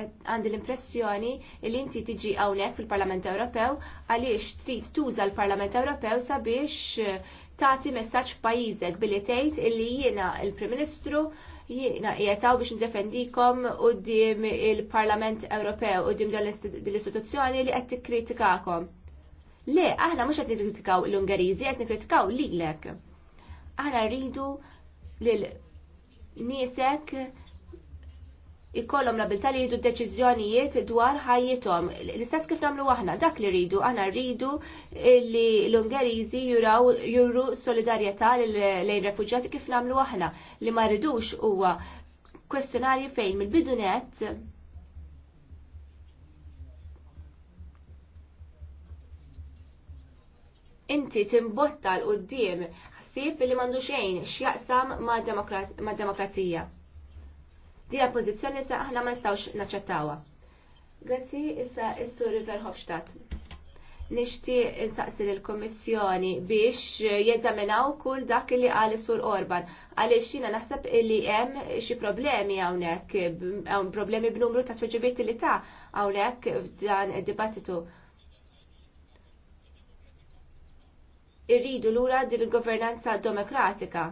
għandi l-impressjoni li inti tiġi hawnhekk fil-Parlament Ewropew għaliex trid tuża l-Parlament Ewropew sabiex tagħti messaġġ f'pajjiżek billi tgħid illi jiena l prim Ministru il prim ministru jiena jietaw biex ndefendikom u dim il-Parlament Ewropew u dim dal-istituzzjoni li qed tikkritikakom. Le, aħna mhux qed nikritikaw l-Ungeriżi, qed nikkritikaw lilek. Aħna rridu lil niesek ikollhom l-abilità li jieħdu deċiżjonijiet dwar ħajjithom. L-istess kif nagħmlu aħna, dak li rridu, aħna rridu li l-Ungeriżi juraw juru solidarjetà lejn refuġjati kif nagħmlu aħna. Li ma rridux huwa kwestjonarji fejn mill-bidunet inti timbotta l-qoddim ħsieb li mandu xejn x'jaqsam ma' demokrazija. Di la pożizzjoni sa aħna ma nistawx naċċettawha. Grazzi issa is-Sur Hofstadt. Nixtieq insaqsi lill-Kummissjoni biex jeżaminaw kull dak li qal is-Sur Orban għaliex jiena naħseb li hemm xi problemi hawnhekk, hawn problemi b'numru ta' tweġibiet li ta' hawnhekk f'dan id-dibattitu. Irridu lura din il-governanza demokratika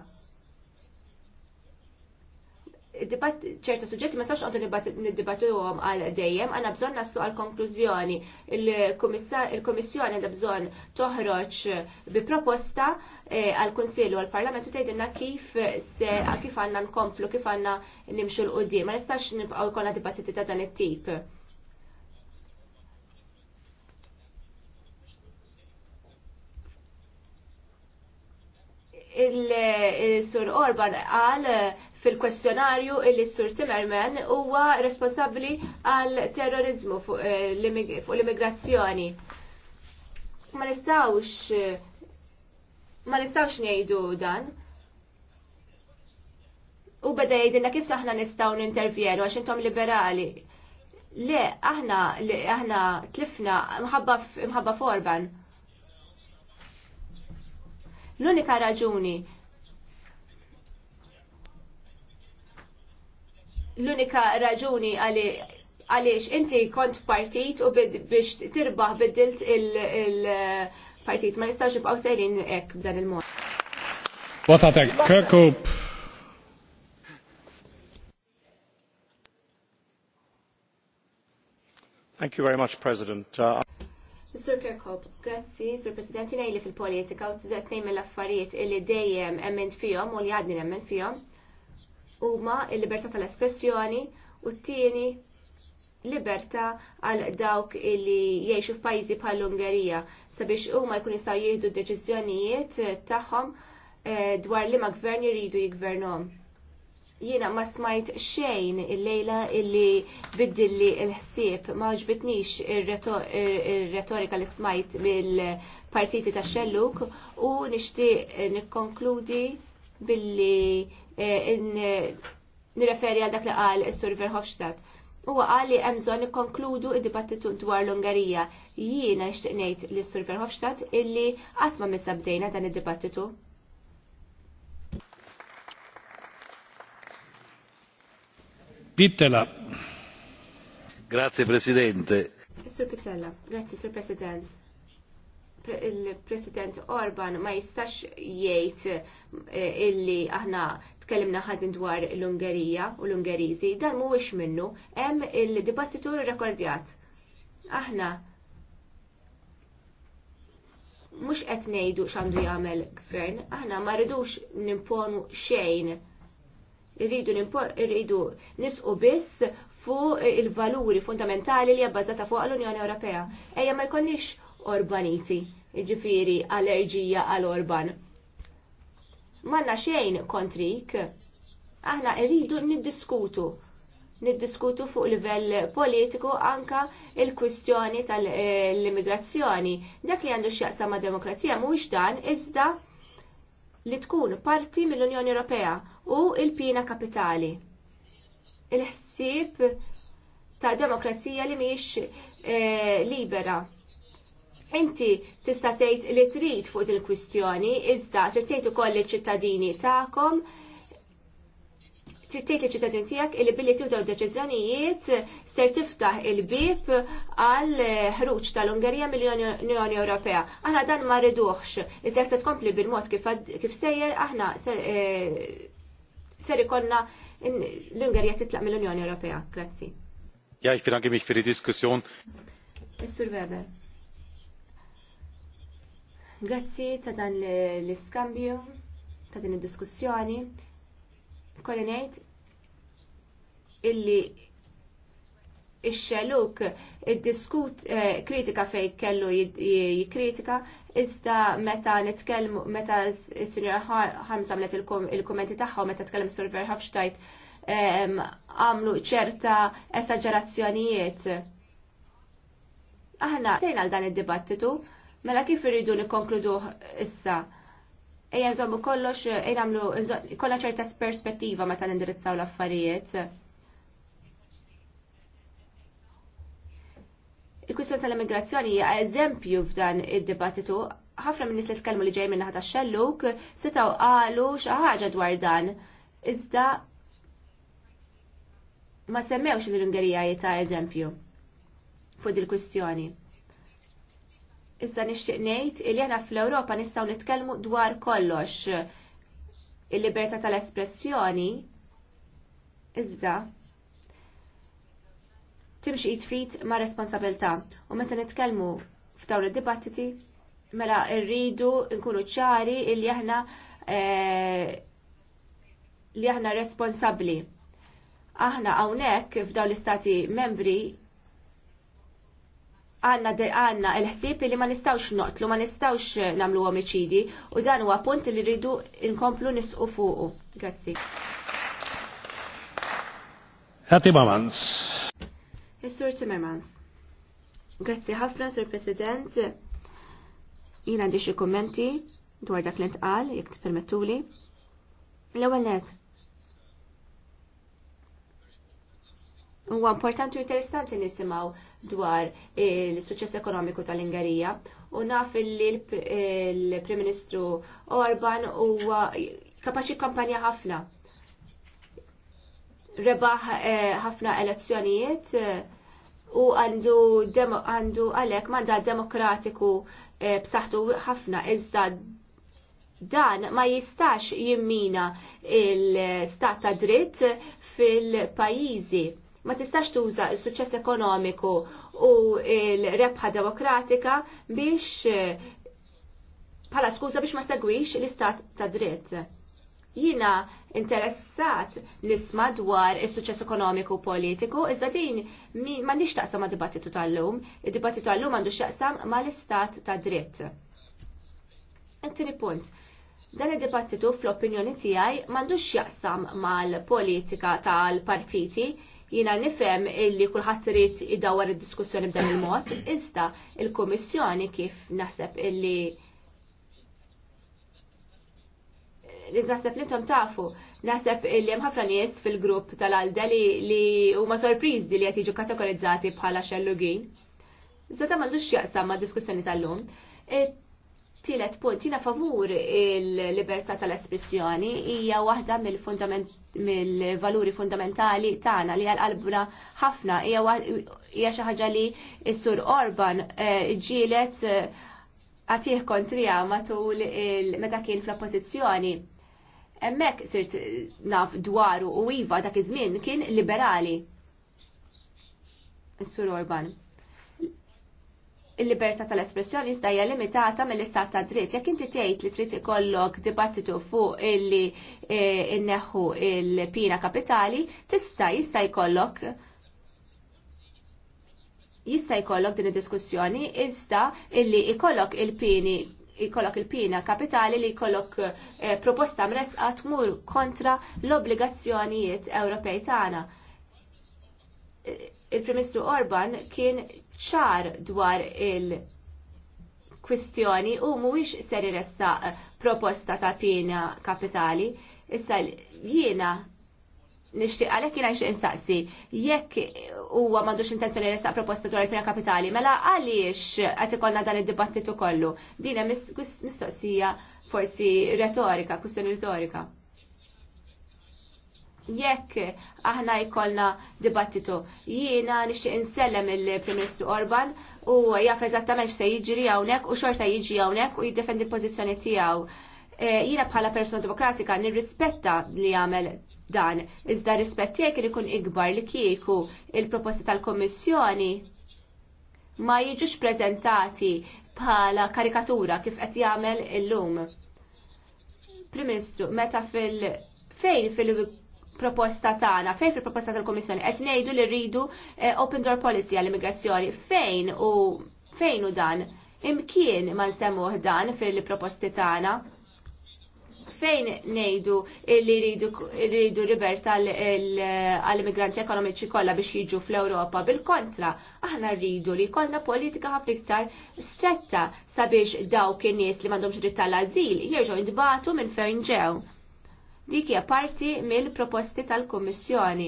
ċerta suġġetti ma sawx għadu niddibattu għom għal dejjem, għanna bżon naslu għal konklużjoni. Il-Komissjoni għanna bżon toħroċ bi proposta eh, għal Konsilju għal Parlamentu tgħidilna kif se kif għanna nkomplu, kif għanna nimxu l-qudiem. Ma nistax nibqgħu jkollna dibattiti ta' dan it-tip. il-Sur Orban għal fil-kwestjonarju illi Sur Timmerman huwa responsabbli għal terrorizmu eh, fuq l-immigrazzjoni. Ma nistawx ma nistawx ngħidu dan. U beda jgħidilna kif taħna nistgħu nintervjeru għax intom liberali. Le, aħna, le, aħna tlifna mħabba forban. L-unika raġuni l-unika raġuni għaliex inti kont partit u biex tirbaħ biddilt il-partit. Ma nistax ibqaw sejrin ek b'dan il-mod. Botatek, kakup. Thank you very much, President. Uh, Sir Kirkhope, grazzi, Sir President, jina fil-politika u t-zet nejmen l-affarijiet illi dejjem emment fijom u li għadni emment fijom huma l libertà tal-espressjoni u t-tieni libertà għal dawk li jgħixu f'pajjiżi bħall-Ungerija sabiex huma jkun jistgħu jieħdu deċiżjonijiet tagħhom eh, dwar li ma gvern jridu jgvernhom jiena ma smajt xejn il-lejla illi biddilli l ħsieb ma ġbitnix il-retorika li smajt mill-partiti ta' xelluk u nishti nikkonkludi billi eh, eh, nireferi għal dak li qal is-Sur Verhofstadt. Huwa qal li hemm bżonn nikkonkludu d-dibattitu dwar l-Ungerija. Jiena nixtieq ngħid lis sur Verhofstadt illi qatt ma missa bdejna dan id-dibattitu. Pittela. Grazie Presidente. Sur Pittella, grazie Sur President il-President Orban ma jistax jgħid eh, illi aħna tkellimna ħażin dwar l-Ungerija u l-Ungeriżi, dan mhuwiex minnu, hemm il-dibattitu rrekordjat. Aħna mhux qed ngħidu x'għandu jagħmel gvern, aħna ma rridux nimponu xejn irridu irridu nisqu biss fuq il-valuri fundamentali li hija fuq l-Unjoni Ewropea. Ejja ma jkollniex Orbaniti, ġifiri allerġija għal Orban. Manna xejn kontrik, aħna rridu niddiskutu niddiskutu fuq livell politiku anka il-kwistjoni tal-immigrazzjoni. Dak li għandu x'jaqsa ma' demokrazija mhuwiex dan iżda li tkun parti mill-Unjoni Ewropea u il-pina kapitali. Il-ħsieb ta' demokrazija li mhijiex eh, libera Inti tista' tgħid li trid fuq din il-kwistjoni, iżda trid tgħid ukoll iċ ċittadini tagħkom trid tgħid iċ ċittadini tiegħek li billi tieħdu deċiżjonijiet ser tiftaħ il-bib għal ħruġ tal-Ungerija mill-Unjoni Ewropea. Aħna dan ma rridux, iżda se tkompli bil-mod kif sejjer aħna ser e, ikollna l-Ungerija titlaq mill-Unjoni Ewropea. Grazzi. Ja, ich bedanke mich für die Diskussion. Weber. Grazzi ta' dan l-iskambju, ta' din id-diskussjoni. Kolinejt, ngħid illi ix-xeluk id-diskut eh, kritika fejn kellu jikkritika iżda meta nitkellmu meta s-sinjora Hamza mlet il-kummenti tagħha meta tkellem Sur Verhofstadt ehm, għamlu ċerta esagerazzjonijiet. Aħna sejna għal dan id-dibattitu Mela kif irridu nikkonkluduh issa? Ejja nżommu kollox, ejja nagħmlu kollha ċerta perspettiva meta nindirizzaw l-affarijiet. Il-kwistjoni tal-immigrazzjoni hija eżempju f'dan id-dibattitu ħafna minn nies li tkellmu li ġej minn tax xelluk setgħu qalu xi ħaġa dwar dan. Iżda ma semmewx l-Ungerija jita eżempju fuq il-kwistjoni Issa nixtieq ngħid li aħna fl-Ewropa nistgħu nitkellmu dwar kollox il-libertà tal-espressjoni iżda timxi jitfit ma' responsabilità u meta nitkellmu f'dawn id-dibattiti mela rridu nkunu ċari li aħna eh, li aħna responsabbli. Aħna hawnhekk f'dawn l-istati membri għanna għanna il-ħsib li ma nistawx noqtlu, ma nistawx eh, namlu omicidi u dan huwa punt li rridu nkomplu nisqu fuqu. Grazzi. Ħati Mamans. Is-Sur Timmermans. Grazzi ħafna, Sur President. Jina għandi xi kummenti dwar dak li ntqal, jekk permettuli. L-ewwel net, Huwa importanti u interessanti nisimgħu dwar il-suċċess ekonomiku tal-Ingerija u naf li l-Prim Ministru Orban huwa kapaċi kampanja ħafna. Rebaħ eh, ħafna elezzjonijiet eh, u għandu għandu għalek mandat demokratiku eh, b'saħħtu ħafna iżda dan ma jistax jimmina il-stat ta' dritt fil-pajizi ma tistax tuża il-suċċess ekonomiku u il-rebħa demokratika biex eh, bħala skuża biex ma segwix l-istat ta' dritt. Jina interessat nisma dwar is-suċċess ekonomiku u politiku, iżda din ma nix taqsam ma' dibattitu tal-lum, id-dibattitu tal-lum għandu xaqsam ma' l-istat ta' dritt. Intini punt, dan id-dibattitu fl-opinjoni tiegħi m'għandux jaqsam mal-politika tal-partiti, Jina nifhem illi kulħadd irid dawar id-diskussjoni b'dan il-mod, iżda il-Kummissjoni kif naħseb illi naħseb li tom tafu, naħseb li hemm ħafna nies fil-grupp tal-għalda li huma sorpriżdi li qed jiġu kategorizzati bħala xellugin. Iżda ta' m'għandux jaqsam ma' diskussjoni tal-lum. Tielet punt, jiena favur il-libertà tal-espressjoni hija waħda mill-fundament mill-valuri fundamentali tagħna li għal-qalbna ħafna hija xi ħaġa li s-sur Orban eh, ġielet eh, għatih kontrija matul meta kien fl-oppożizzjoni. Hemmhekk sirt naf dwaru u iva dak iż-żmien kien liberali. Is-sur Orban il-libertà tal-espressjoni iżda hija limitata mill-istat ta' dritt. Jekk inti tgħid li trid ikollok dibattitu fuq illi e, inneħħu il-pina kapitali, tista' jista' jkollok jista' jkollok din id-diskussjoni iżda illi ikollok il-pini jkollok il-pina kapitali li jkollok e, proposta mresqa tmur kontra l-obbligazzjonijiet Ewropej tagħna e, il-Primistru Orban kien ċar dwar il- kwistjoni u mhuwiex ser iressa eh, proposta ta' pjena kapitali. Issa jiena nixtieq għalhekk jiena xi insaqsi jekk huwa m'għandux intenzjoni jressaq proposta dwar il-pjena kapitali, mela għaliex qed ikollna dan id-dibattitu kollu. Din hemm mistoqsija forsi retorika, kwistjoni retorika jekk aħna jkollna dibattitu. Jiena nixtieq insellem il-Prim Ministru Orban u jaf eżattament x'se jiġri hawnhekk u xorta jiġi hawnhekk u jiddefendi l-pożizzjoni tiegħu. E, jiena bħala persuna demokratika nirrispetta li jagħmel dan, iżda rispettijek li kun ikbar li kieku il-proposti tal-Kommissjoni ma jiġux prezentati bħala karikatura kif qed jagħmel illum. Prim Ministru, meta fil fejn fil proposta tagħna, fejn fil-proposta tal-Komissjoni qed ngħidu li rridu eh, open door policy għall-immigrazzjoni. Fejn u fejn u dan? Imkien ma nsemmuh dan fil-proposti tagħna fejn nejdu li rridu libertà għall-immigranti ekonomiċi kollha biex jiġu fl-Ewropa bil-kontra, aħna rridu li jkollna politika ħafna iktar stretta sabiex dawk in-nies li m'għandhomx dritt tal-ażil jerġgħu jintbagħtu minn fejn ġew. Dik hija parti mill-proposti tal-Kummissjoni.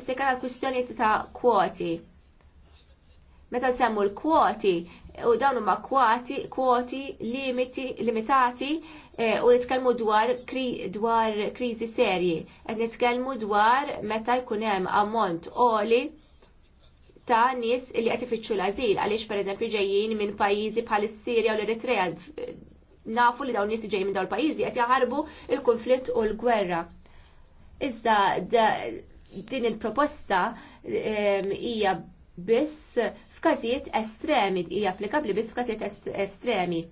Issa kien kwistjoni ta' kwoti. Meta semmu l-kwoti u dawn huma kwoti, kwoti limiti, limitati e, u nitkellmu dwar kri, dwar kriżi serji. Qed nitkellmu dwar meta jkun hemm ammont oli ta' nies li qed ifittxu l ażil għaliex pereżempju ġejjin minn pajjiżi bħal is-Sirja u l-Eritrea nafu li dawn nies ġej minn dawn pajjiżi qed jaħarbu il-konflitt u l-gwerra. Iżda din il-proposta hija biss f'każijiet estremi, hija applikabbli biss f'każijiet estremi.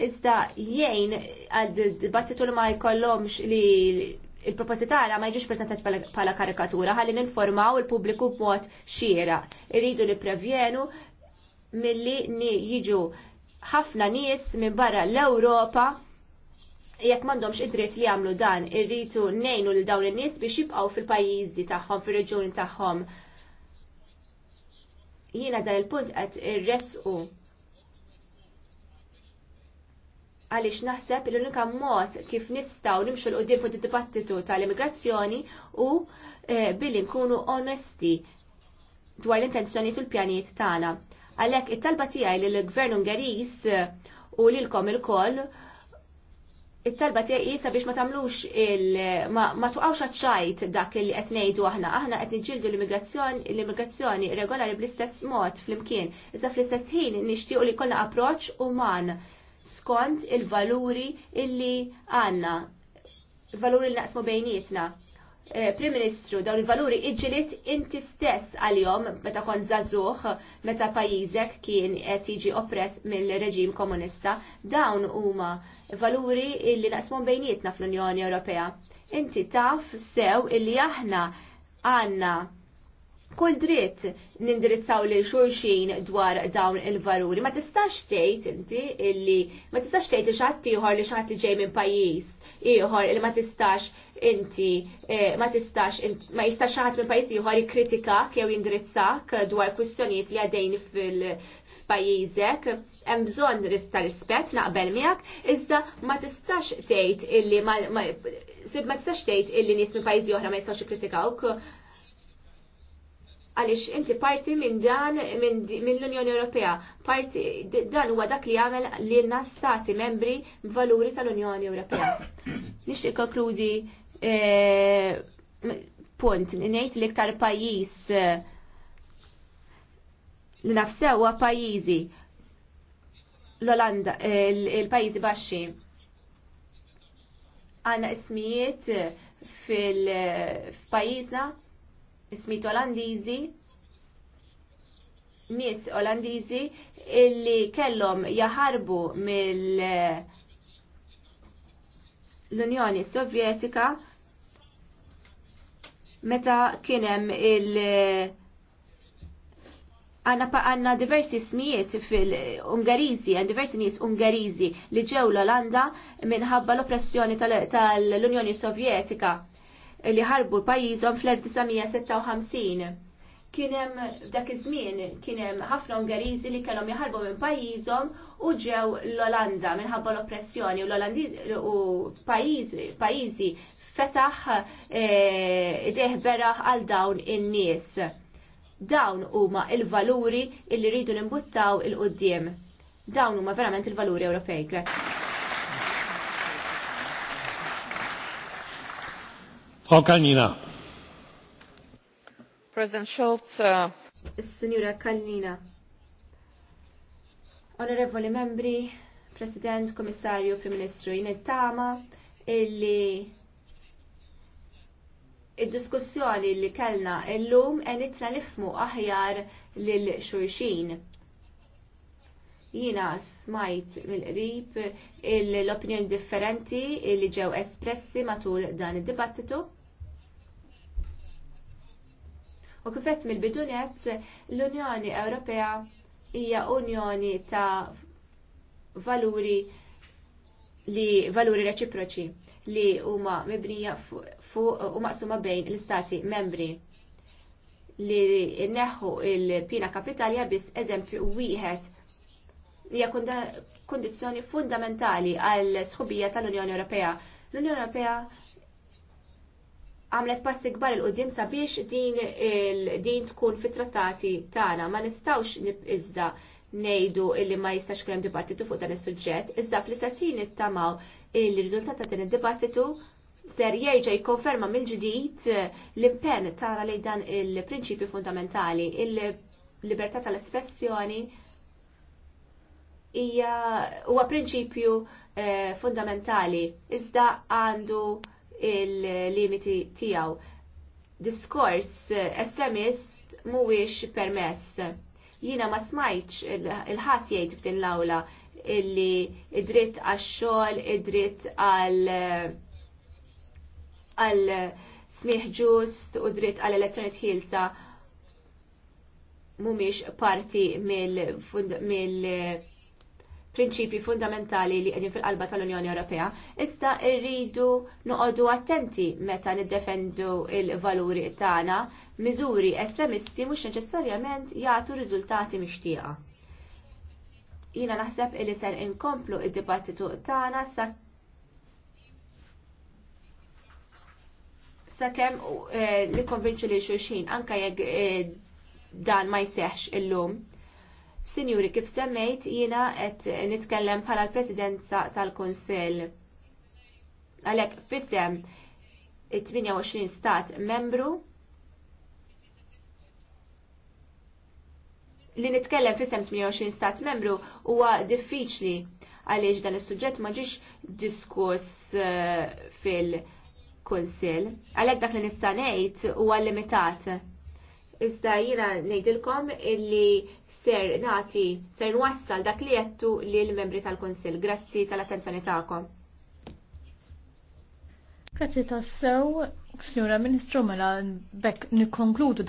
Iżda jgħin għad dibattitu li ma jkollhomx li il-proposti tagħna ma jiġux prezentat bħala karikatura, ħalli ninformaw il-pubbliku b'mod xiera. Irridu nipprevjenu milli jiġu ħafna nies minn barra l-Ewropa jekk m'għandhomx id-dritt jagħmlu dan, irritu nejnu lil dawn in-nies biex jibqgħu fil-pajjiżi tagħhom, fir-reġjuni tagħhom. Jiena dan il-punt qed irresqu għaliex naħseb li l-unika mod kif nistgħu nimxu l qudiem fuq id-dibattitu tal-immigrazzjoni u eh, billi nkunu onesti dwar l-intenzjoni u l-pjanijiet tagħna. Għalhekk it-talba tiegħi lill gvern Ungheriż eh, u lilkom ilkoll it-talba tiegħi jisa biex ma tagħmlux il ma tuqgħux ċajt dak li qed ngħidu aħna. Aħna qed l-immigrazzjoni l-immigrazzjoni regolari bl-istess mod flimkien. Iżda fl-istess ħin nixtiequ li jkollna approċċ uman skont il-valuri illi għandna, il-valuri li naqsmu bejnietna Eh, Prim Ministru, dawn il-valuri iġġilit inti stess għal-jom meta kon zazuħ, meta pajizek kien qed jiġi oppress mill-reġim komunista, dawn huma valuri illi naqsmon bejnietna fl-Unjoni Ewropea. Inti taf sew illi aħna għanna kull dritt nindirizzaw lil xulxin dwar dawn il-valuri. Ma tistax tgħid inti illi ma tistax tgħid li ieħor li ħadd li ġej minn pajjiż ieħor il ma tistax inti eh, ma tistax ma jistax ħadd minn pajjiż ieħor jikkritikak jew jindirizzak dwar kwistjonijiet li għadejn fil-pajjiżek. Hemm bżonn ta' rispett naqbel miegħek, iżda ma tistax tgħid illi ma tistax tgħid illi nies minn pajjiżi oħra ma jistgħux jikkritikawk għaliex inti parti minn dan minn l-Unjoni Ewropea. Parti dan huwa dak li jagħmel lilna stati membri valuri tal-Unjoni Ewropea. Nixtieq konkludi eh, punt nejt li iktar pajjiż eh, li nafsew huwa pajjiżi l-Olanda, il-pajjiżi baxxi Għanna ismijiet fil eh, pajizna ismit Olandiżi nies Olandiżi illi kellhom jaħarbu mill l-Unjoni Sovjetika meta kienem il- għanna għanna diversi smijiet fil-Ungarizi, għan diversi nis Ungarizi li ġew l-Olanda minħabba l-oppressjoni tal-Unjoni Sovjetika li ħarbu l pajjiżhom fl-1956. Kien hemm f'dak iż-żmien kien hemm ħafna Ungeriżi li kellhom jaħarbu minn pajjiżhom u ġew l-Olanda minħabba l-oppressjoni u l-Olandi u pajjiżi fetaħ eh, ideħ beraħ għal dawn in-nies. Dawn huma il-valuri illi rridu nimbuttaw il-qudiem. Dawn huma verament il-valuri Ewropej. President Schulz. Uh... Signora Kalnina. Onorevoli membri, President, Komissarju, Prim Ministru, jien tama illi id-diskussjoni li kellna illum enitna nifmu aħjar lil xulxin. Jina smajt mill-qrib l-opinjoni differenti li ġew espressi matul dan id-dibattitu. U kifet mill-bidunet l-Unjoni Ewropea hija unjoni ta' valuri li valuri reċiproċi li huma mibnija fuq u maqsuma bejn l-istati membri li neħu il-pina kapitalja biss eżempju wieħed hija kondizzjoni fundamentali għal sħubija tal-Unjoni Ewropea. L-Unjoni Ewropea għamlet passi kbar il-qoddim sabiex din, din tkun fit-trattati tagħna ma nistawx iżda nejdu illi ma jistax krem dibattitu fuq dan is-suġġett, iżda fl-istess ħin ittamaw il-riżultat ta' din id-dibattitu ser jerġa' jikkonferma mill-ġdid l-impenn tara lejn dan il-prinċipju fundamentali, il-libertà tal-espressjoni hija huwa prinċipju eh, fundamentali iżda għandu il-limiti tiegħu. Diskors eh, estremist mhuwiex permess. Jiena ma smajtx il-ħadd jgħid b'din l-awla illi id-dritt għax-xogħol, id-dritt għal għal smieħ ġust u dritt għal elezzjoni tħilsa mhumiex parti mill-, mill prinċipji fundamentali li qegħdin fil-qalba tal-Unjoni Ewropea, iżda rridu noqogħdu attenti meta niddefendu il-valuri tagħna, miżuri estremisti mhux neċessarjament jagħtu riżultati mixtieqa. Jiena naħseb li ser inkomplu id-dibattitu tagħna sa sakemm eh, nikkonvinċu li xulxin anke jekk eh, dan ma jseħx illum Sinjuri, kif semmejt jina qed nitkellem bħala l-Presidenza tal-Kunsill. Għalhekk fissem 28 stat membru li nitkellem fissem 28 stat membru huwa diffiċli għaliex dan is-suġġett ma ġiex diskuss eh, fil-Kunsill. Għalhekk dak li nista' ngħid huwa limitat iżda jina ngħidilkom illi ser nagħti ser nwassal dak li jettu l membri tal-Kunsill. Grazzi tal-attenzjoni tagħkom. Grazzi tassew, Signora Ministru, mela nikonkludu dan.